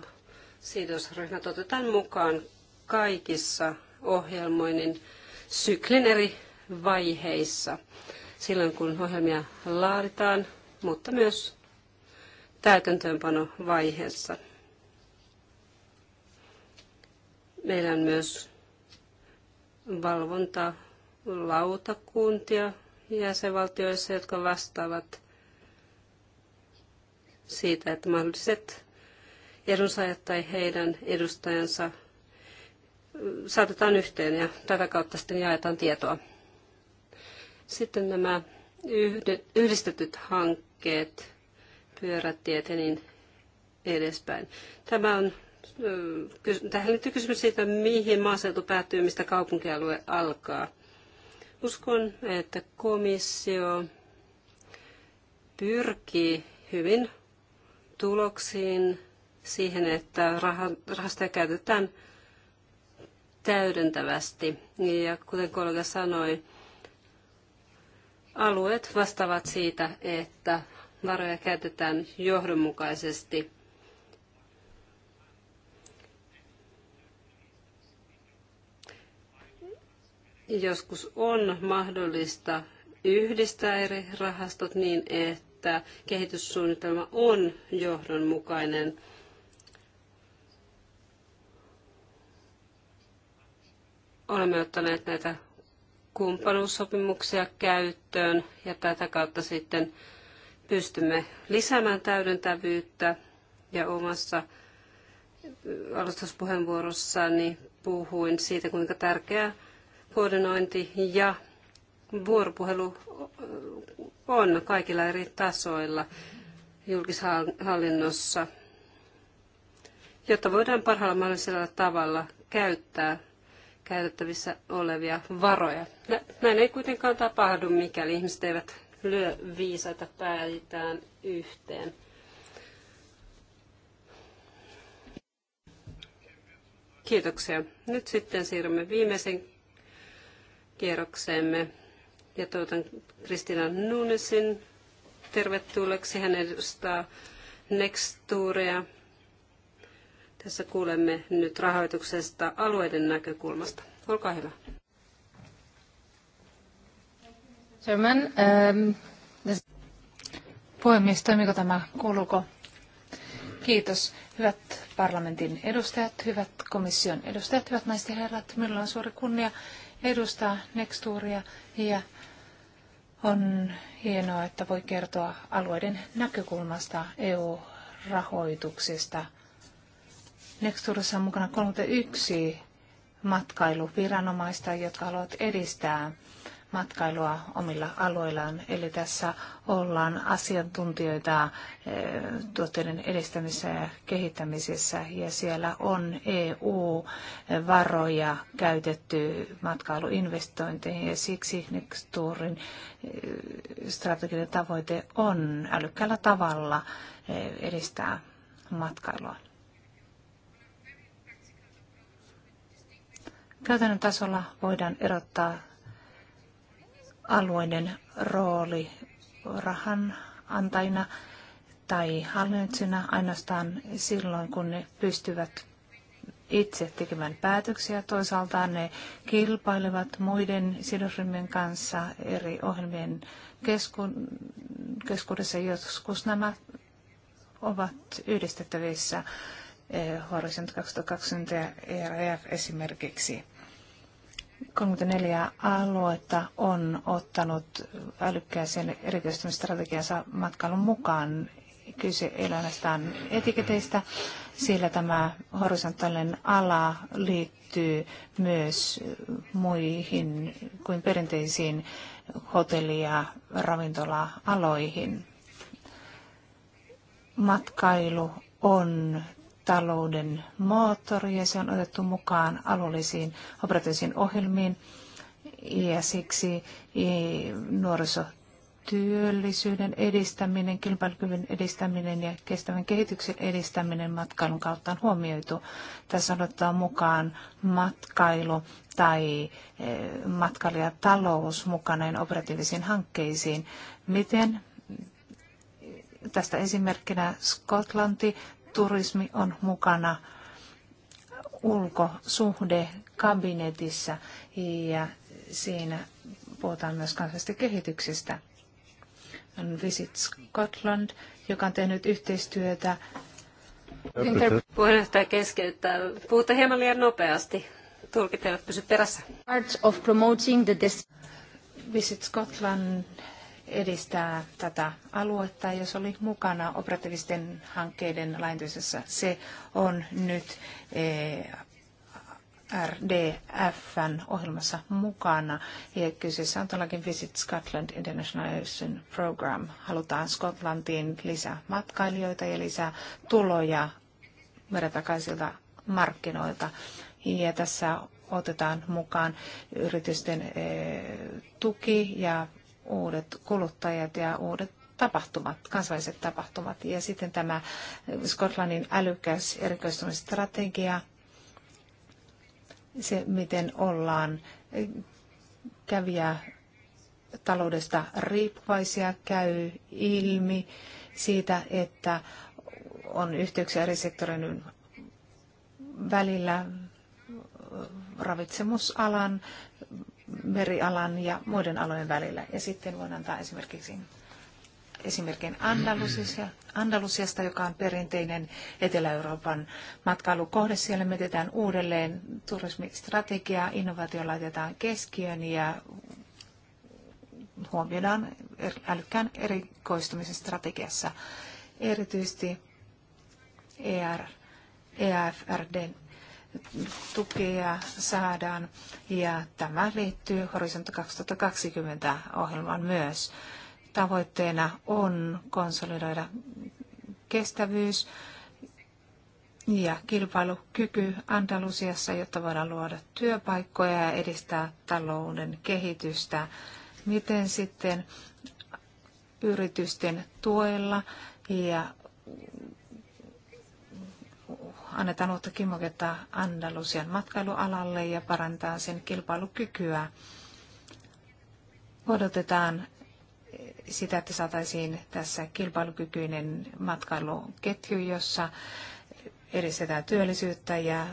sidosryhmät otetaan mukaan kaikissa ohjelmoinnin syklin eri vaiheissa. Silloin kun ohjelmia laaditaan, mutta myös täytäntöönpanovaiheessa. Meillä on myös valvontaa lautakuntia jäsenvaltioissa, jotka vastaavat siitä, että mahdolliset edunsaajat tai heidän edustajansa saatetaan yhteen ja tätä kautta sitten jaetaan tietoa. Sitten nämä yhdistetyt hankkeet, pyörätiet ja niin edespäin. Tämä on, tähän liittyy kysymys siitä, mihin maaseutu päättyy, mistä kaupunkialue alkaa. Uskon, että komissio pyrkii hyvin tuloksiin siihen, että rahasta käytetään täydentävästi. Ja kuten kollega sanoi, alueet vastaavat siitä, että varoja käytetään johdonmukaisesti. joskus on mahdollista yhdistää eri rahastot niin, että kehityssuunnitelma on johdonmukainen. Olemme ottaneet näitä kumppanuussopimuksia käyttöön ja tätä kautta sitten pystymme lisäämään täydentävyyttä ja omassa alustuspuheenvuorossani puhuin siitä, kuinka tärkeää koordinointi ja vuoropuhelu on kaikilla eri tasoilla julkishallinnossa, jotta voidaan parhaalla mahdollisella tavalla käyttää käytettävissä olevia varoja. Näin ei kuitenkaan tapahdu, mikäli ihmiset eivät lyö viisaita päätään yhteen. Kiitoksia. Nyt sitten siirrymme viimeisen kierroksemme. Ja toivotan Kristina Nunesin tervetulleeksi. Hän edustaa Nexturea. Tässä kuulemme nyt rahoituksesta alueiden näkökulmasta. Olkaa hyvä. Chairman, um, Puhemies, toimiko tämä? Kuuluuko? Kiitos. Hyvät parlamentin edustajat, hyvät komission edustajat, hyvät naiset ja herrat. Minulla on suuri kunnia edustaa Nexturia ja on hienoa, että voi kertoa alueiden näkökulmasta EU-rahoituksesta. Nexturissa on mukana 31 matkailuviranomaista, jotka haluavat edistää matkailua omilla alueillaan. Eli tässä ollaan asiantuntijoita eh, tuotteiden edistämisessä ja kehittämisessä ja siellä on EU-varoja käytetty matkailuinvestointeihin ja siksi Nexturin eh, strateginen tavoite on älykkäällä tavalla eh, edistää matkailua. Käytännön tasolla voidaan erottaa alueiden rooli rahan antajina tai hallitsijana ainoastaan silloin, kun ne pystyvät itse tekemään päätöksiä. Toisaalta ne kilpailevat muiden sidosryhmien kanssa eri ohjelmien kesku- keskuudessa. Joskus nämä ovat yhdistettävissä eh, Horizon 2020 ja ERF esimerkiksi. 34 aluetta on ottanut älykkäisen erityistymistrategiansa matkailun mukaan. Kyse ei ole ainoastaan etiketeistä, sillä tämä horisontaalinen ala liittyy myös muihin kuin perinteisiin hotelli- ja ravintola-aloihin. Matkailu on talouden moottori ja se on otettu mukaan alueellisiin operatiivisiin ohjelmiin ja siksi e, nuorisotyöllisyyden edistäminen, kilpailukyvyn edistäminen ja kestävän kehityksen edistäminen matkailun kautta on huomioitu. Tässä otetaan mukaan matkailu tai e, matkailijatalous mukanaan operatiivisiin hankkeisiin. Miten Tästä esimerkkinä Skotlanti turismi on mukana ulkosuhdekabinetissa ja siinä puhutaan myös kansallisesta kehityksestä. On Visit Scotland, joka on tehnyt yhteistyötä. Inter- puheenjohtaja keskeyttää. Puhutte hieman liian nopeasti. Tulkit eivät pysy perässä. Part of promoting the Visit Scotland edistää tätä aluetta, jos oli mukana operatiivisten hankkeiden laintoisessa. Se on nyt eh, RDFn ohjelmassa mukana. Ja kyseessä on todellakin Visit Scotland International Ocean Program. Halutaan Skotlantiin lisää matkailijoita ja lisää tuloja meretakaisilta markkinoilta. Ja tässä otetaan mukaan yritysten eh, tuki ja uudet kuluttajat ja uudet tapahtumat, kansalliset tapahtumat. Ja sitten tämä Skotlannin älykäs erikoistumisstrategia, se miten ollaan käviä taloudesta riippuvaisia käy ilmi siitä, että on yhteyksiä eri sektoreiden välillä ravitsemusalan merialan ja muiden alojen välillä. Ja sitten voin antaa esimerkiksi esimerkin Andalusiasta, joka on perinteinen Etelä-Euroopan matkailukohde. Siellä mietitään uudelleen turismistrategiaa, innovaatio laitetaan keskiöön ja huomioidaan älykkään erikoistumisen strategiassa. Erityisesti ER, EAFRDn tukea saadaan ja tämä liittyy Horisontti 2020 ohjelmaan myös. Tavoitteena on konsolidoida kestävyys ja kilpailukyky Andalusiassa, jotta voidaan luoda työpaikkoja ja edistää talouden kehitystä. Miten sitten yritysten tuella ja annetaan uutta kimoketta Andalusian matkailualalle ja parantaa sen kilpailukykyä. Odotetaan sitä, että saataisiin tässä kilpailukykyinen matkailuketju, jossa edistetään työllisyyttä ja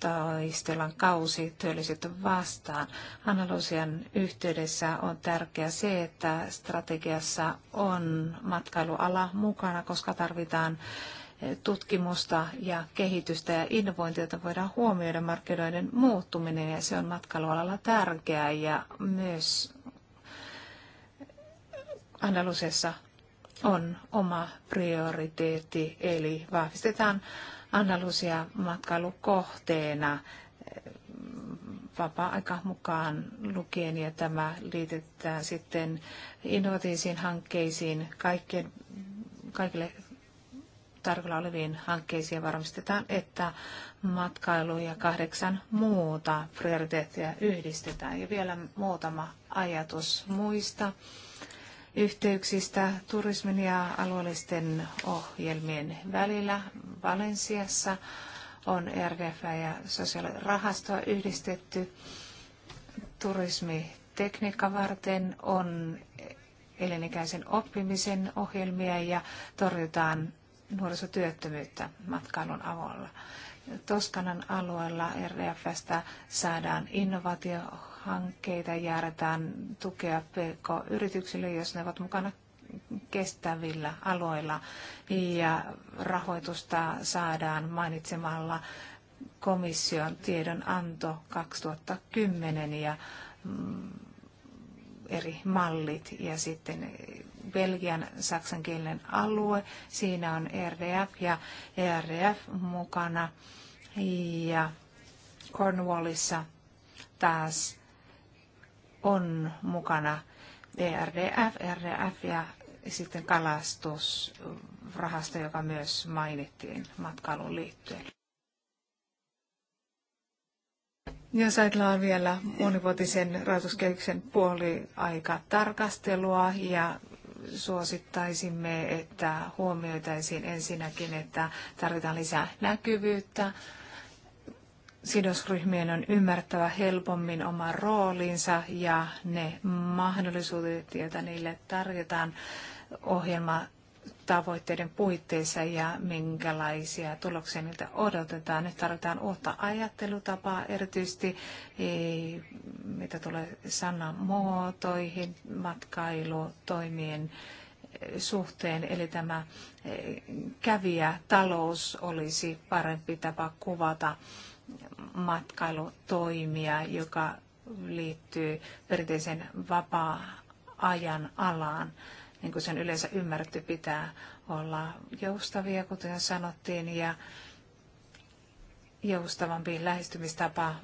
taistellaan kausi työllisyyttä vastaan. Analysian yhteydessä on tärkeää se, että strategiassa on matkailuala mukana, koska tarvitaan tutkimusta ja kehitystä ja innovointiota voidaan huomioida markkinoiden muuttuminen ja se on matkailualalla tärkeää ja myös Andalusessa on oma prioriteetti, eli vahvistetaan Andalusia matkailukohteena vapaa-aika mukaan lukien ja tämä liitetään sitten innovatiivisiin hankkeisiin kaikkien, kaikille tarkoilla oleviin hankkeisiin varmistetaan, että matkailu ja kahdeksan muuta prioriteettia yhdistetään. Ja vielä muutama ajatus muista yhteyksistä turismin ja alueellisten ohjelmien välillä Valensiassa on e RDF ja sosiaalirahastoa yhdistetty turismitekniikka varten on elinikäisen oppimisen ohjelmia ja torjutaan nuorisotyöttömyyttä matkailun avulla. Toskanan alueella RFstä saadaan innovaatiohankkeita, jäädään tukea PK-yrityksille, jos ne ovat mukana kestävillä aloilla ja rahoitusta saadaan mainitsemalla komission tiedonanto 2010 ja mm, eri mallit ja sitten Belgian saksankielinen alue. Siinä on RDF ja ERDF mukana. Ja Cornwallissa taas on mukana ERDF, RDF ja sitten kalastusrahasto, joka myös mainittiin matkailun liittyen. Jos ajatellaan vielä monivuotisen rahoituskehyksen puoliaikatarkastelua ja suosittaisimme, että huomioitaisiin ensinnäkin, että tarvitaan lisää näkyvyyttä. Sidosryhmien on ymmärtävä helpommin oma roolinsa ja ne mahdollisuudet, joita niille tarjotaan ohjelma tavoitteiden puitteissa ja minkälaisia tuloksia niiltä odotetaan. Nyt tarvitaan uutta ajattelutapaa, erityisesti e, mitä tulee sanamuotoihin, matkailutoimien e, suhteen, eli tämä e, käviä talous olisi parempi tapa kuvata matkailutoimia, joka liittyy perinteisen vapaa-ajan alaan niin kuin sen yleensä ymmärretty, pitää olla joustavia, kuten sanottiin, ja joustavampi lähestymistapa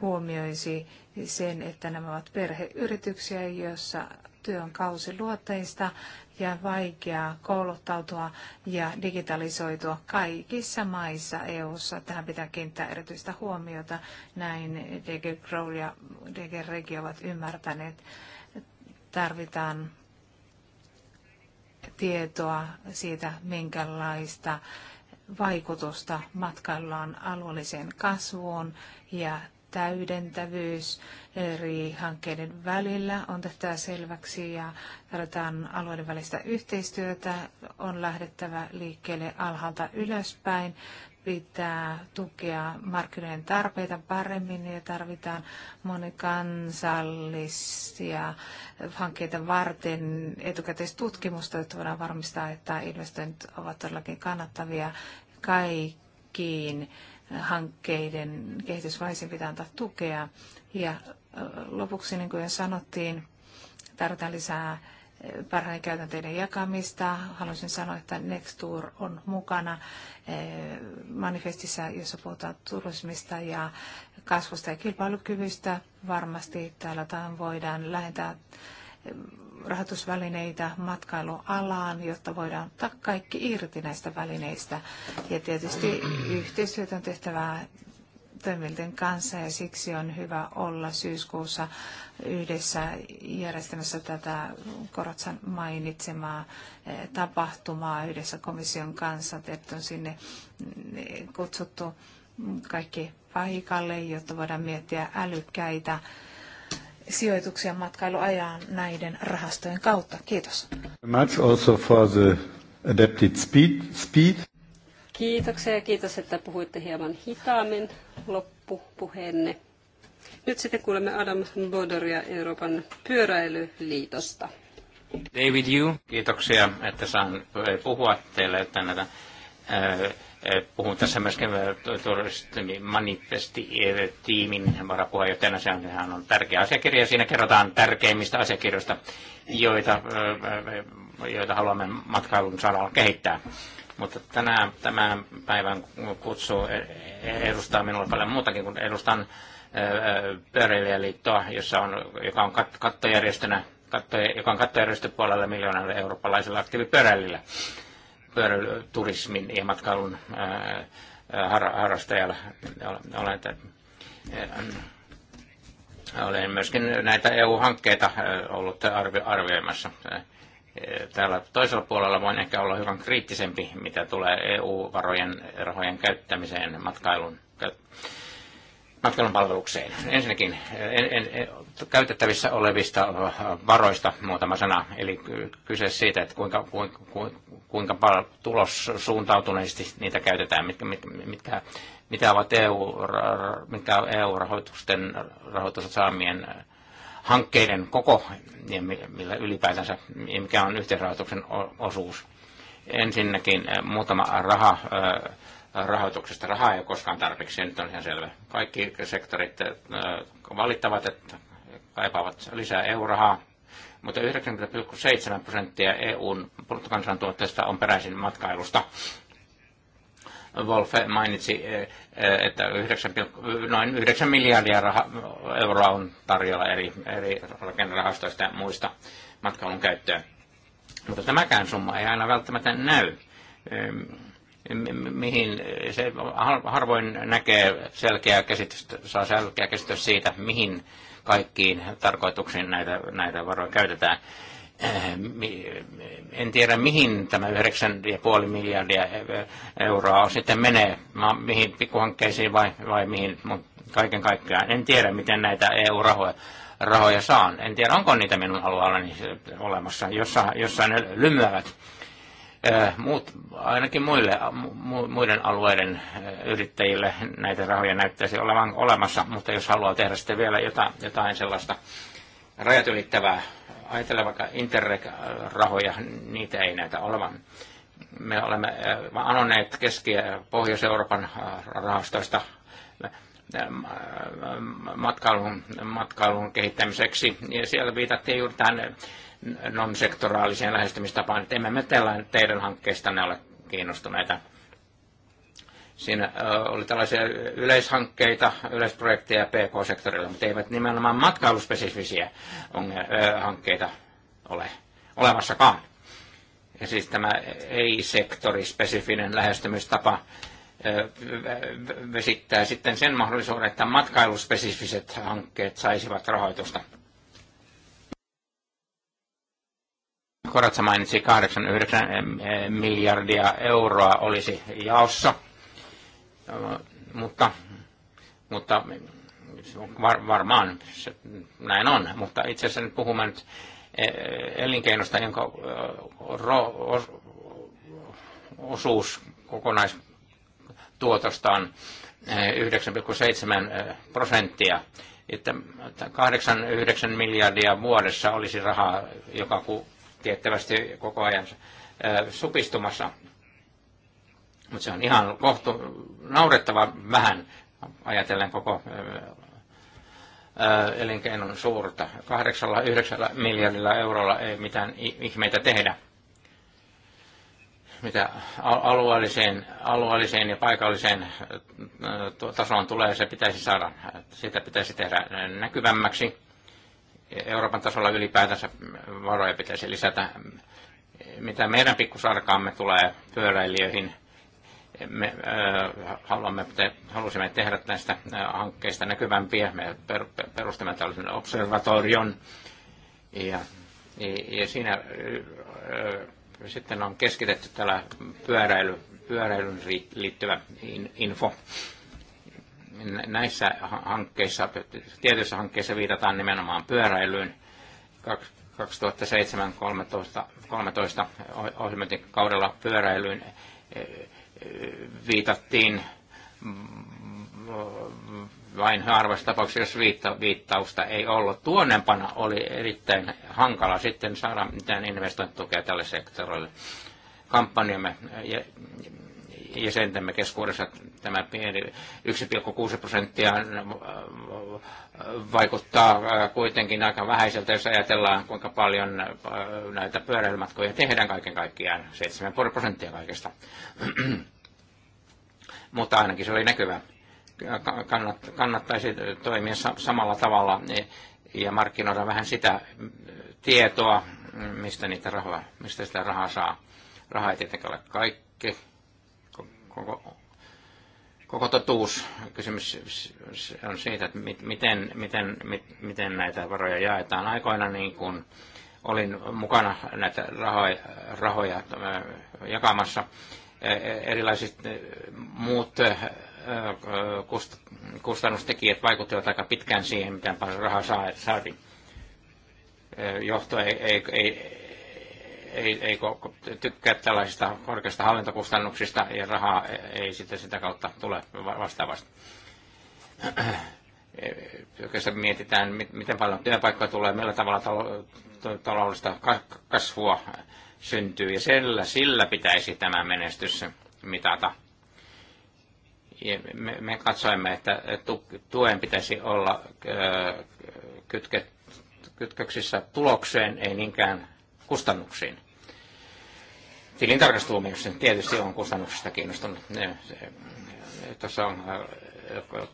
huomioisi sen, että nämä ovat perheyrityksiä, joissa työ on kausiluotteista ja vaikeaa kouluttautua ja digitalisoitua kaikissa maissa EU-ssa. Tähän pitää kiinnittää erityistä huomiota. Näin DG Grow ja DG Regio ovat ymmärtäneet tarvitaan tietoa siitä, minkälaista vaikutusta matkaillaan alueelliseen kasvuun ja täydentävyys eri hankkeiden välillä on tehtävä selväksi ja tarvitaan alueiden välistä yhteistyötä, on lähdettävä liikkeelle alhaalta ylöspäin pitää tukea markkinoiden tarpeita paremmin ja tarvitaan monikansallisia hankkeita varten etukäteistutkimusta, jotta voidaan varmistaa, että investoinnit ovat todellakin kannattavia kaikkiin hankkeiden kehitysvaiheisiin pitää antaa tukea. Ja lopuksi, niin kuin jo sanottiin, tarvitaan lisää parhaiden käytänteiden jakamista. Haluaisin sanoa, että Nextur on mukana eh, manifestissa, jossa puhutaan turismista ja kasvusta ja kilpailukyvystä. Varmasti täällä voidaan lähentää eh, rahoitusvälineitä matkailualaan, jotta voidaan ottaa kaikki irti näistä välineistä. Ja tietysti yhteistyötä on tehtävää toimijoiden kanssa ja siksi on hyvä olla syyskuussa yhdessä järjestämässä tätä Korotsan mainitsemaa eh, tapahtumaa yhdessä komission kanssa. että on sinne eh, kutsuttu kaikki paikalle, jotta voidaan miettiä älykkäitä sijoituksia matkailuajan näiden rahastojen kautta. Kiitos. Much also for the adapted speed. speed. Kiitoksia ja kiitos, että puhuitte hieman hitaammin loppupuheenne. Nyt sitten kuulemme Adam Bodoria Euroopan pyöräilyliitosta. David you. Kiitoksia, että saan eh, puhua teille tänne. Eh, eh, puhun tässä myöskin turistin manifesti-tiimin varapuheenjohtajana. Sehän on tärkeä asiakirja. Siinä kerrotaan tärkeimmistä asiakirjoista, joita, joita haluamme matkailun saralla kehittää mutta tänään, tämän päivän kutsu edustaa minulle paljon muutakin kuin edustan pyöräilijäliittoa, jossa on, joka on kat, kattojärjestönä, katto, joka on puolella miljoonalle eurooppalaisella aktiivipyöräilijällä, pyöräilyturismin ja matkailun ää, har, harrastajalla. Olen, olen myöskin näitä EU-hankkeita ollut arvioimassa täällä toisella puolella voin ehkä olla hyvän kriittisempi, mitä tulee EU-varojen rahojen käyttämiseen matkailun, matkailun palvelukseen. Ensinnäkin en, en, käytettävissä olevista varoista muutama sana, eli kyse siitä, että kuinka, kuinka, kuinka paljon tulos suuntautuneesti niitä käytetään, mitkä, mitkä, mitä ovat EU, mitkä EU-rahoitusten rahoitus saamien hankkeiden koko ja millä ylipäätänsä, mikä on yhteisrahoituksen osuus. Ensinnäkin äh, muutama raha äh, rahoituksesta. Rahaa ei ole koskaan tarpeeksi, nyt on ihan selvä. Kaikki sektorit äh, valittavat, että kaipaavat lisää eurorahaa, mutta 90,7 prosenttia EUn bruttokansantuotteesta on peräisin matkailusta. Wolfe mainitsi, eh, eh, että 9, noin 9 miljardia raha, euroa on tarjolla eri, eri rakennerahastoista ja muista matkailun käyttöön. Mutta tämäkään summa ei aina välttämättä näy mihin se harvoin näkee selkeää käsitystä, saa selkeä käsitys siitä, mihin kaikkiin tarkoituksiin näitä, näitä varoja käytetään. Eh, en tiedä mihin tämä 9,5 miljardia eh, euroa sitten menee, mihin pikkuhankkeisiin vai, vai mihin, kaiken kaikkiaan. En tiedä, miten näitä EU-rahoja rahoja saan. En tiedä, onko niitä minun alueellani olemassa, jossa, jossa ne lymyävät. Eh, muut, ainakin muille, muiden alueiden yrittäjille näitä rahoja näyttäisi olevan olemassa, mutta jos haluaa tehdä sitten vielä jotain, jotain sellaista rajat ylittävää ajatella vaikka Interreg-rahoja, niitä ei näitä vaan Me olemme äh, anoneet Keski- ja Pohjois-Euroopan äh, rahastoista äh, matkailun, matkailun kehittämiseksi. Ja siellä viitattiin juuri tähän non-sektoraaliseen lähestymistapaan, että emme me teidän hankkeistanne ole kiinnostuneita Siinä oli tällaisia yleishankkeita, yleisprojekteja PK-sektorilla, mutta eivät nimenomaan matkailuspesifisiä hankkeita ole olemassakaan. Ja siis tämä ei-sektorispesifinen lähestymistapa vesittää sitten sen mahdollisuuden, että matkailuspesifiset hankkeet saisivat rahoitusta. Koratsa mainitsi 8 miljardia euroa olisi jaossa – mutta, mutta var, varmaan se, näin on, mutta itse asiassa nyt puhumme nyt e, elinkeinosta, jonka ro, os, osuus kokonaistuotosta on 9,7 prosenttia. Että 8-9 miljardia vuodessa olisi rahaa, joka tiettävästi koko ajan e, supistumassa mutta se on ihan kohtu, naurettava vähän ajatellen koko elinkeinon suurta. 8-9 miljardilla eurolla ei mitään ihmeitä tehdä. Mitä alueelliseen, alueelliseen ja paikalliseen tasoon tulee, se pitäisi saada, sitä pitäisi tehdä näkyvämmäksi. Euroopan tasolla ylipäätänsä varoja pitäisi lisätä. Mitä meidän pikkusarkaamme tulee pyöräilijöihin – me äh, haluamme te, halusimme tehdä näistä äh, hankkeista näkyvämpiä. Me perustamme tällaisen observatorion ja, ja siinä äh, sitten on keskitetty tällä pyöräily, pyöräilyn liittyvä info. Näissä hankkeissa, tietyissä hankkeissa viitataan nimenomaan pyöräilyyn. 2007-2013 ohjelmointikaudella pyöräilyyn viitattiin vain harvassa tapauksessa, jos viitta, viittausta ei ollut. Tuonnempana oli erittäin hankala sitten saada mitään investointitukea tälle sektorille. Kampanjamme jäsentämme keskuudessa tämä pieni 1,6 prosenttia äh, vaikuttaa äh, kuitenkin aika vähäiseltä, jos ajatellaan kuinka paljon äh, näitä pyöräilymatkoja tehdään kaiken kaikkiaan, 7,5 prosenttia kaikesta. Mutta ainakin se oli näkyvä. Kannat, kannattaisi toimia samalla tavalla e, ja markkinoida vähän sitä mm, tietoa, mm, mistä, niitä rahoja, mistä sitä rahaa saa. Raha ei tietenkään ole kaikki, koko, koko totuus. Kysymys on siitä, että miten, miten, miten näitä varoja jaetaan. Aikoina niin kun olin mukana näitä rahoja, rahoja äh, jakamassa e, e, erilaiset e, muut kustannustekijät vaikuttivat aika pitkään siihen, miten paljon rahaa saatiin. Johto ei, ei, ei, ei, ei tykkää tällaisista korkeista hallintokustannuksista ja rahaa e- ei sitten sitä kautta tule vastaavasti. E- oikeastaan mietitään, miten paljon työpaikkoja tulee, millä tavalla taloudellista kasvua syntyy ja sillä, sillä pitäisi tämä menestys mitata. Ja me, me katsoimme, että tuen pitäisi olla kytket, kytköksissä tulokseen, ei niinkään kustannuksiin. Tilintarkastuomioistuin tietysti on kustannuksista kiinnostunut. Tuossa on äh,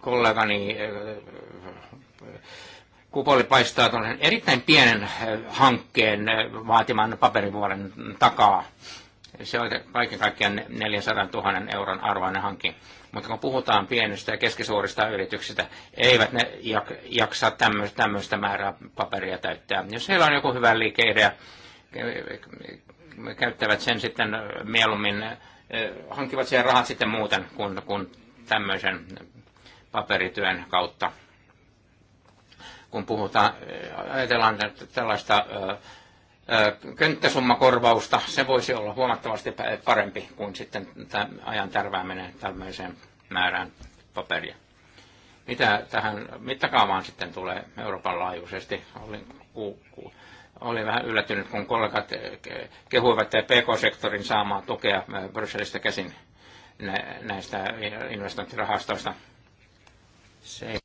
kollegani äh, kupoli paistaa tuollaisen erittäin pienen äh, hankkeen vaatiman paperivuoren takaa. Se on kaiken kaikkiaan 400 000 euron arvoinen hankki. Mutta kun puhutaan pienistä ja keskisuurista yrityksistä, eivät ne jaksa tämmöistä määrää paperia täyttää. Jos heillä on joku hyvä liikeidea, eh, käyttävät sen sitten eh, mieluummin, eh, hankivat siihen rahat sitten muuten kuin, kuin tämmöisen paperityön kautta kun puhutaan, ajatellaan tällaista könttäsummakorvausta, se voisi olla huomattavasti parempi kuin sitten ajan tärvääminen tämmöiseen määrään paperia. Mitä tähän mittakaavaan sitten tulee Euroopan laajuisesti? Olin, ku, ku, olin vähän yllätynyt, kun kollegat kehuivat PK-sektorin saamaa tukea Brysselistä käsin näistä investointirahastoista. Se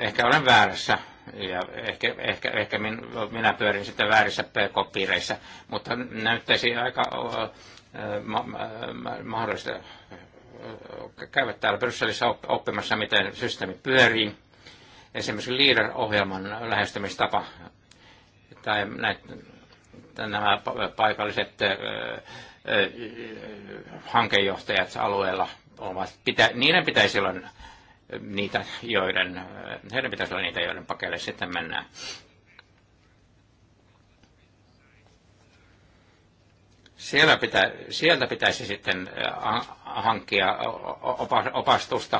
ehkä olen väärässä ja ehkä, ehkä, ehkä min, minä pyörin sitten väärissä pk-piireissä, mutta näyttäisi aika ma, ma, mahdollista käydä täällä Brysselissä oppimassa, miten systeemi pyörii. Esimerkiksi Leader-ohjelman lähestymistapa tai näitä, nämä paikalliset hankejohtajat alueella ovat, pitä, niiden pitäisi olla niitä, joiden, heidän pitäisi olla niitä, joiden pakeille sitten mennään. Siellä pitä, sieltä pitäisi sitten äh, hankkia opastusta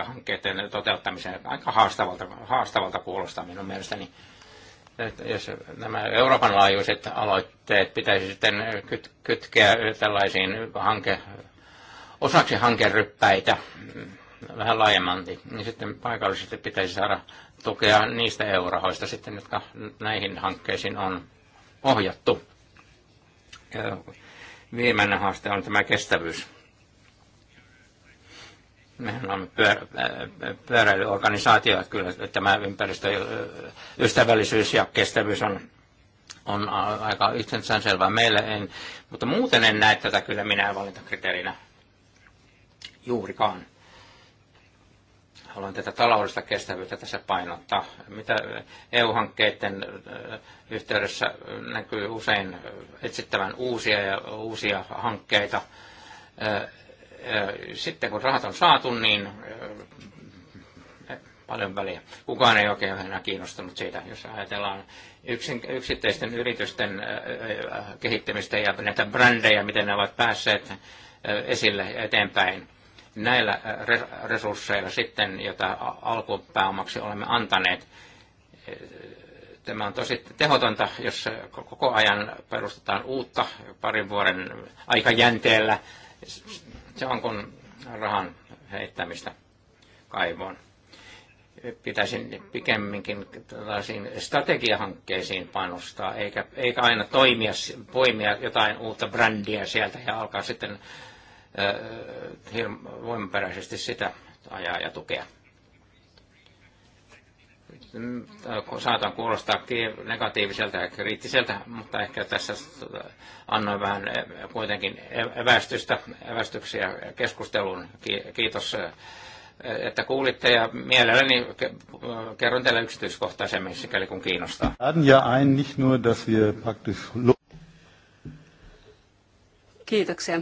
äh, hankkeiden toteuttamiseen. Aika haastavalta, haastavalta kuulostaa minun mielestäni. Jos nämä Euroopan laajuiset aloitteet pitäisi sitten kytkeä tällaisiin hanke, osaksi hankeryppäitä, vähän laajemmalti, niin sitten paikallisesti pitäisi saada tukea niistä eurohoista sitten, jotka näihin hankkeisiin on ohjattu. Ja viimeinen haaste on tämä kestävyys. Mehän on pyöräilyorganisaatio, että kyllä tämä ympäristöystävällisyys ja kestävyys on, on aika itsensään selvää meille. En, mutta muuten en näe tätä kyllä minä valintakriteerinä juurikaan haluan tätä taloudellista kestävyyttä tässä painottaa. Mitä EU-hankkeiden yhteydessä näkyy usein etsittävän uusia ja uusia hankkeita. Sitten kun rahat on saatu, niin paljon väliä. Kukaan ei oikein enää kiinnostunut siitä, jos ajatellaan yksin, yksittäisten yritysten kehittämistä ja näitä brändejä, miten ne ovat päässeet esille eteenpäin näillä resursseilla sitten, joita alkupääomaksi olemme antaneet, tämä on tosi tehotonta, jos koko ajan perustetaan uutta parin vuoden aikajänteellä. Se on kuin rahan heittämistä kaivoon. Pitäisin pikemminkin tällaisiin strategiahankkeisiin panostaa, eikä, eikä aina toimia, poimia jotain uutta brändiä sieltä ja alkaa sitten voimaperäisesti sitä ajaa ja tukea. Saatan kuulostaa negatiiviselta ja kriittiseltä, mutta ehkä tässä annoin vähän kuitenkin e- evästystä, evästyksiä keskusteluun. Kiitos, että kuulitte ja mielelläni kerron teille yksityiskohtaisemmin, sikäli kun kiinnostaa. Kiitoksia.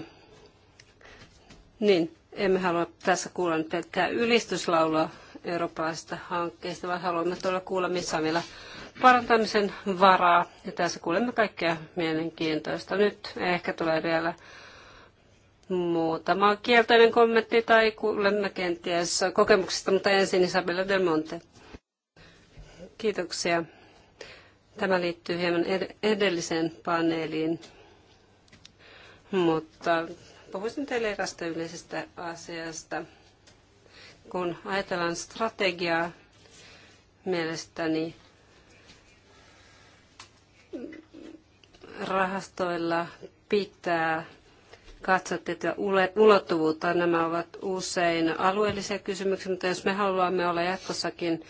Niin, emme halua tässä kuulla nyt pelkkää ylistyslaulua eurooppalaisista hankkeista, vaan haluamme todella kuulla, missä on vielä parantamisen varaa. Ja tässä kuulemme kaikkea mielenkiintoista. Nyt ehkä tulee vielä muutama kielteinen kommentti tai kuulemme kenties kokemuksista, mutta ensin Isabella Del Monte. Kiitoksia. Tämä liittyy hieman edelliseen paneeliin, mutta puhuisin teille erästä yleisestä asiasta. Kun ajatellaan strategiaa, mielestäni rahastoilla pitää katsoa tätä ulottuvuutta. Nämä ovat usein alueellisia kysymyksiä, mutta jos me haluamme olla jatkossakin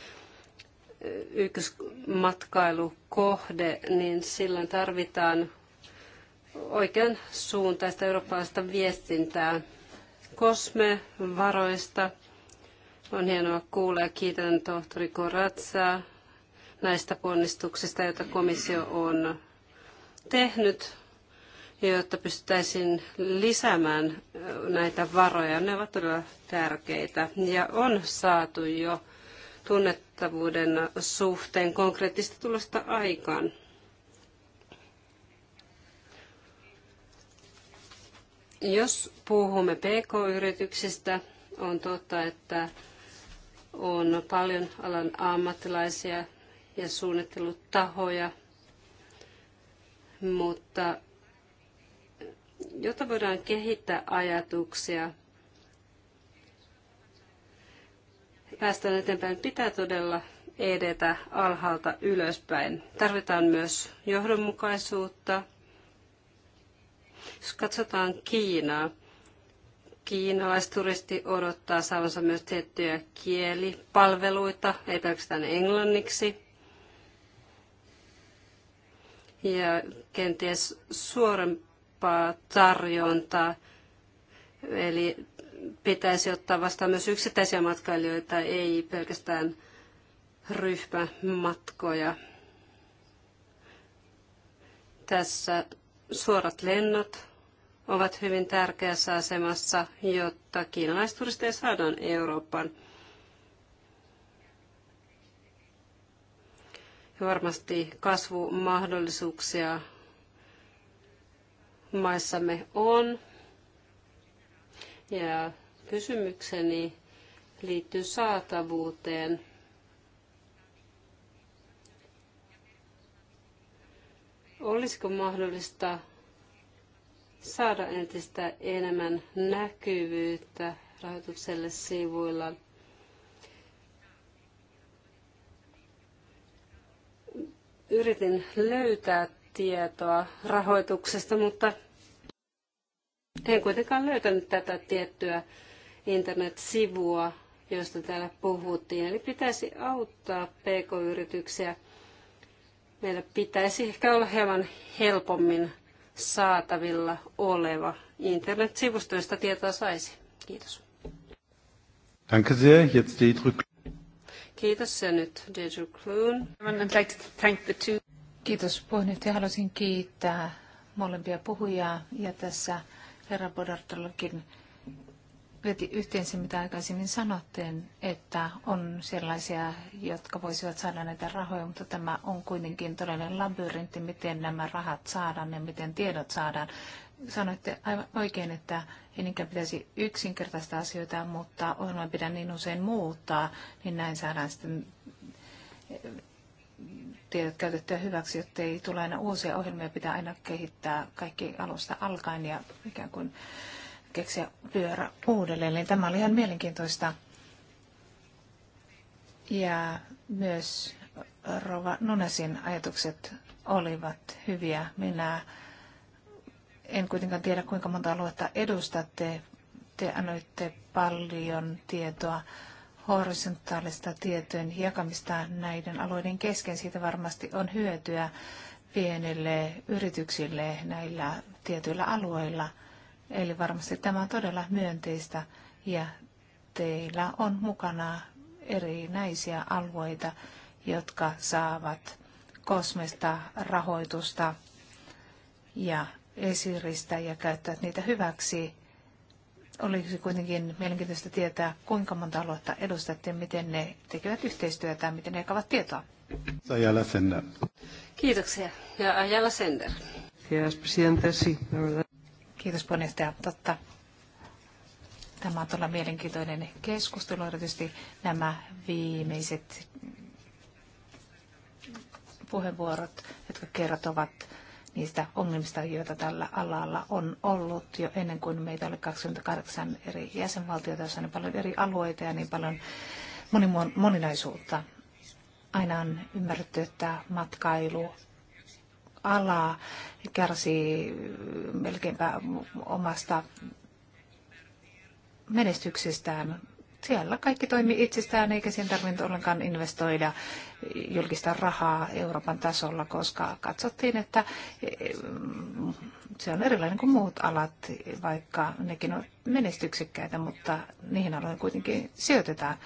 matkailukohde, niin silloin tarvitaan oikean suuntaista eurooppalaista viestintää kosmevaroista. On hienoa kuulla ja kiitän tohtori Koratsaa näistä ponnistuksista, joita komissio on tehnyt, jotta pystyttäisiin lisäämään näitä varoja. Ne ovat todella tärkeitä ja on saatu jo tunnettavuuden suhteen konkreettista tulosta aikaan. Jos puhumme pk-yrityksistä, on totta, että on paljon alan ammattilaisia ja suunnittelutahoja, mutta jotta voidaan kehittää ajatuksia, päästään eteenpäin, pitää todella edetä alhaalta ylöspäin. Tarvitaan myös johdonmukaisuutta, jos katsotaan Kiinaa, kiinalaisturisti odottaa saavansa myös tiettyjä kielipalveluita, ei pelkästään englanniksi. Ja kenties suorempaa tarjontaa, eli pitäisi ottaa vastaan myös yksittäisiä matkailijoita, ei pelkästään ryhmämatkoja. Tässä suorat lennot ovat hyvin tärkeässä asemassa, jotta kiinalaisturisteja saadaan Eurooppaan. varmasti kasvumahdollisuuksia maissamme on. Ja kysymykseni liittyy saatavuuteen. Olisiko mahdollista saada entistä enemmän näkyvyyttä rahoitukselle sivuilla? Yritin löytää tietoa rahoituksesta, mutta en kuitenkaan löytänyt tätä tiettyä internet-sivua, josta täällä puhuttiin. Eli pitäisi auttaa pk-yrityksiä meillä pitäisi ehkä olla hieman helpommin saatavilla oleva internetsivusto, josta tietoa saisi. Kiitos. Danke sehr. Jetzt Kiitos ja nyt Deidre Kloon. Kiitos puheenjohtaja. Haluaisin kiittää molempia puhujaa ja tässä herra Bodartollakin veti yhteen sen, mitä aikaisemmin sanottiin, että on sellaisia, jotka voisivat saada näitä rahoja, mutta tämä on kuitenkin todellinen labyrintti, miten nämä rahat saadaan ja miten tiedot saadaan. Sanoitte aivan oikein, että enkä pitäisi yksinkertaista asioita, mutta ohjelmaa pitää niin usein muuttaa, niin näin saadaan sitten eh, tiedot käytettyä hyväksi, jotta ei tule aina uusia ohjelmia, pitää aina kehittää kaikki alusta alkaen ja ikään kuin keksiä pyörä uudelleen. Eli tämä oli ihan mielenkiintoista. Ja myös Rova Nunesin ajatukset olivat hyviä. Minä en kuitenkaan tiedä, kuinka monta aluetta edustatte. Te annoitte paljon tietoa horisontaalista tietojen jakamista näiden alueiden kesken. Siitä varmasti on hyötyä pienille yrityksille näillä tietyillä alueilla – Eli varmasti tämä on todella myönteistä ja teillä on mukana erinäisiä alueita, jotka saavat kosmesta rahoitusta ja esiristä ja käyttävät niitä hyväksi. Olisi kuitenkin mielenkiintoista tietää, kuinka monta aluetta edustatte, miten ne tekevät yhteistyötä ja miten ne jakavat tietoa. Ajala Sender. Kiitoksia. Ja Ajala Sender. Kiitos, presidente. Kiitos puheenjohtaja. Totta. Tämä on todella mielenkiintoinen keskustelu, erityisesti nämä viimeiset puheenvuorot, jotka kertovat niistä ongelmista, joita tällä alalla on ollut jo ennen kuin meitä oli 28 eri jäsenvaltiota, jossa on niin paljon eri alueita ja niin paljon moninaisuutta. Aina on ymmärretty, että matkailu ala kärsii melkeinpä omasta menestyksestään. Siellä kaikki toimii itsestään, eikä siihen tarvinnut ollenkaan investoida julkista rahaa Euroopan tasolla, koska katsottiin, että eh, se on erilainen kuin muut alat, vaikka nekin on menestyksekkäitä, mutta niihin aloihin kuitenkin sijoitetaan.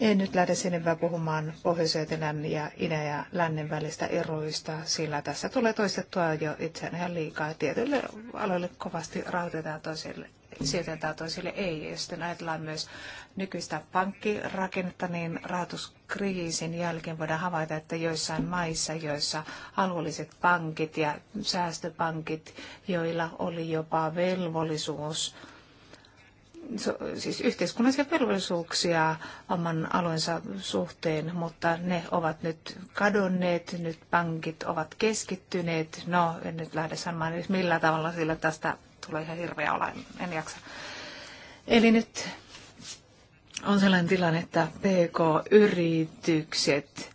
En nyt lähde sinne vaan puhumaan pohjois etelän ja Inä- ja lännen välistä eroista, sillä tässä tulee toistettua jo itseään ihan liikaa. Tietyille aloille kovasti rautetaan toisille, sijoitetaan toisille ei. Ja sitten ajatellaan myös nykyistä pankkirakennetta, niin rahoituskriisin jälkeen voidaan havaita, että joissain maissa, joissa alueelliset pankit ja säästöpankit, joilla oli jopa velvollisuus siis yhteiskunnallisia velvollisuuksia oman alueensa suhteen, mutta ne ovat nyt kadonneet, nyt pankit ovat keskittyneet. No, en nyt lähde sanomaan edes millä tavalla, sillä tästä tulee ihan hirveä olla, en jaksa. Eli nyt on sellainen tilanne, että PK-yritykset,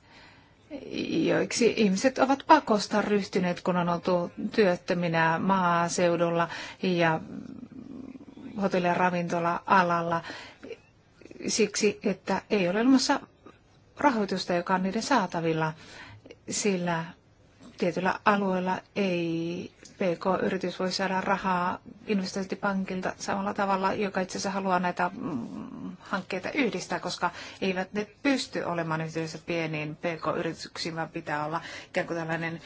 joiksi ihmiset ovat pakosta ryhtyneet, kun on oltu työttöminä maaseudulla ja hotelli- ja ravintola-alalla siksi, että ei ole olemassa rahoitusta, joka on niiden saatavilla, sillä tietyllä alueella ei PK-yritys voi saada rahaa investointipankilta samalla tavalla, joka itse asiassa haluaa näitä mm, hankkeita yhdistää, koska eivät ne pysty olemaan yhteydessä pieniin PK-yrityksiin, vaan pitää olla ikään kuin tällainen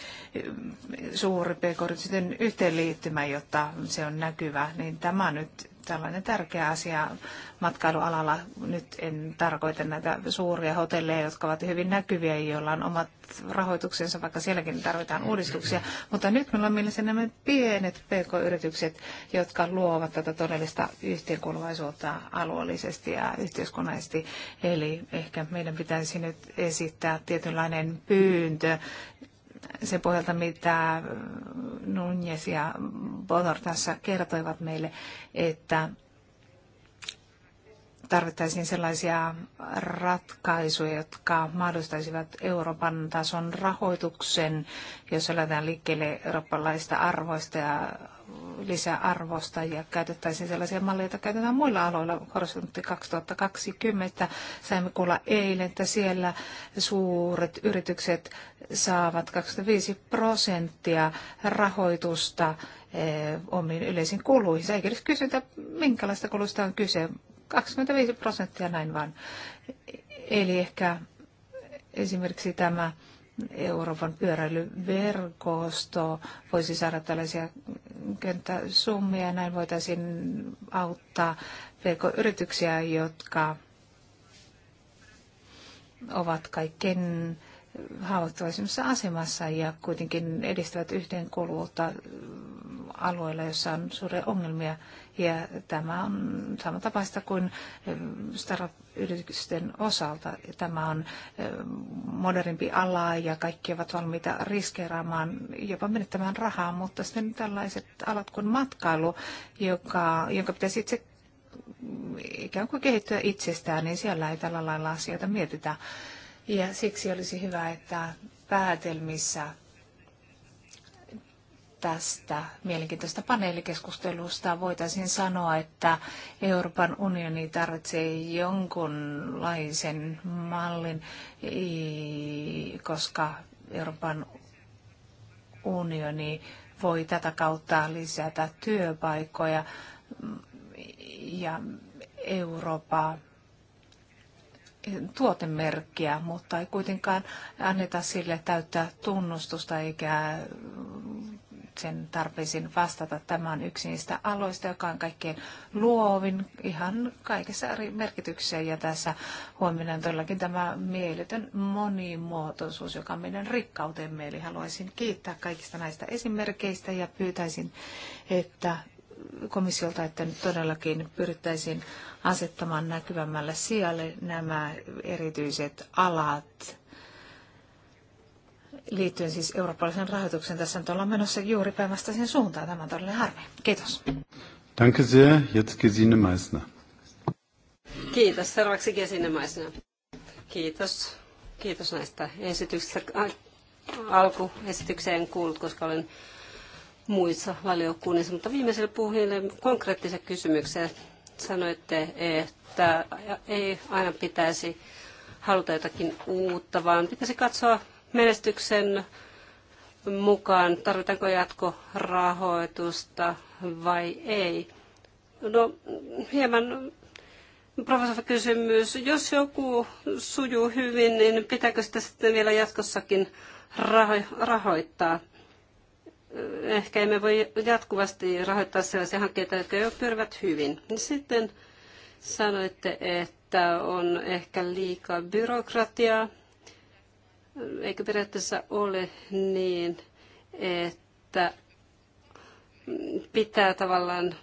mm, suuri PK-yritysten yhteenliittymä, jotta se on näkyvä. Niin tämä nyt tällainen tärkeä asia matkailualalla. Nyt en tarkoita näitä suuria hotelleja, jotka ovat hyvin näkyviä, joilla on omat rahoituksensa, vaikka sielläkin tarvitaan uudistuksia. Mutta nyt meillä on mielessä nämä pienet pk-yritykset, jotka luovat tätä todellista yhteenkuuluvaisuutta alueellisesti ja yhteiskunnallisesti. Eli ehkä meidän pitäisi nyt esittää tietynlainen pyyntö sen pohjalta, mitä äh, Nunez ja Bodor tässä kertoivat meille, että tarvittaisiin sellaisia ratkaisuja, jotka mahdollistaisivat Euroopan tason rahoituksen, jos lähdetään liikkeelle eurooppalaisista arvoista ja lisäarvosta ja käytettäisiin sellaisia malleja, joita käytetään muilla aloilla. Horisontti 2020 saimme kuulla eilen, että siellä suuret yritykset saavat 25 prosenttia rahoitusta eh, omiin yleisiin kuluihin. Se ei kysyntä, minkälaista kulusta on kyse. 25 prosenttia näin vaan. Eli ehkä esimerkiksi tämä Euroopan pyöräilyverkosto voisi saada tällaisia ja Näin voitaisiin auttaa pk-yrityksiä, jotka ovat kaikkein haavoittuvaisimmassa asemassa ja kuitenkin edistävät yhdenkuuluvuutta alueilla, jossa on suuria ongelmia ja tämä on samantapaista kuin eh, startup-yritysten osalta. Tämä on eh, modernimpi ala ja kaikki ovat valmiita riskeeraamaan, jopa menettämään rahaa, mutta sitten tällaiset alat kuin matkailu, joka, jonka pitäisi itse mm, ikään kuin kehittyä itsestään, niin siellä ei tällä lailla asioita mietitä. Ja siksi olisi hyvä, että päätelmissä tästä mielenkiintoista paneelikeskustelusta. Voitaisiin sanoa, että Euroopan unioni tarvitsee jonkunlaisen mallin, koska Euroopan unioni voi tätä kautta lisätä työpaikkoja ja Euroopan tuotemerkkiä, mutta ei kuitenkaan anneta sille täyttää tunnustusta eikä sen tarpeisiin vastata. Tämä on yksi niistä aloista, joka on kaikkein luovin ihan kaikessa eri merkityksessä. Ja tässä huomioidaan todellakin tämä mieletön monimuotoisuus, joka on meidän rikkautemme. Eli haluaisin kiittää kaikista näistä esimerkkeistä ja pyytäisin, että komissiolta, että nyt todellakin pyrittäisiin asettamaan näkyvämmälle sijalle nämä erityiset alat, liittyen siis eurooppalaisen rahoituksen. Tässä nyt ollaan menossa juuri päivästä sen suuntaan. Tämä on todellinen harmi. Kiitos. Danke sehr. Jetzt Gesine Meissner. Kiitos. Seuraavaksi Gesine Meissner. Kiitos. Kiitos näistä esityksistä. Alkuesitykseen kuulut, koska olen muissa valiokunnissa, mutta viimeiselle puhujille konkreettisia kysymyksiä. Sanoitte, että ei aina pitäisi haluta jotakin uutta, vaan pitäisi katsoa menestyksen mukaan, tarvitaanko jatkorahoitusta vai ei. No, hieman professori kysymys. Jos joku sujuu hyvin, niin pitääkö sitä sitten vielä jatkossakin raho- rahoittaa? Ehkä emme voi jatkuvasti rahoittaa sellaisia hankkeita, jotka jo pyörivät hyvin. Sitten sanoitte, että on ehkä liikaa byrokratiaa eikö periaatteessa ole niin, että pitää tavallaan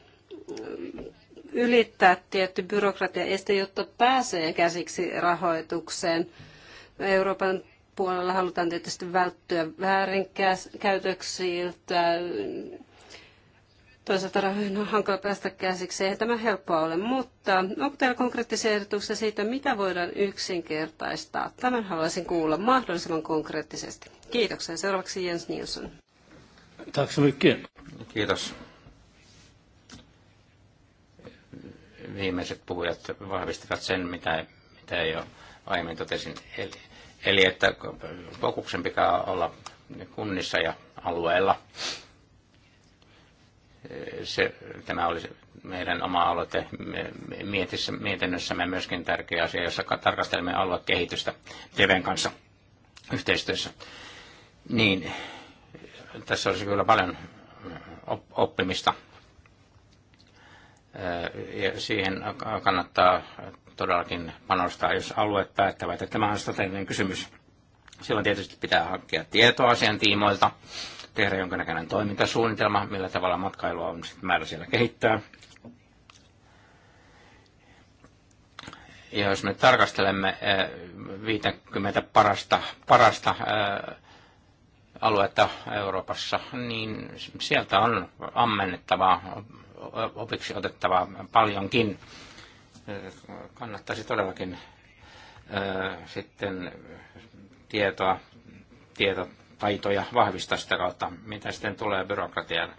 ylittää tietty byrokratia este, jotta pääsee käsiksi rahoitukseen. Euroopan puolella halutaan tietysti välttyä väärinkäytöksiltä, toisaalta rahoihin on hankala päästä käsiksi. Eihän tämä helppoa ole, mutta onko teillä konkreettisia ehdotuksia siitä, mitä voidaan yksinkertaistaa? Tämän haluaisin kuulla mahdollisimman konkreettisesti. Kiitoksia. Seuraavaksi Jens Nilsson. Tack så mycket. Kiitos. Viimeiset puhujat vahvistivat sen, mitä, mitä jo aiemmin totesin. Eli, eli että fokuksen pitää olla kunnissa ja alueella se, tämä oli meidän oma aloite mietissä, mietinnössämme myöskin tärkeä asia, jossa tarkastelemme aluekehitystä TVn kanssa yhteistyössä. Niin, tässä olisi kyllä paljon oppimista. Ja siihen kannattaa todellakin panostaa, jos alueet päättävät, että tämä on strateginen kysymys. Silloin tietysti pitää hankkia tietoa asian tiimoilta tehdä jonkinnäköinen toimintasuunnitelma, millä tavalla matkailua on sitten määrä siellä kehittää. Ja jos me tarkastelemme 50 eh, parasta, parasta eh, aluetta Euroopassa, niin sieltä on ammennettavaa, opiksi otettavaa paljonkin. Kannattaisi todellakin eh, sitten tietoa, tietot taitoja vahvistaa sitä kautta. Mitä sitten tulee byrokratian?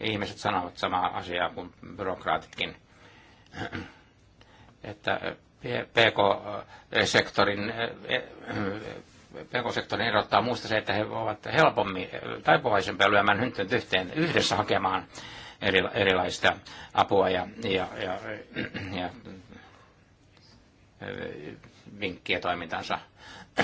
Ihmiset sanovat samaa asiaa kuin byrokraatitkin. Että PK-sektorin e, PK-sektorin erottaa muusta se, että he ovat helpommin taipuvaisempia lyömään hynttön yhteen yhdessä hakemaan eri, erilaista apua ja, ja, ja, ja vinkkiä toimintansa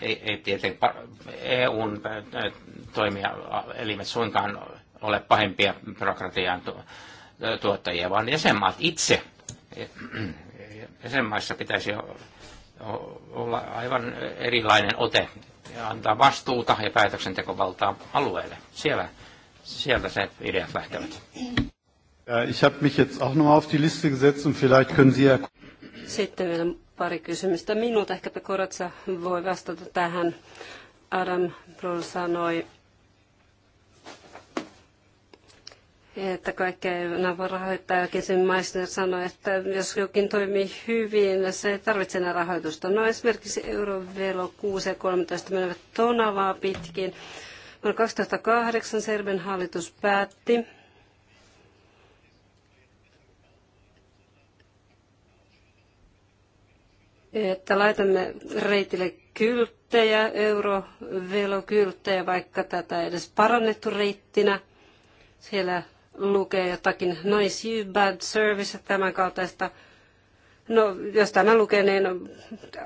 ei, ei tietenkään EUn äh, toimia äh, elimet suinkaan ole pahempia byrokratian äh, tuottajia, vaan jäsenmaat itse. Jäsenmaissa pitäisi olla aivan erilainen ote ja antaa vastuuta ja päätöksentekovaltaa alueelle. Siellä, sieltä se ideat lähtevät. Ich habe mich jetzt auch nochmal auf die Liste gesetzt und vielleicht können Sie ja... Sitten vielä pari kysymystä minulta. Ehkä Korotsa voi vastata tähän. Adam Brun sanoi, että kaikkea ei enää rahoittaa. Ja Meissner sanoi, että jos jokin toimii hyvin, se ei tarvitse enää rahoitusta. No esimerkiksi Eurovelo 6 ja 13 menevät Tonavaa pitkin. Vuonna 2008 Serben hallitus päätti, että laitamme reitille kylttejä, eurovelokylttejä, vaikka tätä ei edes parannettu reittinä. Siellä lukee jotakin nice you, bad service, tämän kaltaista. No, jos tämä lukee, niin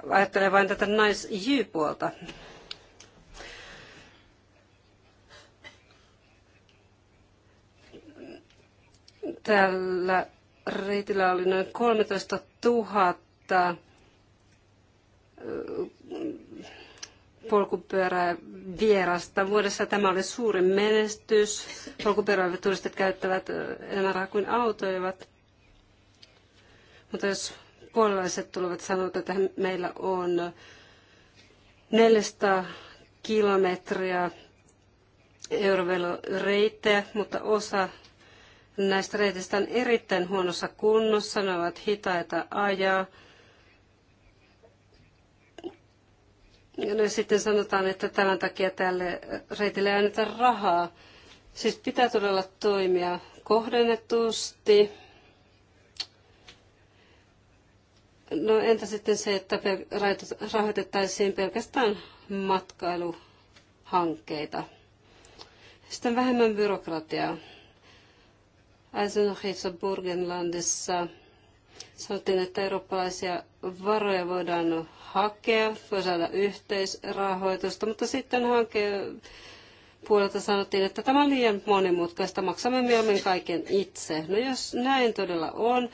ajattelen vain tätä nice you-puolta. Tällä reitillä oli noin 13 000 polkupyörää vierasta. Vuodessa tämä oli suuri menestys. Polkupyöräilevät turistit käyttävät enemmän rahaa kuin autoivat. Mutta jos puolalaiset tulevat sanoa, että meillä on 400 kilometriä euroveloreittejä, mutta osa näistä reiteistä on erittäin huonossa kunnossa. Ne ovat hitaita ajaa Ja ne sitten sanotaan, että tämän takia tälle reitille ei anneta rahaa. Siis pitää todella toimia kohdennetusti. No entä sitten se, että rahoitettaisiin pelkästään matkailuhankkeita? Sitten vähemmän byrokratiaa. Eisenhochissa Burgenlandissa sanottiin, että eurooppalaisia varoja voidaan hakea, voi saada yhteisrahoitusta, mutta sitten hanke puolelta sanottiin, että tämä on liian monimutkaista, maksamme mieluummin kaiken itse. No jos näin todella on,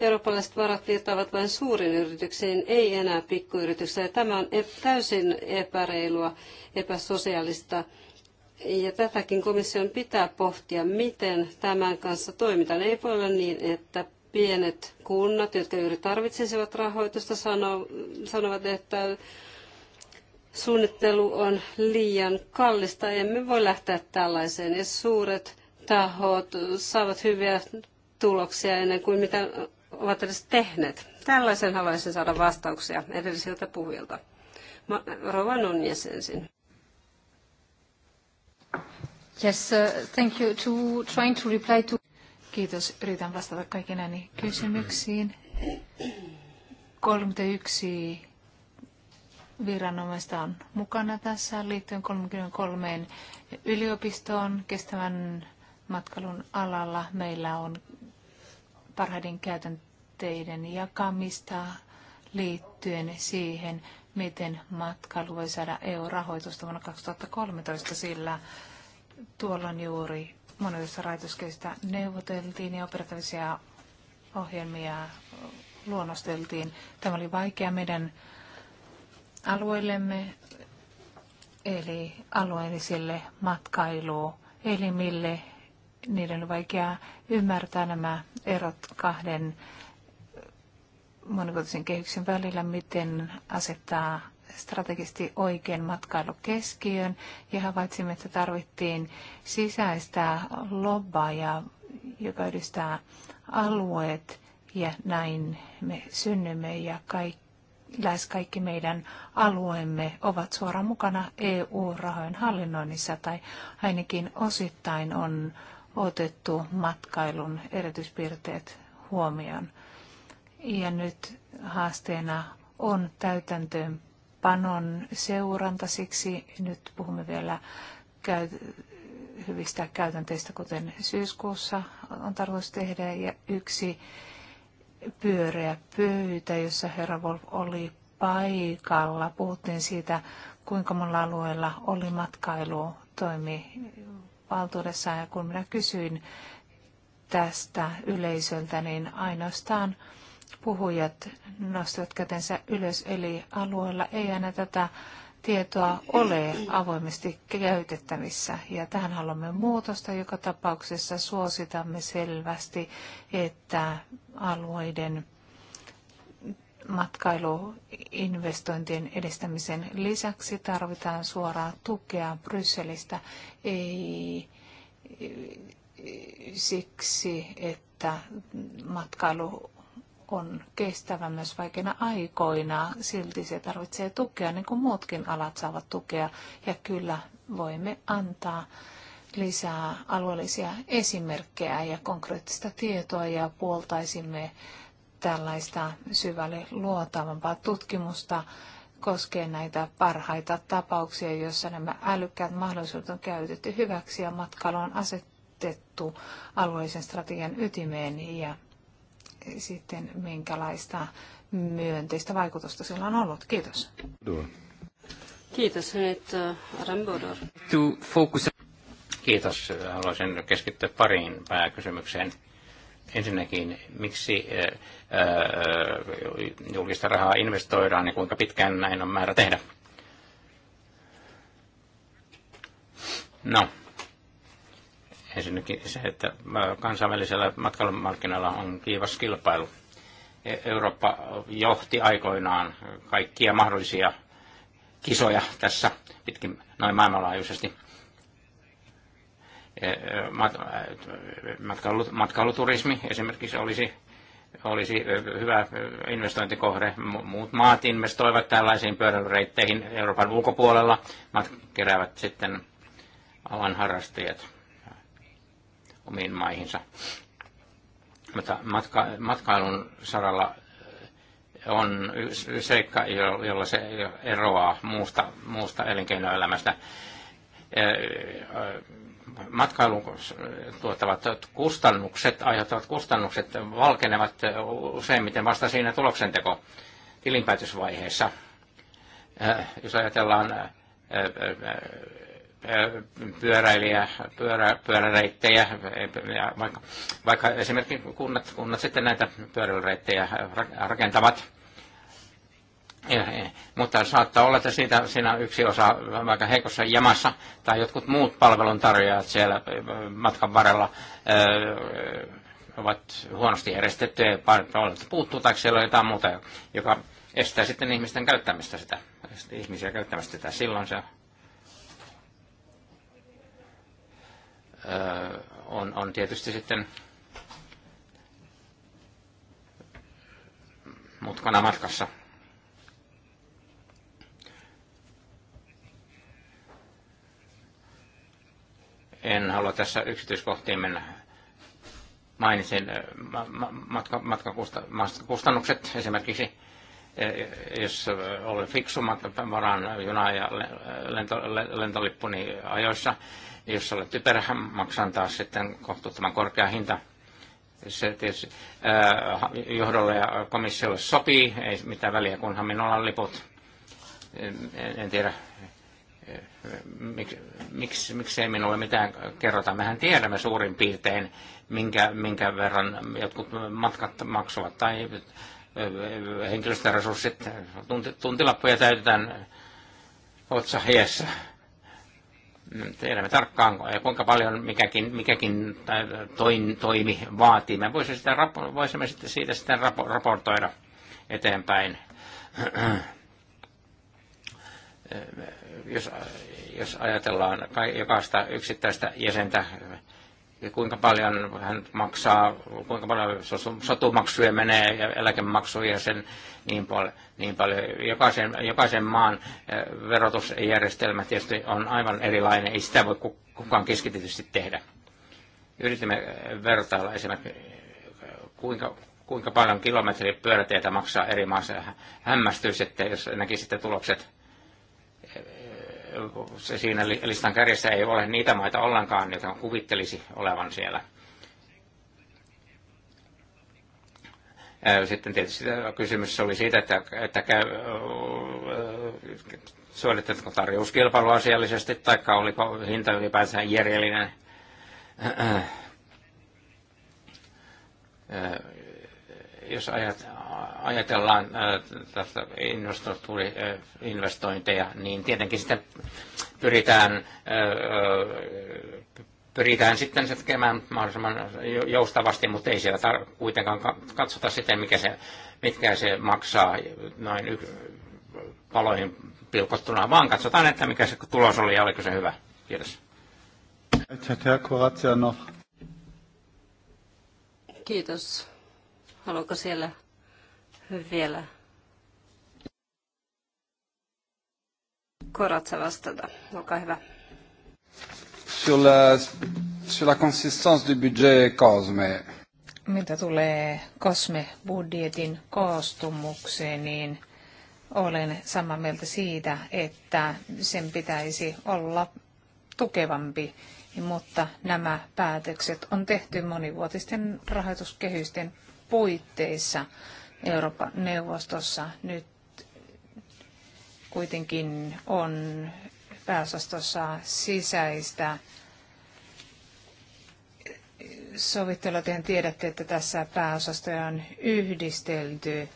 eurooppalaiset varat virtaavat vain suuriin yrityksiin, ei enää pikkuyrityksiä. Tämä on e- täysin epäreilua, epäsosiaalista. Ja tätäkin komission pitää pohtia, miten tämän kanssa toimitaan. Ei voi olla niin, että pienet kunnat, jotka juuri tarvitsisivat rahoitusta, sanovat, että suunnittelu on liian kallista, emme voi lähteä tällaiseen. Ja suuret tahot saavat hyviä tuloksia ennen kuin mitä ovat edes tehneet. Tällaisen haluaisin saada vastauksia edellisiltä puhujilta. Rova Nunjes ensin. Yes, uh, thank you to trying to reply to Kiitos. Yritän vastata kaikki näihin kysymyksiin. 31 viranomaista on mukana tässä liittyen 33 yliopistoon kestävän matkailun alalla. Meillä on parhaiden käytänteiden jakamista liittyen siihen, miten matkailu voi saada EU-rahoitusta vuonna 2013, sillä tuolloin juuri monivuotisesta rahoituskehistä neuvoteltiin ja operatiivisia ohjelmia luonnosteltiin. Tämä oli vaikea meidän alueillemme, eli alueellisille matkailuelimille. Niiden oli vaikea ymmärtää nämä erot kahden monivuotisen kehyksen välillä, miten asettaa strategisesti oikein matkailukeskiön ja havaitsimme, että tarvittiin sisäistä lobbaa, joka yhdistää alueet ja näin me synnymme ja kaikki lähes kaikki meidän alueemme ovat suoraan mukana EU-rahojen hallinnoinnissa tai ainakin osittain on otettu matkailun erityispiirteet huomioon. Ja nyt haasteena on täytäntöön täytäntöönpanon seuranta. Siksi nyt puhumme vielä hyvistä käytänteistä, kuten syyskuussa on tarkoitus tehdä. Ja yksi pyöreä pöytä, jossa herra Wolf oli paikalla. Puhuttiin siitä, kuinka monella alueella oli matkailu toimi valtuudessaan. Ja kun minä kysyin tästä yleisöltä, niin ainoastaan puhujat nostivat kätensä ylös, eli alueella ei aina tätä tietoa ole avoimesti käytettävissä. Ja tähän haluamme muutosta. Joka tapauksessa suositamme selvästi, että alueiden matkailuinvestointien edistämisen lisäksi tarvitaan suoraa tukea Brysselistä. Ei siksi, että matkailu on kestävä myös vaikeina aikoina. Silti se tarvitsee tukea, niin kuin muutkin alat saavat tukea. Ja kyllä voimme antaa lisää alueellisia esimerkkejä ja konkreettista tietoa ja puoltaisimme tällaista syvälle luotavampaa tutkimusta koskee näitä parhaita tapauksia, joissa nämä älykkäät mahdollisuudet on käytetty hyväksi ja matkailu on asetettu alueellisen strategian ytimeen ja sitten minkälaista myönteistä vaikutusta sillä on ollut. Kiitos. Kiitos. Kiitos. Kiitos. Haluaisin keskittyä pariin pääkysymykseen. Ensinnäkin, miksi eh, eh, julkista rahaa investoidaan ja kuinka pitkään näin on määrä tehdä? No, Ensinnäkin se, että kansainvälisellä matkailumarkkinoilla on kiivas kilpailu. E, Eurooppa johti aikoinaan kaikkia mahdollisia kisoja tässä pitkin noin maailmanlaajuisesti. E, e, Matkailuturismi esimerkiksi olisi, olisi hyvä investointikohde. Muut maat investoivat tällaisiin pyöräilyreitteihin Euroopan ulkopuolella. Mat keräävät sitten alan harrastajat omiin maihinsa. Mutta matka, matkailun saralla eh, on seikka, jolla se eroaa muusta, muusta elinkeinoelämästä. Eh, eh, matkailun tuottavat kustannukset, aiheuttavat kustannukset valkenevat useimmiten vasta siinä tuloksenteko tilinpäätösvaiheessa. Jos ajatellaan pyöräilijä, pyörä, pyöräreittejä, vaikka, vaikka esimerkiksi kunnat, kunnat sitten näitä pyöräilyreittejä rakentavat. Ja, mutta saattaa olla, että siitä, siinä on yksi osa vaikka heikossa jamassa tai jotkut muut palveluntarjoajat siellä matkan varrella ovat huonosti järjestettyjä, että puuttuu tai siellä on jotain muuta, joka estää sitten ihmisten käyttämistä sitä, ihmisiä käyttämistä sitä. Silloin se on, on tietysti sitten mutkana matkassa. En halua tässä yksityiskohtiin mennä. Mainitsin matka, matkakustannukset esimerkiksi, e, jos olen fiksu varaan juna- ja lento, ajoissa – jos olet typerä, maksan taas sitten kohtuuttoman korkea hinta. Se tietysti äh, johdolle ja komissiolle sopii, ei mitään väliä, kunhan minulla on liput. En, en tiedä, miksi, äh, miksi, ei minulle mitään kerrota. Mehän tiedämme suurin piirtein, minkä, minkä verran jotkut matkat maksavat tai äh, henkilöstöresurssit, tunt, tuntilappuja täytetään otsahiessä No, tiedämme tarkkaan, kuinka paljon mikäkin, mikäkin toin, toimi vaatii. Me voisimme, sitä, voisimme sitten siitä sitten raportoida eteenpäin. jos, jos ajatellaan jokaista yksittäistä jäsentä, ja kuinka paljon hän maksaa, kuinka paljon sotumaksuja menee ja eläkemaksuja sen niin, pal- niin paljon. Jokaisen, jokaisen maan verotusjärjestelmä tietysti on aivan erilainen, ei sitä voi kukaan keskitetysti tehdä. Yritimme vertailla esimerkiksi, kuinka, kuinka paljon kilometri pyöräteitä maksaa eri maassa. Hämmästyisi, että jos näkisitte tulokset se siinä listan kärjessä ei ole niitä maita ollenkaan, joita kuvittelisi olevan siellä. Sitten tietysti kysymys oli siitä, että, että käy, suoritetko tarjouskilpailu asiallisesti, taikka oliko hinta ylipäänsä järjellinen. Jos ajatellaan äh, tästä infrastruktuuriinvestointeja, äh, niin tietenkin sitten pyritään, äh, pyritään sitten se tekemään mahdollisimman joustavasti, mutta ei siellä tar- kuitenkaan katsota sitten, mikä se, mitkä se maksaa noin y- paloihin pilkottuna, vaan katsotaan, että mikä se tulos oli ja oliko se hyvä. Kiitos. Kiitos. Haluatko siellä vielä Koratsa vastata. Olkaa hyvä. Sur la, sur la consistance du budget Cosme. Mitä tulee Cosme-budjetin koostumukseen, niin olen samaa mieltä siitä, että sen pitäisi olla tukevampi, mutta nämä päätökset on tehty monivuotisten rahoituskehysten puitteissa. Euroopan neuvostossa nyt kuitenkin on pääosastossa sisäistä sovittelua. Tehän tiedätte, että tässä pääosastoja on yhdistelty,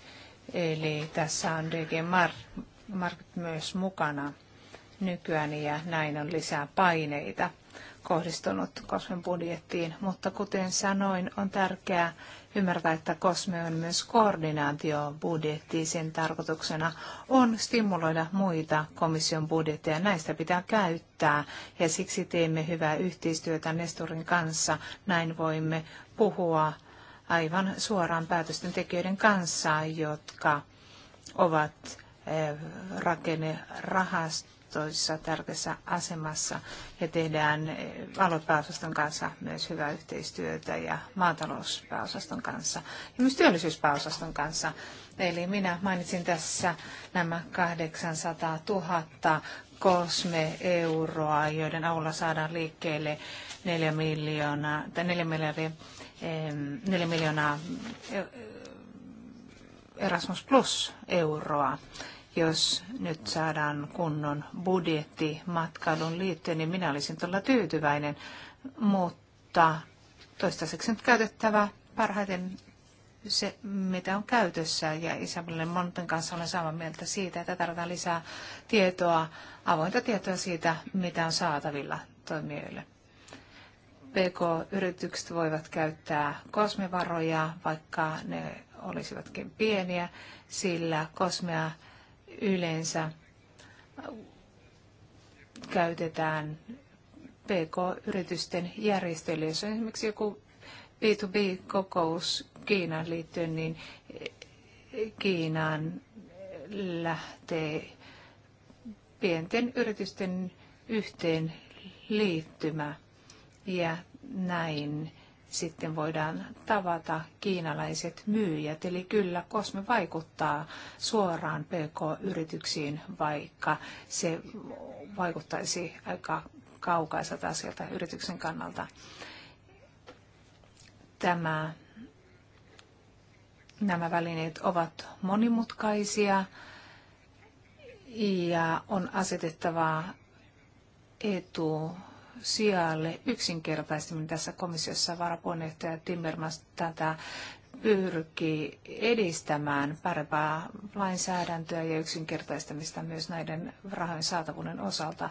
eli tässä on DG Mark myös mukana nykyään ja näin on lisää paineita kohdistunut kosmen budjettiin. Mutta kuten sanoin, on tärkeää, ymmärtää, että COSME on myös koordinaatiobudjetti. Sen tarkoituksena on stimuloida muita komission budjetteja. Näistä pitää käyttää ja siksi teemme hyvää yhteistyötä Nestorin kanssa. Näin voimme puhua aivan suoraan päätösten tekijöiden kanssa, jotka ovat eh, rakennerahastoja toisessa tärkeässä asemassa ja tehdään eh, aluepääosaston kanssa myös hyvää yhteistyötä ja maatalouspääosaston kanssa ja myös työllisyyspääosaston kanssa. Eli minä mainitsin tässä nämä 800 000 kosme euroa, joiden avulla saadaan liikkeelle 4 miljoonaa, tai 4 miljardia, 4 miljoonaa Erasmus Plus euroa jos nyt saadaan kunnon budjetti matkailun liittyen, niin minä olisin todella tyytyväinen, mutta toistaiseksi nyt käytettävä parhaiten se, mitä on käytössä. Ja Isabelle Monten kanssa olen samaa mieltä siitä, että tarvitaan lisää tietoa, avointa tietoa siitä, mitä on saatavilla toimijoille. PK-yritykset voivat käyttää kosmevaroja, vaikka ne olisivatkin pieniä, sillä kosmea yleensä käytetään PK-yritysten järjestöille. Jos on esimerkiksi joku B2B-kokous Kiinaan liittyen, niin Kiinaan lähtee pienten yritysten yhteen liittymä ja näin sitten voidaan tavata kiinalaiset myyjät. Eli kyllä Kosme vaikuttaa suoraan PK-yrityksiin, vaikka se vaikuttaisi aika kaukaiselta asialta yrityksen kannalta. Tämä, nämä välineet ovat monimutkaisia ja on asetettava etu sijalle yksinkertaistaminen tässä komissiossa varapuheenjohtaja Timmermans tätä pyrkii edistämään parempaa lainsäädäntöä ja yksinkertaistamista myös näiden rahojen saatavuuden osalta.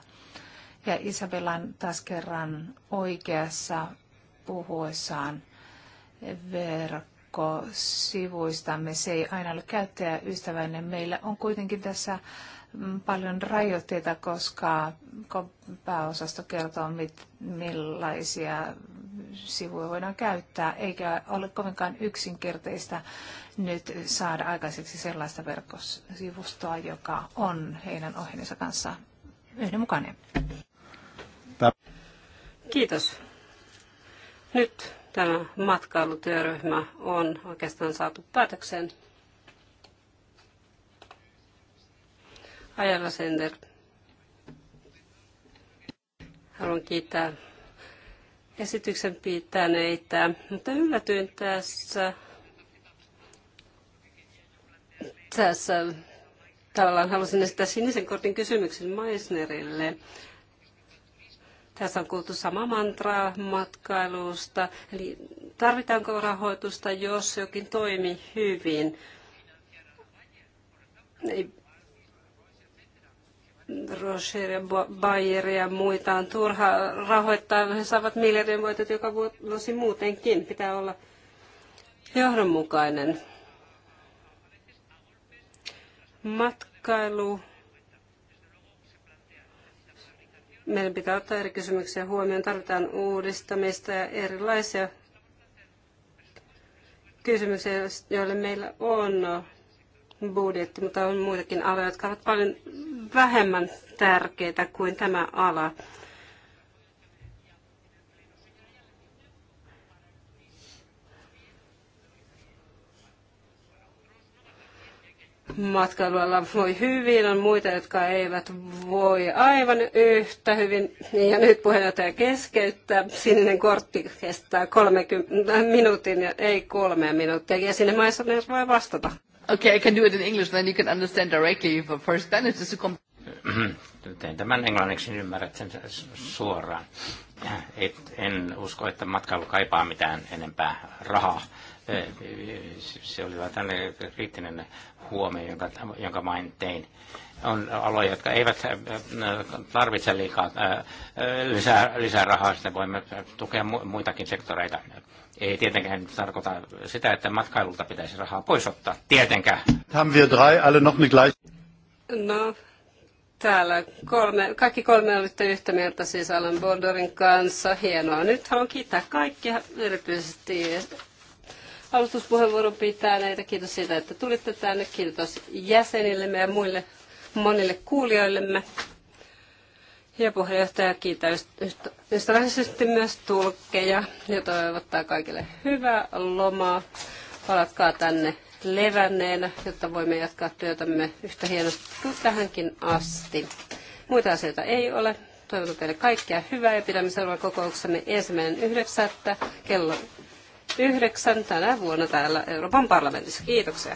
Ja Isabellan taas kerran oikeassa puhuessaan verkkosivuistamme. Se ei aina ole käyttäjäystävällinen. Meillä on kuitenkin tässä paljon rajoitteita, koska pääosasto kertoo, mit, millaisia sivuja voidaan käyttää, eikä ole kovinkaan yksinkertaista nyt saada aikaiseksi sellaista verkkosivustoa, joka on heidän ohjeensa kanssa yhdenmukainen. Kiitos. Nyt tämä matkailutyöryhmä on oikeastaan saatu päätökseen. Ajalla Sender. Haluan kiittää esityksen pitäneitä, mutta yllätyin tässä, tässä tavallaan halusin esittää sinisen kortin kysymyksen Meissnerille. Tässä on kuultu sama mantra matkailusta, eli tarvitaanko rahoitusta, jos jokin toimi hyvin. Rocher ja Bayer ja muita on turha rahoittaa. He saavat miljardien voitot joka vuosi muutenkin. Pitää olla johdonmukainen. Matkailu. Meidän pitää ottaa eri kysymyksiä huomioon. Tarvitaan uudistamista ja erilaisia kysymyksiä, joille meillä on budjetti, mutta on muitakin aloja, jotka ovat paljon vähemmän tärkeitä kuin tämä ala. matkailualla voi hyvin, on muita, jotka eivät voi aivan yhtä hyvin. Ja nyt puheenjohtaja keskeyttää. Sininen kortti kestää 30 minuutin, ja ei kolme minuuttia. Ja sinne maissa voi vastata. Okay, I can do it in English, then you can understand directly. for, for Spanish, it's a Tein tämän englanniksi, niin ymmärrät sen suoraan. Et, en usko, että matkailu kaipaa mitään enempää rahaa. E, se oli vain tänne kriittinen huomio, jonka, jonka main tein. On aloja, jotka eivät e, tarvitse liikaa e, lisää, lisää rahaa, sitten voimme tukea muitakin sektoreita ei tietenkään tarkoita sitä, että matkailulta pitäisi rahaa pois ottaa. Tietenkään. Haben wir drei alle noch nicht gleich. No, täällä kolme, kaikki kolme olitte yhtä mieltä siis Alan Bordorin kanssa. Hienoa. Nyt haluan kiittää kaikkia, erityisesti alustuspuheenvuoron pitäneitä. Kiitos siitä, että tulitte tänne. Kiitos jäsenillemme ja muille monille kuulijoillemme. Ja puheenjohtaja kiittää ystävällisesti myös tulkkeja ja toivottaa kaikille hyvää lomaa. Palatkaa tänne levänneenä, jotta voimme jatkaa työtämme yhtä hienosti kuin tähänkin asti. Muita asioita ei ole. Toivotan teille kaikkea hyvää ja pidämme seuraavan kokouksemme ensimmäinen yhdeksättä kello yhdeksän tänä vuonna täällä Euroopan parlamentissa. Kiitoksia.